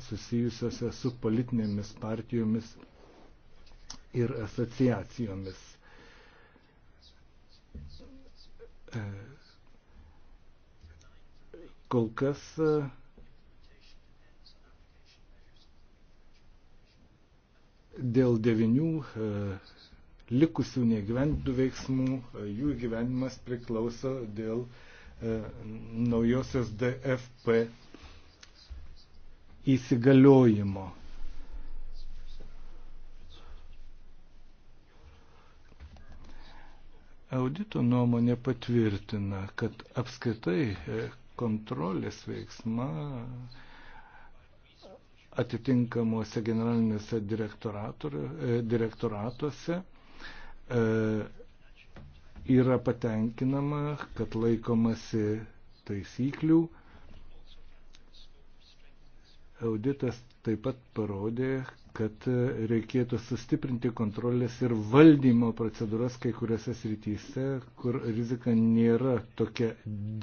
susijusiuose su politinėmis partijomis ir asociacijomis. E, kol kas e, dėl devinių e, likusių negyventų veiksmų, e, jų gyvenimas priklauso dėl e, naujosios DFP įsigaliojimo. Audito nuomonė patvirtina, kad apskaitai kontrolės veiksma atitinkamuose generaliniuose e, direktoratuose e, yra patenkinama, kad laikomasi taisyklių. Auditas taip pat parodė, kad reikėtų sustiprinti kontrolės ir valdymo procedūras kai kuriuose srityse, kur rizika nėra tokia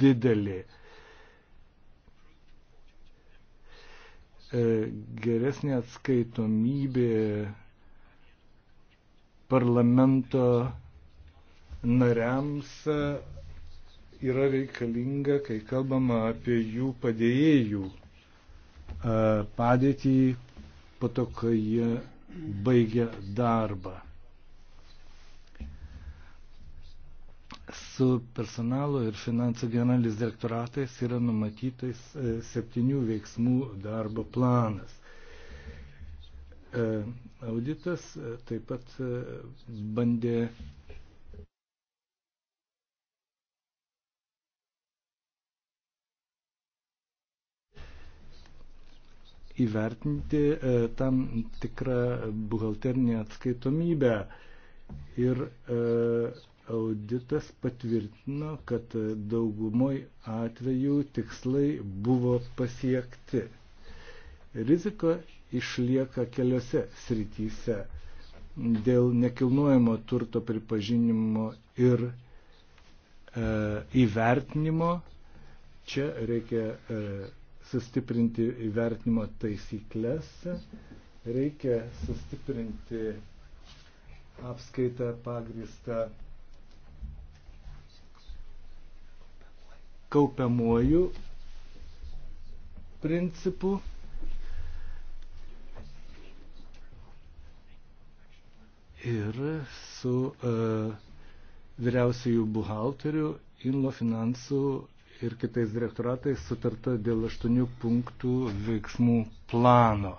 didelė. E, E, geresnė atskaitomybė parlamento nariams yra reikalinga, kai kalbama apie jų padėjėjų e, padėtį po to, kai jie baigia darbą. su personalo ir finansų generalinis direktoratais yra numatytas e, septynių veiksmų darbo planas. E, auditas e, taip pat bandė įvertinti tam tikrą buhalterinę atskaitomybę ir auditas patvirtino, kad daugumoj atvejų tikslai buvo pasiekti. Rizika išlieka keliose srityse dėl nekilnojamo turto pripažinimo ir e, įvertinimo. Čia reikia e, sustiprinti įvertinimo taisyklės, reikia sustiprinti apskaitą pagristą kaupiamuoju principu. Ir su uh, vyriausiųjų buhalterių, Inlo finansų ir kitais direktoratais sutarta dėl aštuonių punktų veiksmų plano.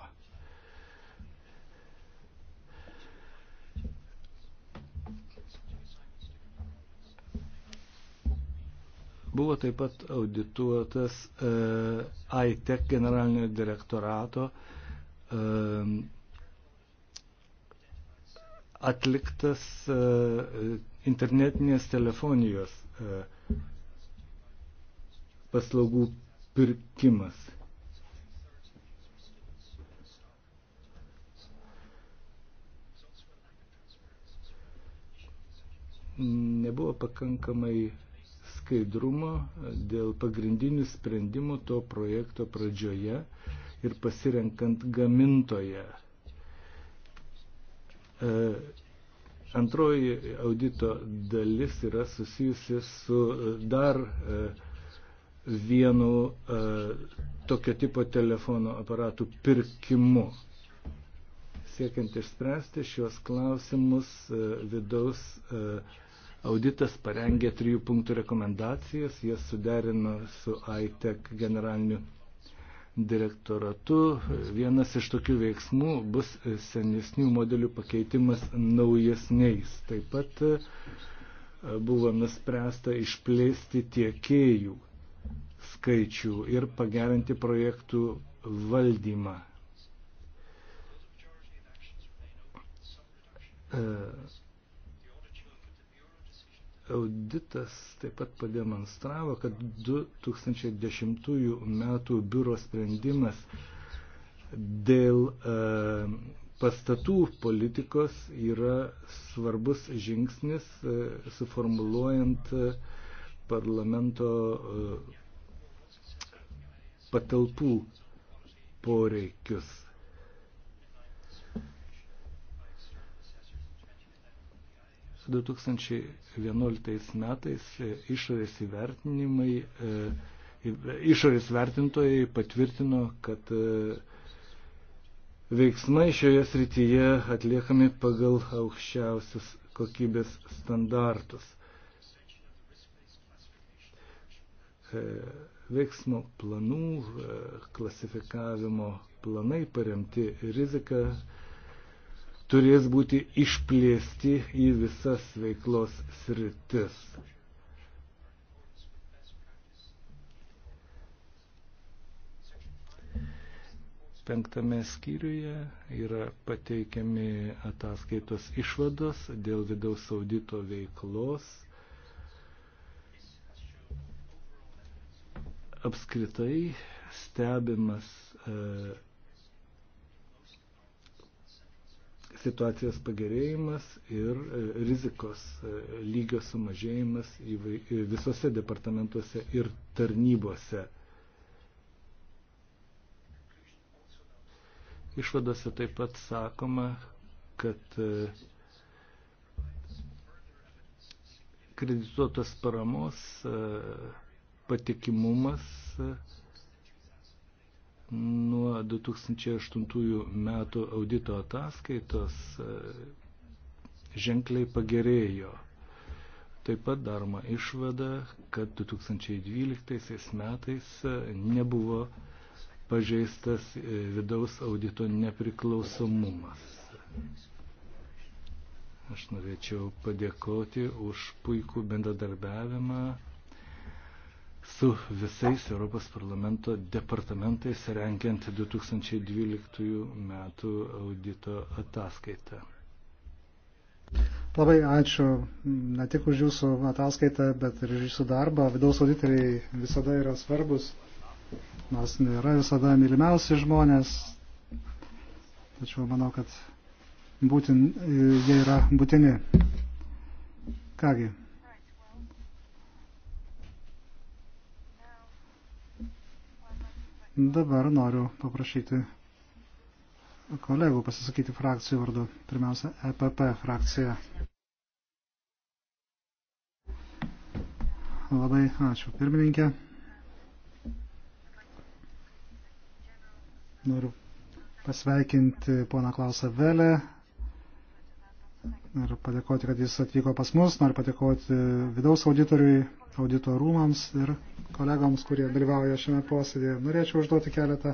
Buvo taip pat audituotas e, ITEC generalinio direktorato e, atliktas e, internetinės telefonijos e, paslaugų pirkimas. Nebuvo pakankamai skaidrumo dėl pagrindinių sprendimų to projekto pradžioje ir pasirenkant gamintoje. E, antroji audito dalis yra susijusi su e, dar e, vienu tokio tipo telefono aparatų pirkimu siekiant išspręsti šios klausimus vidaus Auditas parengė trijų punktų rekomendacijas, jas suderino su ITEC generaliniu direktoratu. Vienas iš tokių veiksmų bus senesnių modelių pakeitimas naujesniais. Taip pat e, buvo nuspręsta išplėsti tiekėjų skaičių ir pagerinti projektų valdymą. E, Auditas taip pat pademonstravo, kad 2010 metų biuro sprendimas dėl e, pastatų politikos yra svarbus žingsnis e, suformuluojant e, parlamento patalpų poreikius. 2011 metais e, išorės įvertinimai, e, išorės vertintojai patvirtino, kad e, veiksmai šioje srityje atliekami pagal aukščiausius kokybės standartus. Veiksmo planų klasifikavimo planai paremti rizika turės būti išplėsti į visas veiklos sritis. Penktame skyriuje yra pateikiami ataskaitos išvados dėl vidaus audito veiklos. Apskritai stebimas e, situacijos pagerėjimas ir e, rizikos e, lygio sumažėjimas e, visose departamentuose ir tarnybose. Išvadose taip pat sakoma, kad kredituotas paramos patikimumas Nuo 2008 metų audito ataskaitos e, ženkliai pagerėjo. Taip pat daroma išvada, kad 2012 metais e, nebuvo pažeistas e, vidaus audito nepriklausomumas. Aš norėčiau padėkoti už puikų bendradarbiavimą su visais Europos parlamento departamentais renkiant 2012 metų audito ataskaitą. Labai ačiū ne tik už jūsų ataskaitą, bet ir už jūsų darbą. Vidaus auditoriai visada yra svarbus, nors nėra visada mylimiausi žmonės, tačiau manau, kad būtin, jie yra būtini. Kągi. Dabar noriu paprašyti kolegų pasisakyti frakcijų vardu. Pirmiausia, EPP frakcija. Labai ačiū, pirmininkė. Noriu pasveikinti poną Klausą Velę, ir padėkoti, kad jis atvyko pas mus. Noriu padėkoti vidaus auditoriui, audito rūmams ir kolegoms, kurie dalyvauja šiame posėdėje. Norėčiau užduoti keletą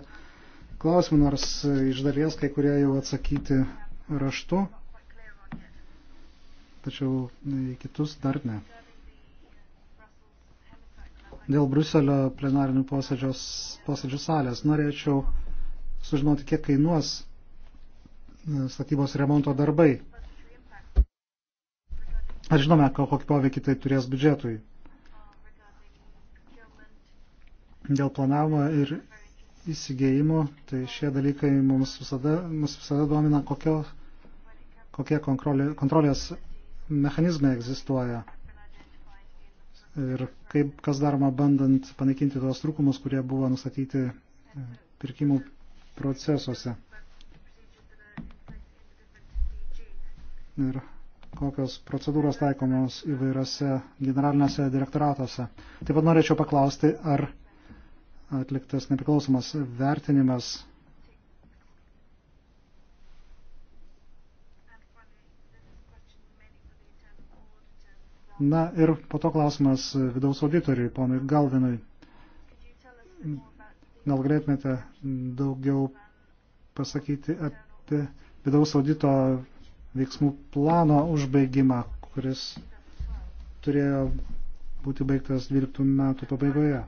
klausimų, nors iš dalies kai kurie jau atsakyti raštu, tačiau į kitus dar ne. Dėl Bruselio plenarinių posėdžių salės norėčiau sužinoti, kiek kainuos statybos remonto darbai Ar žinome, kokį poveikį tai turės biudžetui? Dėl planavimo ir įsigėjimo, tai šie dalykai mums visada, mums visada domina, kokio, kokie kontrolė, kontrolės mechanizmai egzistuoja ir kaip, kas daroma bandant panaikinti tos trūkumus, kurie buvo nustatyti e, pirkimų procesuose. Ir kokios procedūros taikomos įvairiose generalinėse direktoratuose. Taip pat norėčiau paklausti, ar atliktas nepriklausomas vertinimas Na ir po to klausimas vidaus auditoriui, ponui Galvinui. Gal galėtumėte daugiau pasakyti apie vidaus audito veiksmų plano užbaigimą, kuris turėjo būti baigtas 12 metų pabaigoje.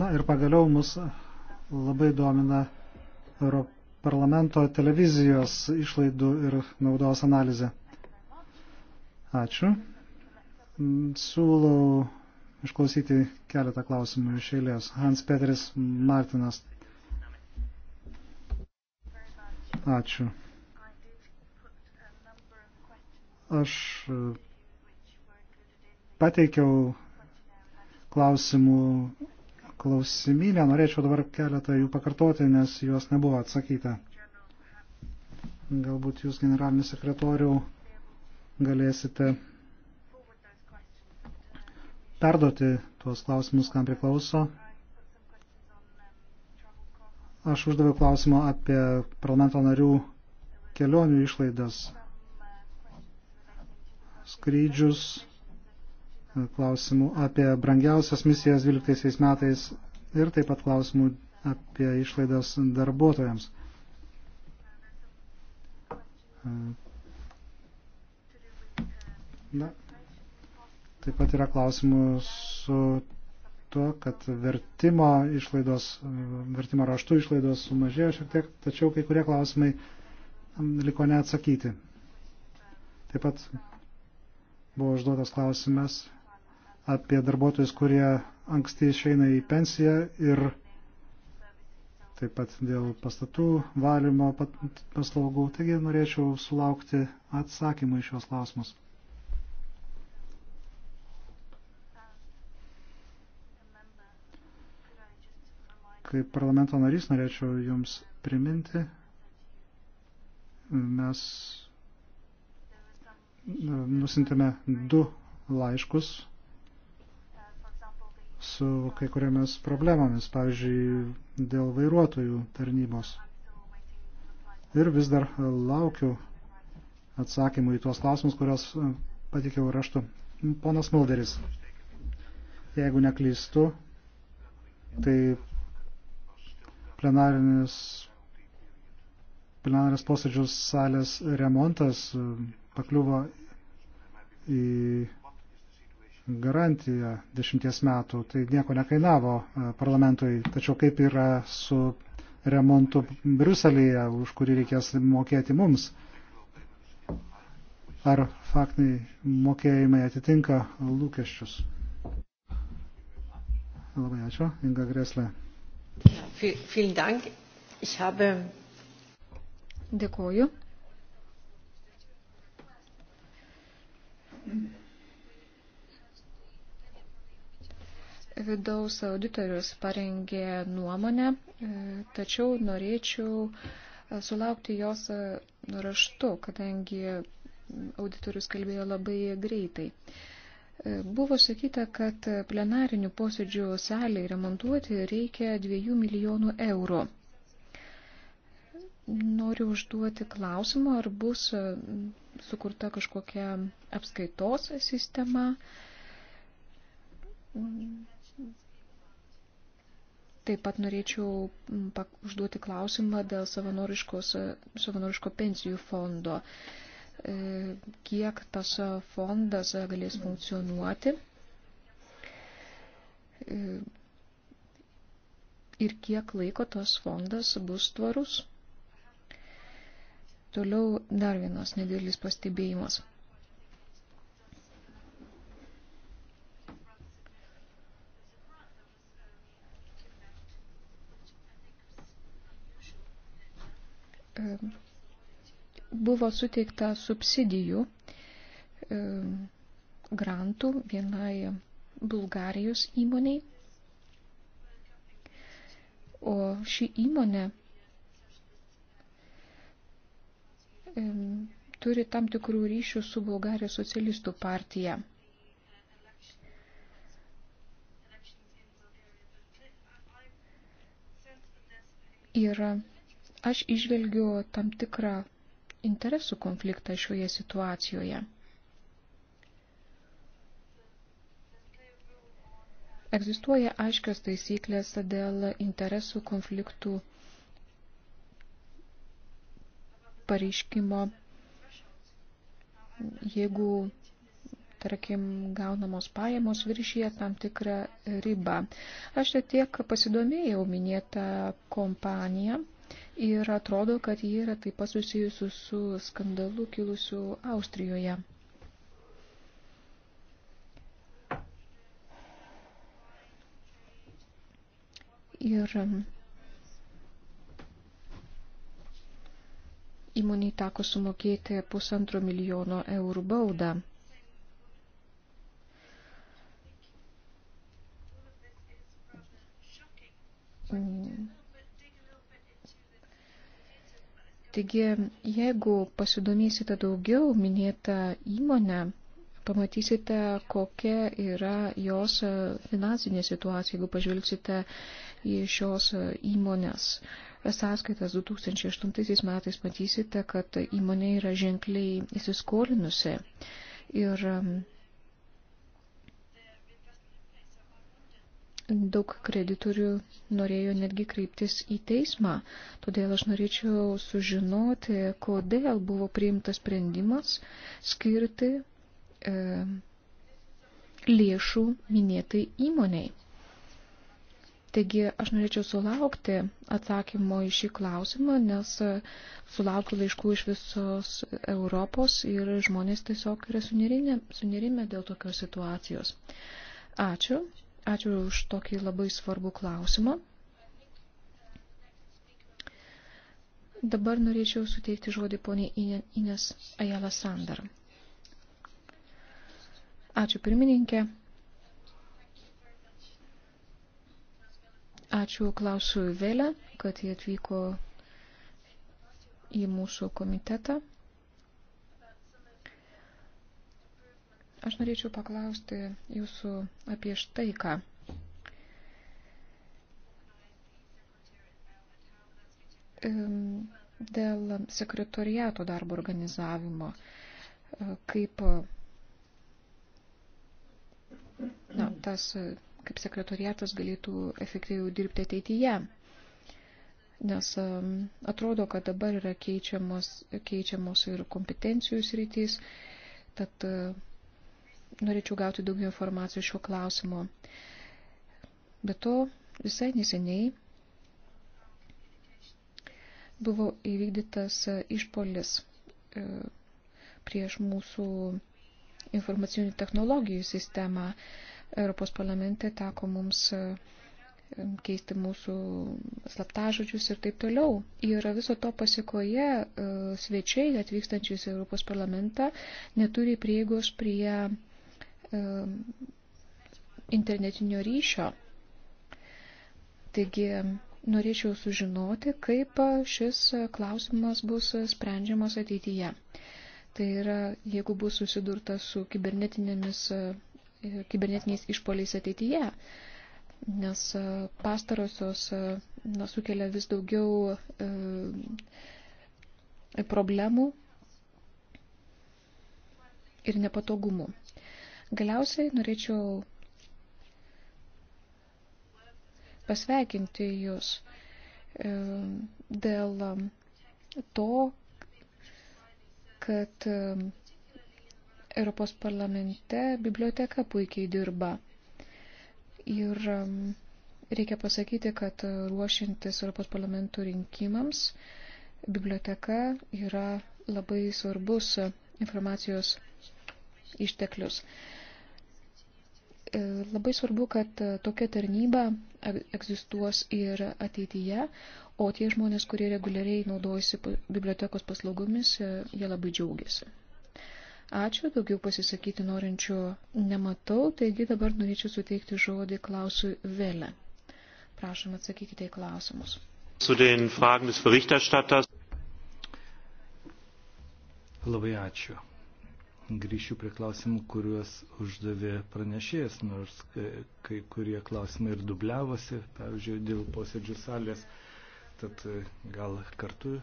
Na ir pagaliau mus labai domina Europarlamento televizijos išlaidų ir naudos analizė. Ačiū. Siūlau išklausyti keletą klausimų iš eilės. Hans Peteris Martinas Ačiū. Aš e, pateikiau klausimų klausimynę, norėčiau dabar keletą jų pakartoti, nes juos nebuvo atsakyta. Galbūt jūs, generalinis sekretoriau, galėsite perduoti tuos klausimus, kam priklauso Aš uždaviau klausimą apie parlamento narių kelionių išlaidas, skrydžius, klausimų apie brangiausias misijas 12 metais ir taip pat klausimų apie išlaidas darbuotojams. Na, taip pat yra klausimų su tuo, kad vertimo išlaidos, vertimo raštų išlaidos sumažėjo šiek tiek, tačiau kai kurie klausimai liko neatsakyti. Taip pat buvo užduotas klausimas apie darbuotojus, kurie anksti išeina į pensiją ir taip pat dėl pastatų valymo paslaugų. Taigi norėčiau sulaukti atsakymų iš šios klausimus. Kaip parlamento narys norėčiau Jums priminti, mes nusintėme du laiškus su kai kuriamis problemomis, pavyzdžiui, dėl vairuotojų tarnybos. Ir vis dar laukiu atsakymų į tuos klausimus, kurios patikiau raštu. Ponas Mulderis, jeigu neklystu, tai plenarinis plenarinės posėdžių salės remontas e, pakliuvo į garantiją dešimties metų. Tai nieko nekainavo e, parlamentui. Tačiau kaip yra su remontu Briuselėje, už kurį reikės mokėti mums? Ar faktiniai mokėjimai atitinka lūkesčius? Labai ačiū, Inga Greslė. Dėkuoju. Vidaus auditorius parengė nuomonę, tačiau norėčiau sulaukti jos raštu, kadangi auditorius kalbėjo labai greitai. Buvo sakyta, kad plenarinių posėdžių salėje remontuoti reikia 2 milijonų eurų. Noriu užduoti klausimą, ar bus e, sukurta kažkokia apskaitos sistema. Taip pat norėčiau užduoti klausimą dėl savanoriško pensijų fondo. E, kiek tas fondas galės funkcionuoti e, ir kiek laiko tas fondas bus tvarus. Toliau dar vienas nedėlis pastebėjimas. Um buvo suteikta subsidijų e, grantų vienai Bulgarijos įmoniai. O ši įmonė e, turi tam tikrų ryšių su Bulgarijos socialistų partija. Ir aš išvelgiu tam tikrą interesų konfliktą šioje situacijoje. Egzistuoja aiškios taisyklės dėl interesų konfliktų pareiškimo, jeigu, tarkim, gaunamos pajamos viršyje tam tikrą ribą. Aš tiek pasidomėjau minėtą kompaniją ir atrodo, kad ji yra taip pat susijusi su skandalu kilusiu Austrijoje. Ir um, įmoniai teko sumokėti pusantro milijono eurų baudą. Taigi, jeigu pasidomėsite daugiau minėtą įmonę, pamatysite, kokia yra jos e, finansinė situacija, jeigu pažvelgsite į šios e, įmonės sąskaitas 2008 metais, matysite, kad įmonė yra ženkliai įsiskolinusi. Ir daug kreditorių norėjo netgi kreiptis į teismą. Todėl aš norėčiau sužinoti, kodėl buvo priimtas sprendimas skirti e, lėšų minėtai įmoniai. Taigi aš norėčiau sulaukti atsakymo į šį klausimą, nes sulaukiu laiškų iš visos Europos ir žmonės tiesiog yra sunerimę, sunerimę dėl tokios situacijos. Ačiū. Ačiū už tokį labai svarbų klausimą. Dabar norėčiau suteikti žodį poniai Ines Ajala Sandar. Ačiū pirmininkė. Ačiū Klausui Vėlę, kad jie atvyko į mūsų komitetą. Aš norėčiau paklausti jūsų apie štai ką. Dėl sekretoriato darbo organizavimo, e, kaip, na, tas, e, kaip sekretoriatas galėtų efektyviau dirbti ateityje nes e, atrodo, kad dabar yra keičiamos, keičiamos ir kompetencijų sritys, tad norėčiau gauti daugiau informacijos šiuo klausimu. Be to, visai neseniai buvo įvykdytas išpolis e, prieš mūsų informacinių technologijų sistemą. Europos parlamente teko mums e, keisti mūsų slaptažodžius ir taip toliau. Ir viso to pasikoje e, svečiai atvykstančius į Europos parlamentą neturi prieigos prie Um, internetinio ryšio. Taigi norėčiau sužinoti, kaip šis klausimas bus sprendžiamas ateityje. Tai yra, jeigu bus susidurta su kibernetiniais išpoliais ateityje, nes pastarosios na, sukelia vis daugiau e, problemų ir nepatogumų. Galiausiai norėčiau pasveikinti Jūs e, dėl e, to, kad e, Europos parlamente biblioteka puikiai dirba. Ir reikia pasakyti, kad ruošintis Europos parlamentų rinkimams biblioteka yra labai svarbus informacijos išteklius. E, labai svarbu, kad e, tokia tarnyba e, egzistuos ir ateityje, o tie žmonės, kurie reguliariai naudojasi bibliotekos paslaugomis, jie labai džiaugiasi. Ačiū, daugiau pasisakyti norinčių nematau, taigi dabar norėčiau suteikti žodį Klausui Vėlę. Prašom atsakykite į klausimus. Labai ačiū grįšiu prie klausimų, kuriuos uždavė pranešėjas, nors e, kai kurie klausimai ir dubliavosi, pavyzdžiui, dėl posėdžių salės, tad e, gal kartu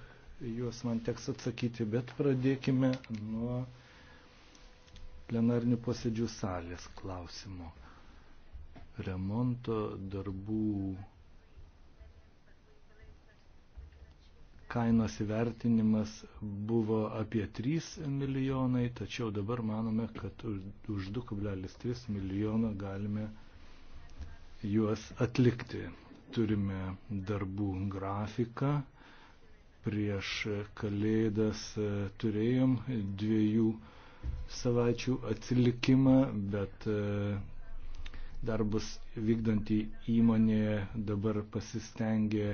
juos man teks atsakyti, bet pradėkime nuo plenarnių posėdžių salės klausimo. Remonto darbų kainos įvertinimas buvo apie 3 milijonai, tačiau dabar manome, kad už 2,3 milijoną galime juos atlikti. Turime darbų grafiką. Prieš kalėdas e, turėjom dviejų savaičių atsilikimą, bet e, darbus vykdantį įmonė dabar pasistengė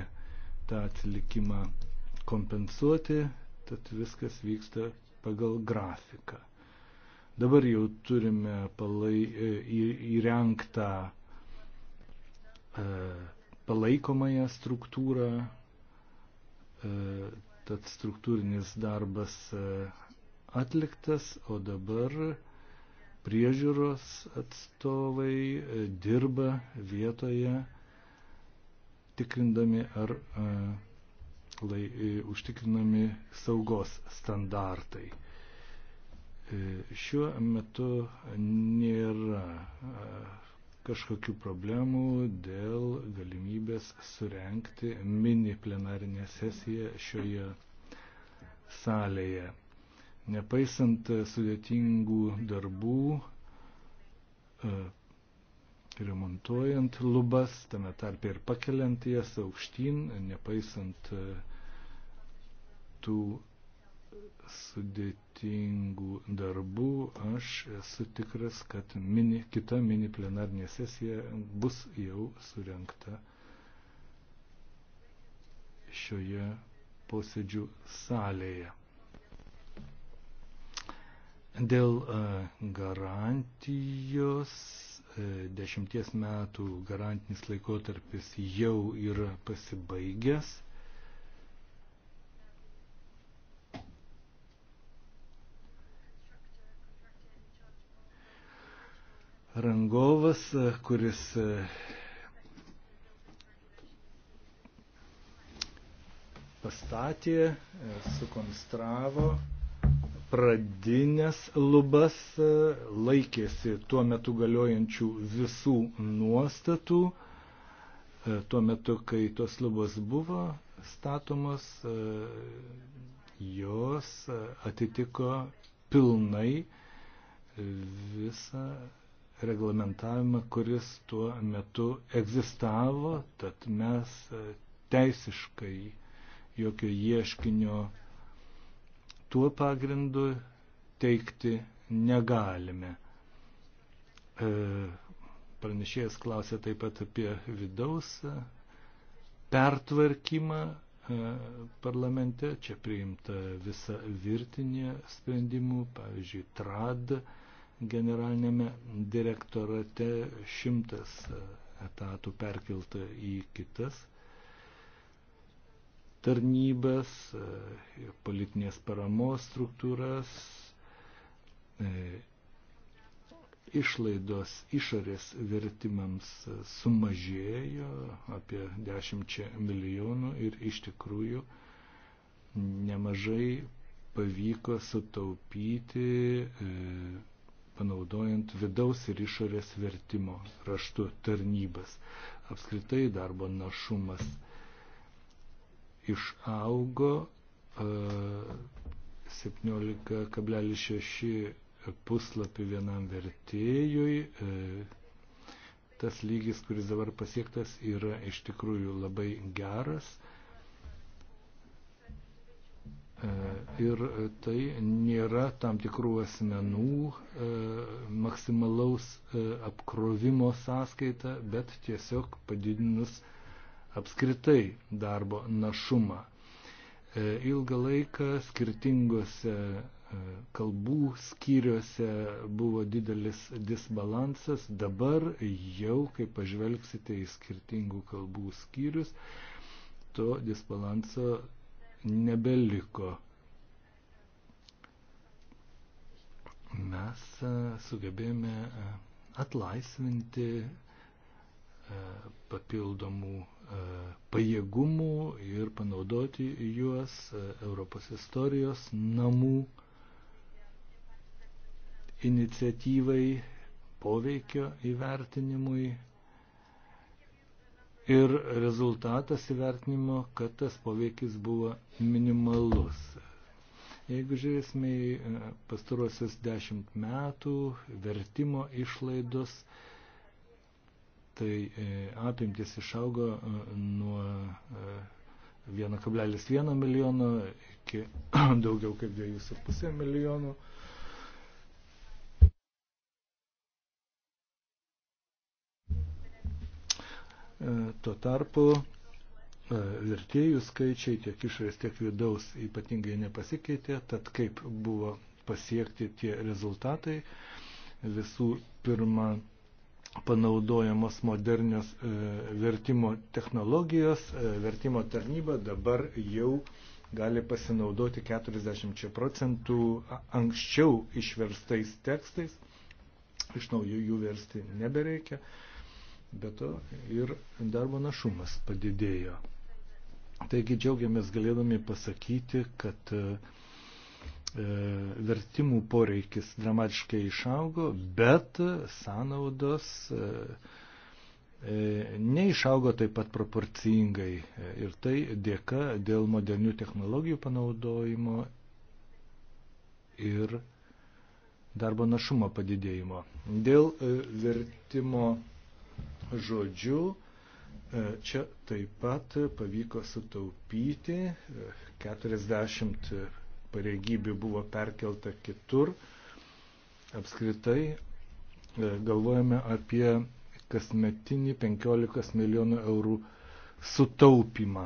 tą atsilikimą kompensuoti, tad viskas vyksta pagal grafiką. Dabar jau turime palai, e, įrengtą e, palaikomąją struktūrą, e, tad struktūrinis darbas atliktas, o dabar priežiūros atstovai dirba vietoje, tikrindami, ar lai, e, užtikrinami saugos standartai. E, šiuo metu nėra e, kažkokių problemų dėl galimybės surenkti mini plenarinę sesiją šioje salėje. Nepaisant sudėtingų darbų, remontuojant lubas, tame tarpe ir pakeliant jas aukštyn, nepaisant e, tų sudėtingų darbų, aš esu tikras, kad mini, kita mini plenarnė sesija bus jau surenkta šioje posėdžių salėje. Dėl e, garantijos dešimties metų garantinis laikotarpis jau yra pasibaigęs. Rangovas, kuris e, pastatė, e, sukonstravo pradinės lubas, e, laikėsi tuo metu galiojančių visų nuostatų. E, tuo metu, kai tos lubos buvo statomos, e, jos atitiko pilnai visą reglamentavimą, kuris tuo metu egzistavo, tad mes teisiškai jokio ieškinio tuo pagrindu teikti negalime. E, pranešėjas klausė taip pat apie vidaus pertvarkymą e, parlamente. Čia priimta visa virtinė sprendimų, pavyzdžiui, TRAD generalinėme direktorate šimtas etatų perkelta į kitas tarnybas, e, politinės paramos struktūras, e, išlaidos išorės vertimams sumažėjo apie 10 milijonų ir iš tikrųjų nemažai pavyko sutaupyti e, panaudojant vidaus ir išorės vertimo raštu tarnybas. Apskritai darbo našumas išaugo 17,6 e, puslapį vienam vertėjui. E, tas lygis, kuris dabar pasiektas, yra iš tikrųjų labai geras. E, ir tai nėra tam tikrų asmenų maksimalaus apkrovimo sąskaita, bet tiesiog padidinus apskritai darbo našumą. E, ilgą laiką skirtingose e, kalbų skyriuose buvo didelis disbalansas, dabar jau, kai pažvelgsite į skirtingų kalbų skyrius, to disbalanso nebeliko. Mes e, sugebėjome atlaisvinti E, papildomų e, pajėgumų ir panaudoti juos e, Europos istorijos namų iniciatyvai, poveikio įvertinimui. Ir rezultatas įvertinimo, kad tas poveikis buvo minimalus. Jeigu žiūrėsime į pastaruosius dešimt metų, vertimo išlaidos, tai e, apimtis išaugo e, nuo 1,1 e, milijono iki daugiau kaip 2,5 milijonų. Tuo tarpu vertėjų skaičiai tiek išorės, tiek vidaus ypatingai nepasikeitė, tad kaip buvo pasiekti tie rezultatai visų pirma panaudojamos modernios e, vertimo technologijos. E, vertimo tarnyba dabar jau gali pasinaudoti 40 procentų anksčiau išverstais tekstais. Iš naujo jų versti nebereikia. Be to ir darbo našumas padidėjo. Taigi džiaugiamės galėdami pasakyti, kad uh, E, vertimų poreikis dramatiškai išaugo, bet sąnaudos e, e, neišaugo taip pat proporcingai ir tai dėka dėl modernių technologijų panaudojimo ir darbo našumo padidėjimo. Dėl vertimo žodžių čia taip pat pavyko sutaupyti 40 pareigybių buvo perkelta kitur. Apskritai e, galvojame apie kasmetinį 15 milijonų eurų sutaupimą.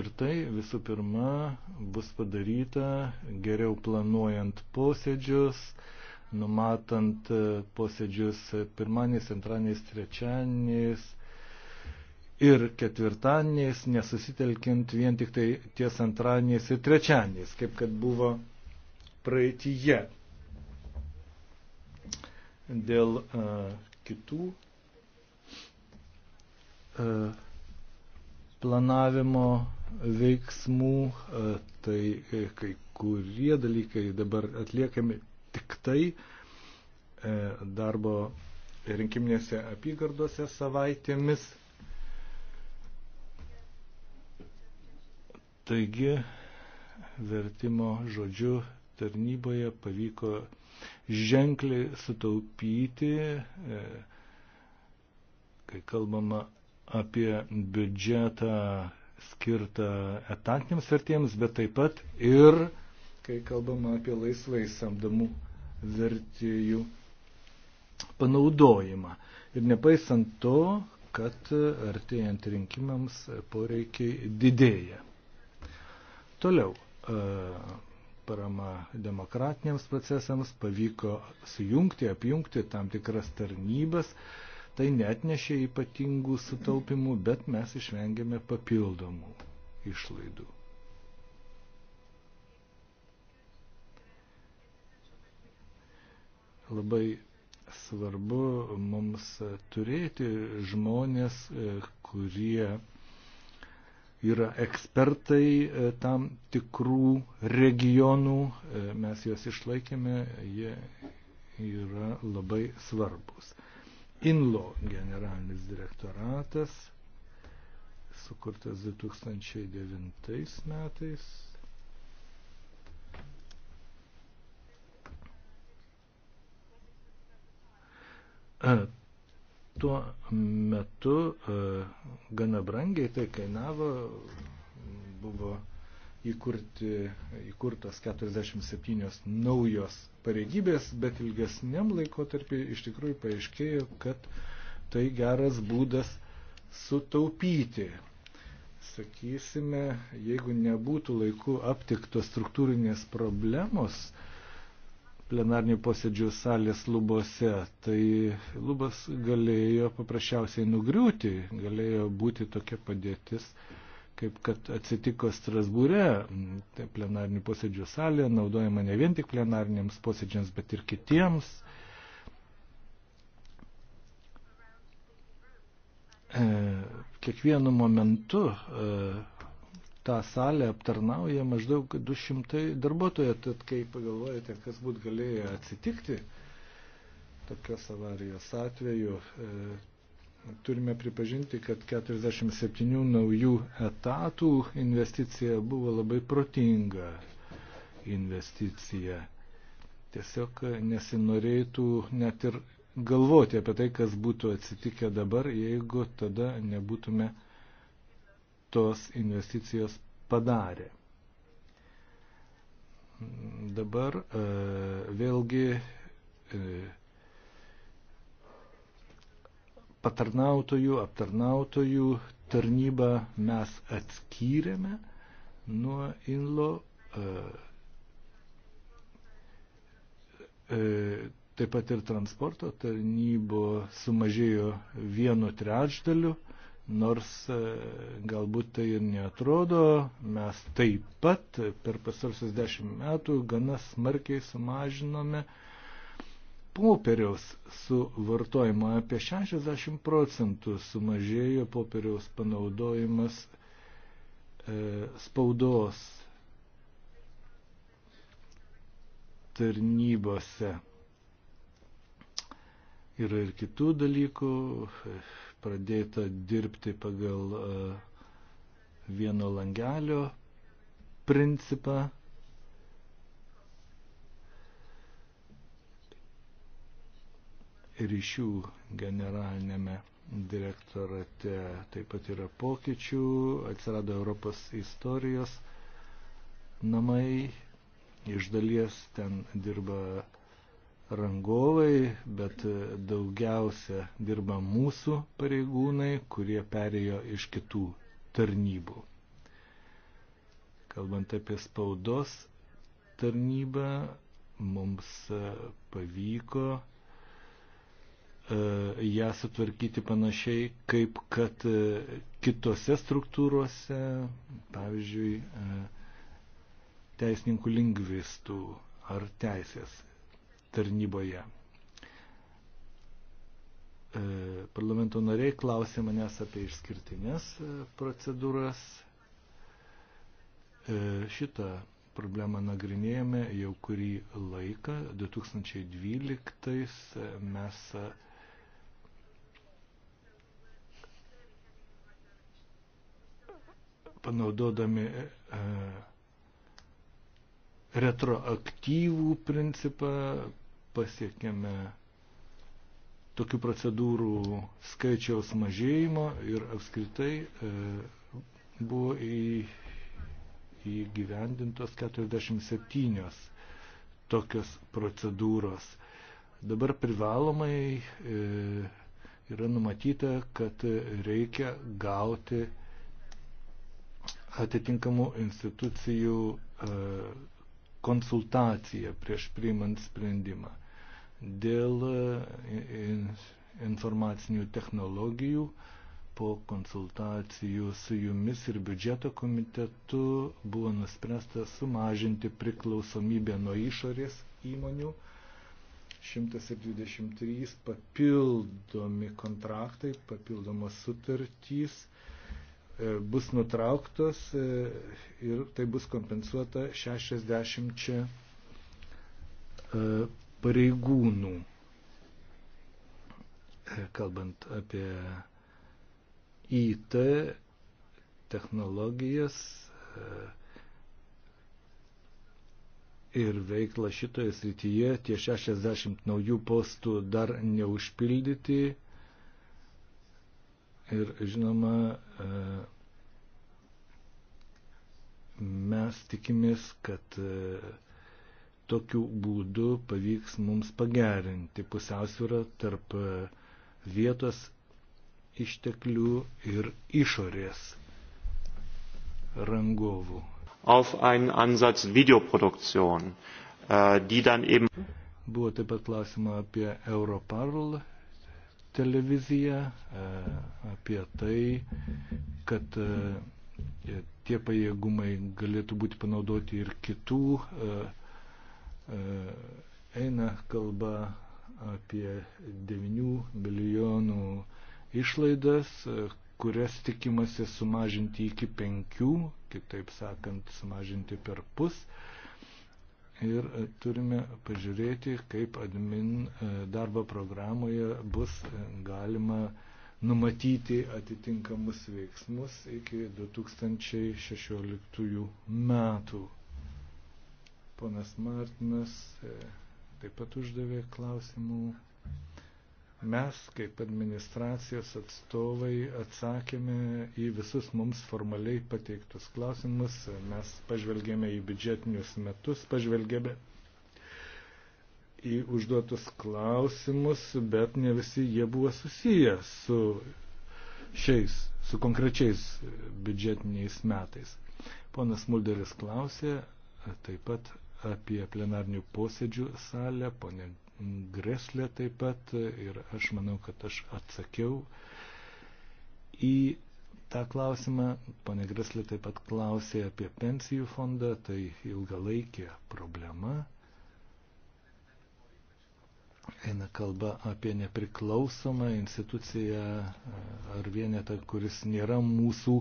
Ir tai visų pirma bus padaryta geriau planuojant posėdžius, numatant e, posėdžius pirmaniais, antraniais, trečianiais, ir ketvirtadieniais, nesusitelkint vien tik tai ties antradieniais ir trečiadieniais, kaip kad buvo praeitįje. Dėl a, e, kitų a, e, planavimo veiksmų, a, e, tai kai kurie dalykai dabar atliekami tik tai a, darbo rinkiminėse apygardose savaitėmis Taigi vertimo žodžiu tarnyboje pavyko ženkliai sutaupyti, e, kai kalbama apie biudžetą skirtą etatiniams vertėjams, bet taip pat ir, kai kalbama apie laisvai samdamų vertėjų panaudojimą. Ir nepaisant to, kad artėjant rinkimams poreikiai didėja. Toliau e, parama demokratiniams procesams pavyko sujungti, apjungti tam tikras tarnybas. Tai net nešė ypatingų sutaupimų, bet mes išvengėme papildomų išlaidų. Labai svarbu mums turėti žmonės, e, kurie yra ekspertai e, tam tikrų regionų, e, mes juos išlaikėme, jie yra labai svarbus. INLO generalinis direktoratas, sukurtas 2009 metais. E, tuo metu e, gana brangiai tai kainavo, buvo įkurti, įkurtos 47 naujos pareigybės, bet ilgesniam laikotarpį iš tikrųjų paaiškėjo, kad tai geras būdas sutaupyti. Sakysime, jeigu nebūtų laiku aptiktos struktūrinės problemos, plenarnių posėdžių salės lubose, tai lubas galėjo paprasčiausiai nugriūti, galėjo būti tokia padėtis, kaip kad atsitiko Strasbūre, tai plenarnių posėdžių salė naudojama ne vien tik plenarniams posėdžiams, bet ir kitiems. E, kiekvienu momentu e, tą salę aptarnauja maždaug 200 darbuotojų. Tad kai pagalvojate, kas būt galėjo atsitikti tokios avarijos atveju, e, turime pripažinti, kad 47 naujų etatų investicija buvo labai protinga investicija. Tiesiog nesinorėtų net ir galvoti apie tai, kas būtų atsitikę dabar, jeigu tada nebūtume tos investicijos padarė. Dabar e, vėlgi e, patarnautojų, aptarnautojų tarnybą mes atskyrėme nuo INLO. E, e taip pat ir transporto tarnybo sumažėjo vienu trečdaliu Nors e, galbūt tai ir netrodo, mes taip pat per pasarusius dešimt metų gana smarkiai sumažinome popieriaus suvartojimą. Apie 60 procentų sumažėjo popieriaus panaudojimas e, spaudos tarnybose. Yra ir kitų dalykų. E, pradėta dirbti pagal e, vieno langelio principą. Ryšių generalinėme direktorate taip pat yra pokyčių, atsirado Europos istorijos namai, iš dalies ten dirba rangovai, bet daugiausia dirba mūsų pareigūnai, kurie perėjo iš kitų tarnybų. Kalbant apie spaudos tarnybą, mums pavyko e, ją sutvarkyti panašiai, kaip kad e, kitose struktūrose, pavyzdžiui, e, teisininkų lingvistų ar teisės tarnyboje. E, parlamento nariai klausė manęs apie išskirtinės e, procedūras. E, šitą problemą nagrinėjame jau kurį laiką. 2012 mes panaudodami retroaktyvų principą pasiekėme tokių procedūrų skaičiaus mažėjimo ir apskritai e, buvo į, įgyvendintos 47 tokios procedūros. Dabar privalomai e, yra numatyta, kad reikia gauti atitinkamų institucijų e, konsultaciją prieš priimant sprendimą dėl e, informacinių technologijų po konsultacijų su jumis ir biudžeto komitetu buvo nuspręsta sumažinti priklausomybę nuo išorės įmonių. 123 papildomi kontraktai, papildomos sutartys e, bus nutrauktos e, ir tai bus kompensuota 60 pareigūnų. Kalbant apie IT technologijas e, ir veiklą šitoje srityje, tie 60 naujų postų dar neužpildyti. Ir žinoma, e, mes tikimės, kad e, Tokiu būdu pavyks mums pagerinti pusiausvyrą tarp e, vietos išteklių ir išorės rangovų. Auf einen Ansatz Videoproduktion, äh, die dann eben. Buvo taip pat klausima apie Europarl televiziją, e, apie tai, kad e, tie pajėgumai galėtų būti panaudoti ir kitų uh, E, eina kalba apie 9 milijonų išlaidas, e, kurias tikimasi sumažinti iki 5, kitaip sakant, sumažinti per pus. Ir e, turime pažiūrėti, kaip admin darbo programoje bus galima numatyti atitinkamus veiksmus iki 2016 metų. Ponas Martinas e, taip pat uždavė klausimų. Mes, kaip administracijos atstovai, atsakėme į visus mums formaliai pateiktus klausimus. E, mes pažvelgėme į biudžetinius metus, pažvelgėme į užduotus klausimus, bet ne visi jie buvo susiję su šiais, su konkrečiais biudžetiniais metais. Ponas Mulderis klausė e, taip pat apie plenarnių posėdžių salę, ponė Greslė taip pat ir aš manau, kad aš atsakiau į tą klausimą. Pone Greslė taip pat klausė apie pensijų fondą, tai ilgalaikė problema. Eina kalba apie nepriklausomą instituciją ar vienetą, kuris nėra mūsų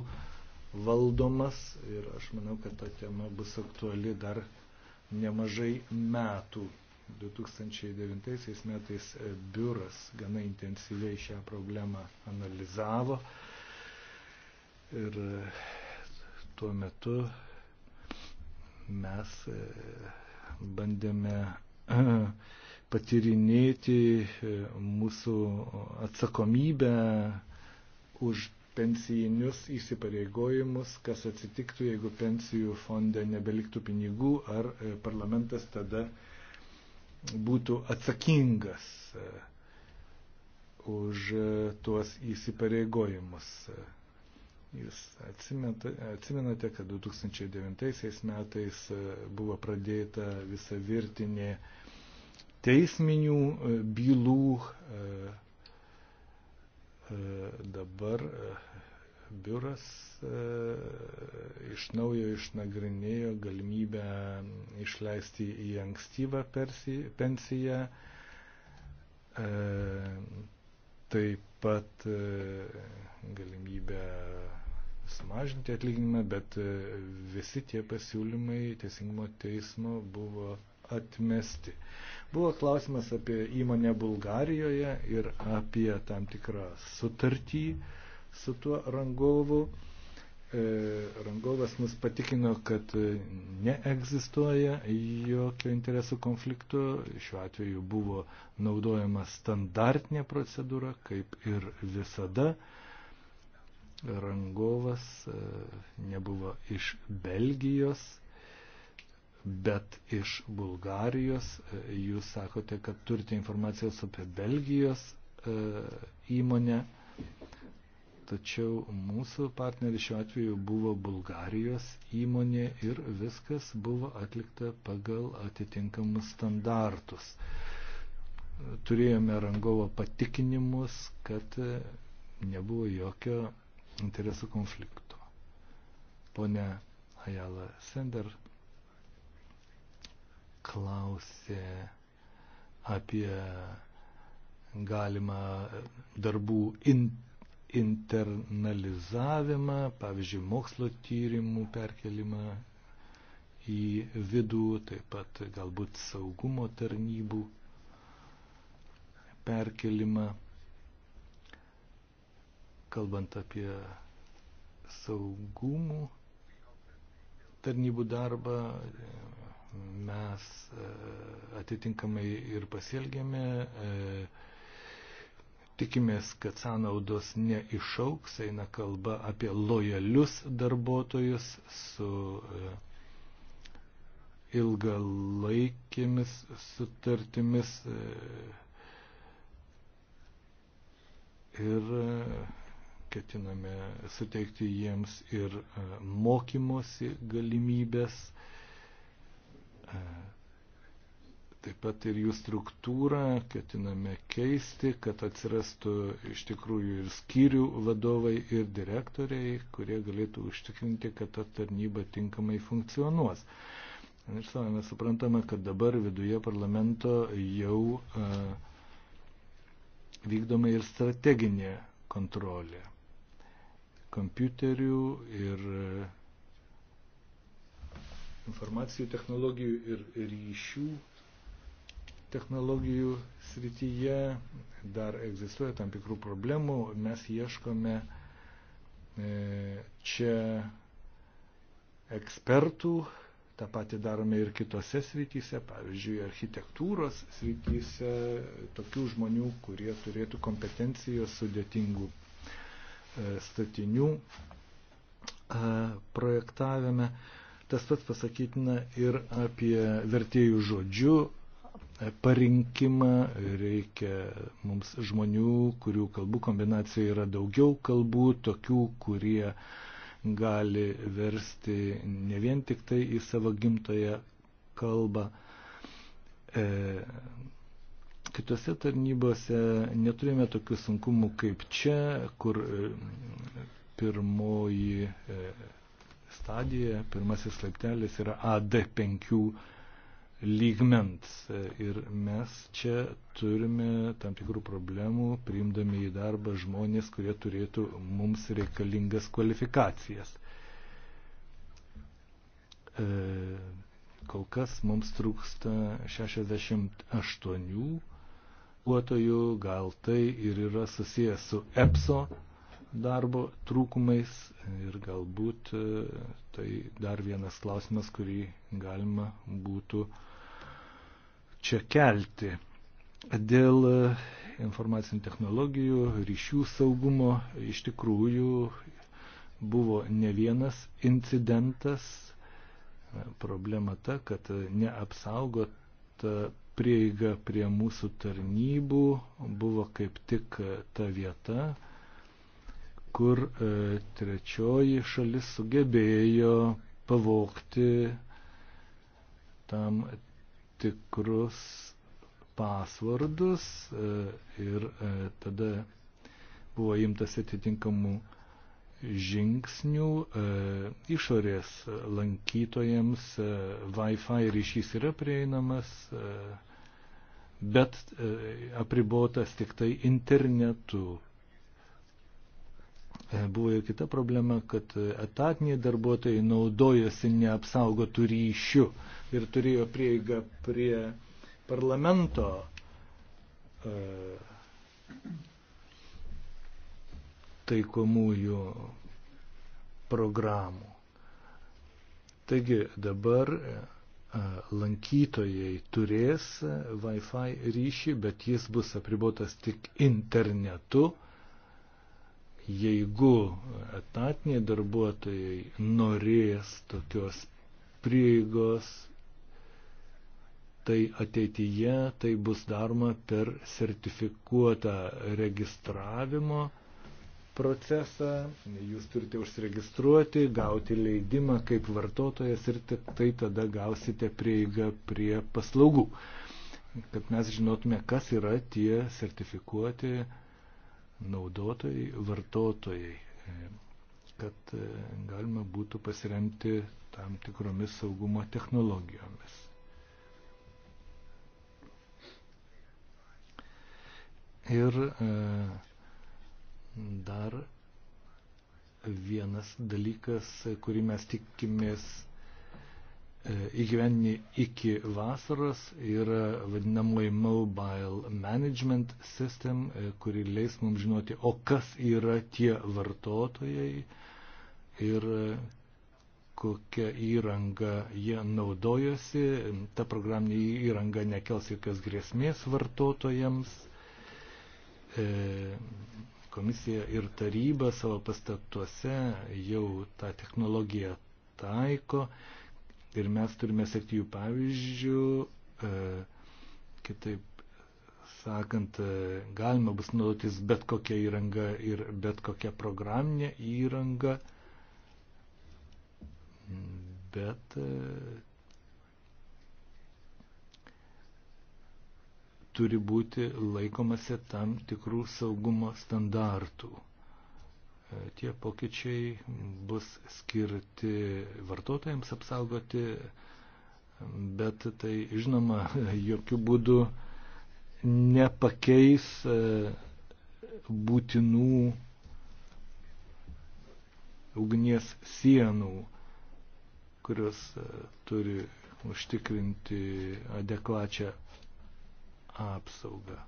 valdomas ir aš manau, kad ta tema bus aktuali dar nemažai metų. 2009 metais e, biuras gana intensyviai šią problemą analizavo ir e, tuo metu mes e, bandėme patyrinėti mūsų atsakomybę už pensijinius įsipareigojimus, kas atsitiktų, jeigu pensijų fonde nebeliktų pinigų, ar e, parlamentas tada būtų atsakingas e, už e, tuos įsipareigojimus. Jūs atsimenate, kad 2009 metais buvo pradėta visa virtinė teisminių bylų E, dabar e, biuras e, iš naujo išnagrinėjo galimybę išleisti į ankstyvą pensiją. Taip pat galimybę sumažinti atlyginimą, bet visi tie pasiūlymai Teisingumo teismo buvo atmesti. Buvo klausimas apie įmonę Bulgarijoje ir apie tam tikrą sutartį su tuo rangovu. E, rangovas mus patikino, kad neegzistuoja jokio interesų konflikto. Šiuo atveju buvo naudojama standartinė procedūra, kaip ir visada rangovas e, nebuvo iš Belgijos, bet iš Bulgarijos e, jūs sakote, kad turite informacijos apie Belgijos e, įmonę, tačiau mūsų partneris šiuo atveju buvo Bulgarijos įmonė ir viskas buvo atlikta pagal atitinkamus standartus. Turėjome rangovo patikinimus, kad e, nebuvo jokio interesų konflikto. Pone Ajala Sender klausė apie galimą darbų in, internalizavimą, pavyzdžiui, mokslo tyrimų perkelimą į vidų, taip pat galbūt saugumo tarnybų perkelimą. Kalbant apie saugumų tarnybų darbą, mes e, atitinkamai ir pasielgėme. E, tikimės, kad sąnaudos neišauks, eina kalba apie lojalius darbuotojus su e, ilgalaikėmis sutartimis ir ketiname suteikti jiems ir mokymosi galimybės, E, taip pat ir jų struktūrą ketiname keisti, kad atsirastų iš tikrųjų ir skyrių vadovai, ir direktoriai, kurie galėtų užtikrinti, kad ta tarnyba tinkamai funkcionuos. Ir savai mes suprantame, kad dabar viduje parlamento jau a, e, vykdoma ir strateginė kontrolė kompiuterių ir informacijų technologijų ir ryšių technologijų srityje dar egzistuoja tam tikrų problemų. Mes ieškome e, čia ekspertų, tą patį darome ir kitose srityse, pavyzdžiui, architektūros srityse, tokių žmonių, kurie turėtų kompetencijos sudėtingų e, statinių e, projektavime. Tas pats pasakytina ir apie vertėjų žodžių e, parinkimą. Reikia mums žmonių, kurių kalbų kombinacija yra daugiau kalbų, tokių, kurie gali versti ne vien tik tai į savo gimtoją kalbą. E, kitose tarnybose neturime tokių sunkumų kaip čia, kur e, pirmoji. E, stadijoje. Pirmasis laiptelis yra AD5 lygmens ir mes čia turime tam tikrų problemų, priimdami į darbą žmonės, kurie turėtų mums reikalingas kvalifikacijas. E, kol kas mums trūksta 68 duotojų, gal tai ir yra susijęs su EPSO darbo trūkumais ir galbūt e, tai dar vienas klausimas, kurį galima būtų čia kelti. Dėl e, informacinių technologijų, ryšių saugumo iš tikrųjų buvo ne vienas incidentas. E, problema ta, kad neapsaugota prieiga prie mūsų tarnybų buvo kaip tik ta vieta, kur e, trečioji šalis sugebėjo pavokti tam tikrus pasvardus e, ir e, tada buvo imtas atitinkamų žingsnių išorės lankytojams Wi-Fi ryšys yra prieinamas, bet apribotas tik tai internetu. E, buvo ir kita problema, kad etatiniai darbuotojai naudojosi neapsaugotų ryšių ir turėjo prieigą prie parlamento e, taikomųjų programų. Taigi dabar e, lankytojai turės Wi-Fi ryšį, bet jis bus apribotas tik internetu Jeigu etatiniai darbuotojai norės tokios prieigos, tai ateityje tai bus daroma per sertifikuotą registravimo procesą, jūs turite užsiregistruoti, gauti leidimą kaip vartotojas ir tik tai tada gausite prieigą prie paslaugų. Kad mes žinotume, kas yra tie sertifikuoti naudotojai, vartotojai, e, kad e, galima būtų pasiremti tam tikromis saugumo technologijomis. Ir e, dar vienas dalykas, kurį mes tikimės E, įgyvenį iki vasaros yra vadinamoji mobile management system, e, kuri leis mums žinoti, o kas yra tie vartotojai ir e, kokią įrangą jie naudojasi. Ta programinė įranga nekels jokios grėsmės vartotojams. Komisija ir taryba savo pastatuose jau tą technologiją taiko. Ir mes turime sekti jų pavyzdžių, e, kitaip sakant, e, galima bus naudotis bet kokia įranga ir bet kokia programinė įranga, bet e, turi būti laikomasi tam tikrų saugumo standartų tie pokyčiai bus skirti vartotojams apsaugoti, bet tai žinoma jokių būdų nepakeis e, būtinų ugnies sienų, kurios e, turi užtikrinti adekvačią apsaugą.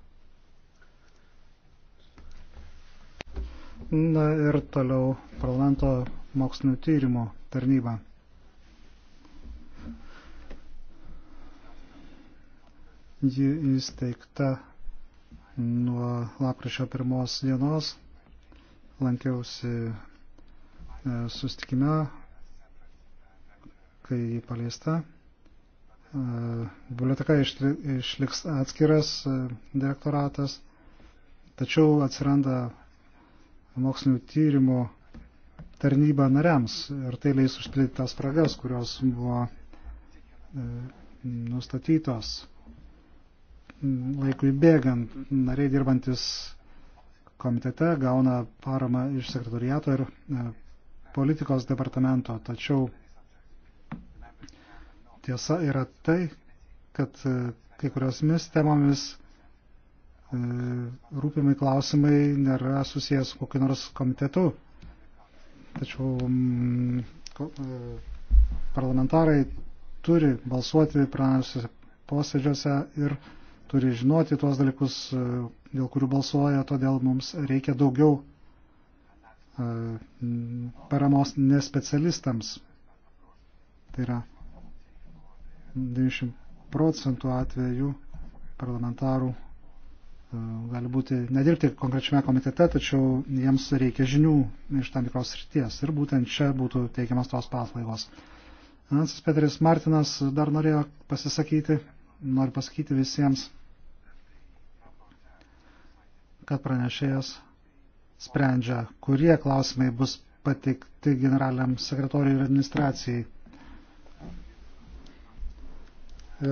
Na ir toliau parlamento mokslinio tyrimo tarnyba. Ji įsteigta nuo lapkričio pirmos dienos. Lankiausi e, sustikime, kai jį paleista. E, biblioteka išliks atskiras e, direktoratas, tačiau atsiranda mokslinių tyrimų tarnybą nariams ir tai leis užpildyti tas spragas, kurios buvo e, nustatytos laikui bėgant. Nariai dirbantis komitete gauna paramą iš sekretoriato ir e, politikos departamento, tačiau tiesa yra tai, kad e, kai kuriomis temomis E, rūpimai klausimai nėra susijęs su kokiu nors komitetu. Tačiau mm, e, parlamentarai turi balsuoti pranešusiuose posėdžiuose ir turi žinoti tuos dalykus, e, dėl kurių balsuoja, todėl mums reikia daugiau paramos nespecialistams. Tai yra 90 procentų atvejų parlamentarų E, gali būti nedirbti konkrečiame komitete, tačiau jiems reikia žinių iš tam tikros srities ir būtent čia būtų teikiamas tos paslaugos. Nansis Peteris Martinas dar norėjo pasisakyti, noriu pasakyti visiems, kad pranešėjas sprendžia, kurie klausimai bus patikti generaliniam sekretoriui ir administracijai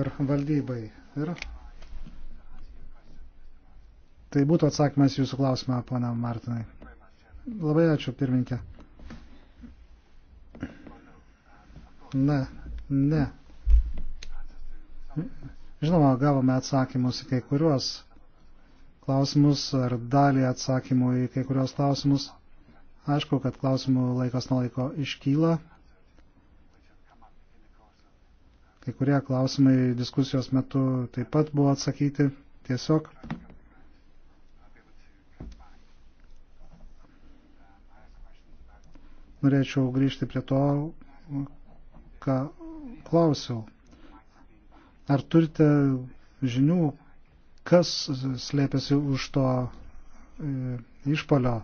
ir valdybai. Ir Tai būtų atsakymas jūsų klausimą, pana Martinai. Labai ačiū, pirminkė. Na, ne. Žinoma, gavome atsakymus į kai kuriuos klausimus ar dalį atsakymų į kai kuriuos klausimus. Aišku, kad klausimų laikas nuo laiko iškyla. Kai kurie klausimai diskusijos metu taip pat buvo atsakyti. Tiesiog norėčiau grįžti prie to, ką klausiau. Ar turite žinių, kas slėpėsi už to e, išpolio?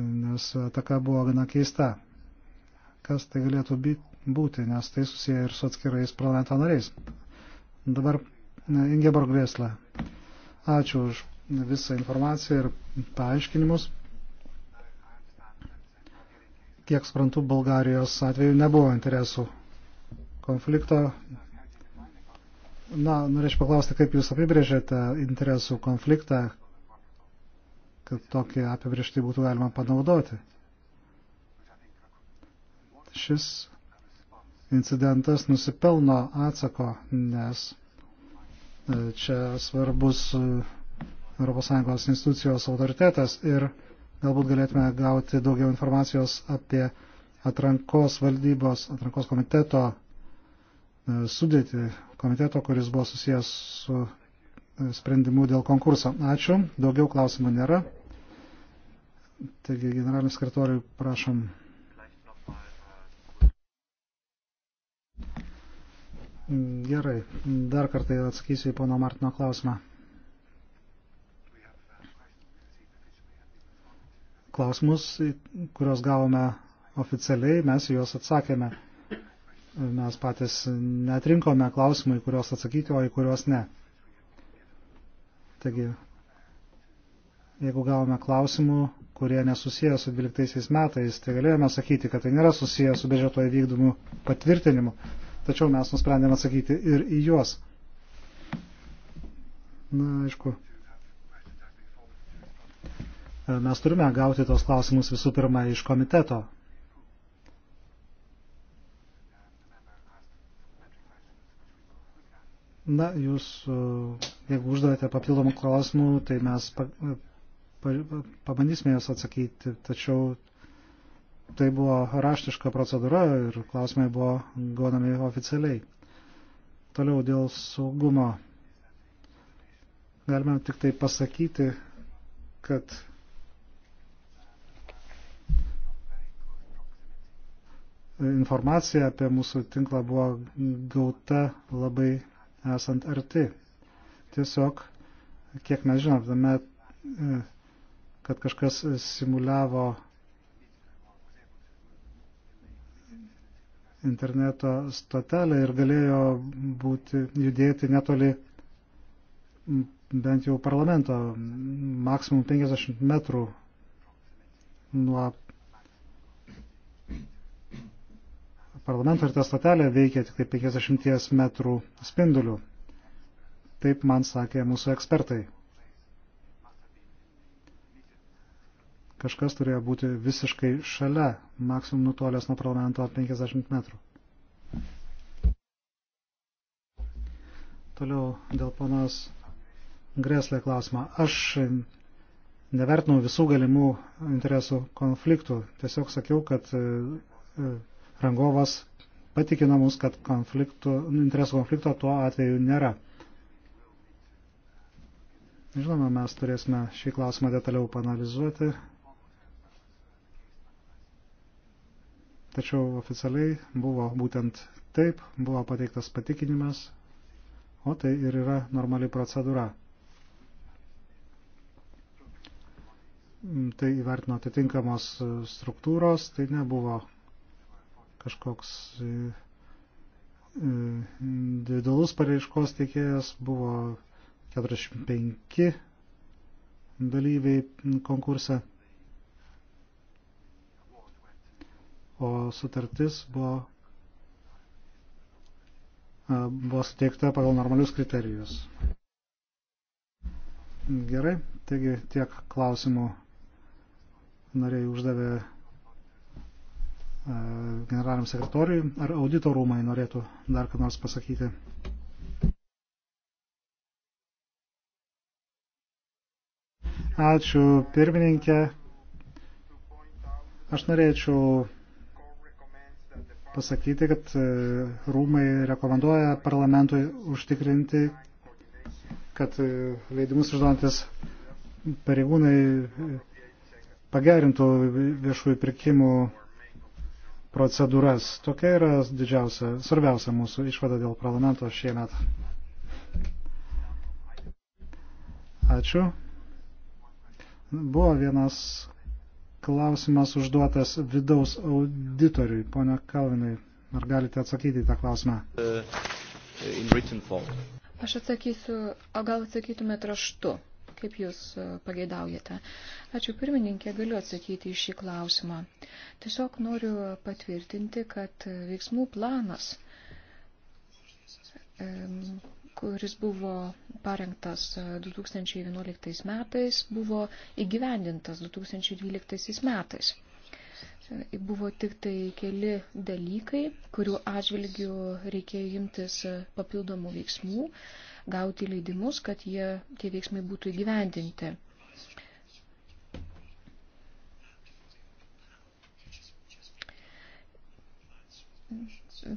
Nes ataka buvo gana keista. Kas tai galėtų būti, nes tai susiję ir su atskirais parlamento nariais. Dabar e, Ingeborg Vėsla. Ačiū už visą informaciją ir paaiškinimus kiek suprantu, Bulgarijos atveju nebuvo interesų konflikto. Na, norėčiau paklausti, kaip Jūs apibrėžėte interesų konfliktą, kad tokį apibrėžtį būtų galima panaudoti. Šis incidentas nusipelno atsako, nes e, čia svarbus ES institucijos autoritetas ir Galbūt galėtume gauti daugiau informacijos apie atrankos valdybos, atrankos komiteto e, sudėti, komiteto, kuris buvo susijęs su e, sprendimu dėl konkurso. Ačiū, daugiau klausimų nėra. Taigi, generalinis sekretoriui prašom. Gerai, dar kartą atsakysiu į pono Martino klausimą. klausimus, kuriuos gavome oficialiai, mes juos atsakėme. Mes patys netrinkome klausimų, į kuriuos atsakyti, o į kuriuos ne. Taigi, jeigu gavome klausimų, kurie nesusiję su 12 metais, tai galėjome sakyti, kad tai nėra susiję su biudžeto įvykdymu patvirtinimu. Tačiau mes nusprendėme atsakyti ir į juos. Na, aišku, E, mes turime gauti tos klausimus visų pirma iš komiteto. Na, jūs, e, jeigu uždavėte papildomų klausimų, tai mes pa, e, pa, pabandysime juos atsakyti, tačiau tai buvo raštiška procedūra ir klausimai buvo gaunami oficialiai. Toliau dėl saugumo. Galime tik tai pasakyti, kad informacija apie mūsų tinklą buvo gauta labai esant arti. Tiesiog, kiek mes žinome, e, kad kažkas simuliavo interneto stotelę ir galėjo būti, judėti netoli bent jau parlamento maksimum 50 metrų nuo parlamento ir ta statelė veikia tik tai 50 metrų spinduliu. Taip man sakė mūsų ekspertai. Kažkas turėjo būti visiškai šalia, maksimum nutolęs nuo parlamento 50 metrų. Toliau dėl panos Greslė klausimą. Aš nevertinau visų galimų interesų konfliktų. Tiesiog sakiau, kad e, rangovas patikino mus, kad konfliktų, interesų konflikto tuo atveju nėra. Žinoma, mes turėsime šį klausimą detaliau panalizuoti. Tačiau oficialiai buvo būtent taip, buvo pateiktas patikinimas, o tai ir yra normali procedūra. Tai įvertino atitinkamos struktūros, tai nebuvo kažkoks e, e, individualus pareiškos teikėjas, buvo 45 dalyviai konkurse, o sutartis buvo, e, buvo suteikta pagal normalius kriterijus. Gerai, taigi tiek klausimų nariai uždavė E, generaliniam sekretoriui. Ar audito rūmai norėtų dar ką nors pasakyti? Ačiū pirmininkė. Aš norėčiau pasakyti, kad e, rūmai rekomenduoja parlamentui užtikrinti, kad e, leidimus išduodantis pareigūnai pagerintų viešųjų pirkimų procedūras. Tokia yra didžiausia, svarbiausia mūsų išvada dėl parlamento šiemet. Ačiū. Buvo vienas klausimas užduotas vidaus auditoriui. Pone Kalvinai, ar galite atsakyti į tą klausimą? Uh, Aš atsakysiu, o gal atsakytumėt raštu? kaip jūs e, pageidaujate. Ačiū pirmininkė, galiu atsakyti į šį klausimą. Tiesiog noriu patvirtinti, kad e, veiksmų planas, e, kuris buvo parengtas 2011 metais, buvo įgyvendintas 2012 metais buvo tik tai keli dalykai, kurių atžvilgių reikėjo imtis papildomų veiksmų gauti leidimus, kad jie, tie veiksmai būtų įgyvendinti.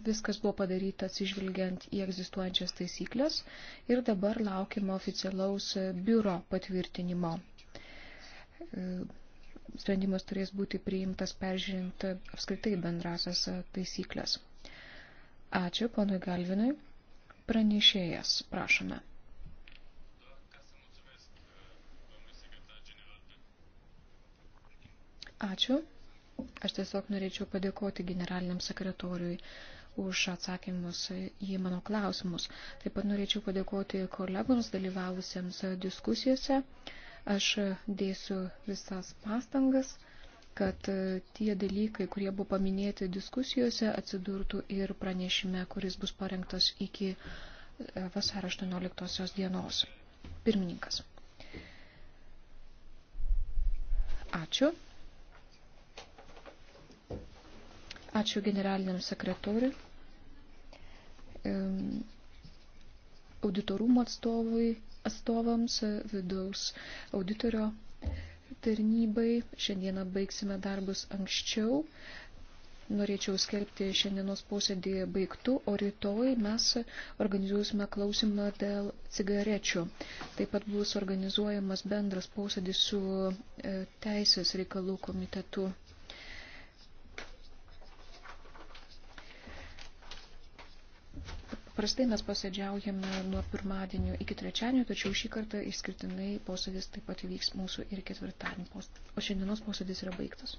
Viskas buvo padaryta atsižvelgiant į egzistuojančias taisyklės ir dabar laukime oficialaus biuro patvirtinimo. Sprendimas turės būti priimtas peržiūrint apskritai bendrasias taisyklės. Ačiū ponui Galvinui pranešėjas, prašome. Ačiū. Aš tiesiog norėčiau padėkoti generaliniam sekretoriui už atsakymus į mano klausimus. Taip pat norėčiau padėkoti kolegoms dalyvavusiems diskusijose. Aš dėsiu visas pastangas kad e, tie dalykai, kurie buvo paminėti diskusijose, atsidurtų ir pranešime, kuris bus parengtas iki e, vasaro 18 dienos. Pirmininkas. Ačiū. Ačiū generaliniam sekretoriui, auditorumo atstovui, atstovams, vidaus auditorio tarnybai. Šiandieną baigsime darbus anksčiau. Norėčiau skelbti šiandienos posėdį baigtų, o rytoj mes organizuosime klausimą dėl cigarečių. Taip pat bus organizuojamas bendras posėdis su e, Teisės reikalų komitetu. Prastai mes posėdžiaujame nuo pirmadienio iki trečiadienio, tačiau šį kartą išskirtinai posėdis taip pat vyks mūsų ir ketvirtadienį. O šiandienos posėdis yra baigtas.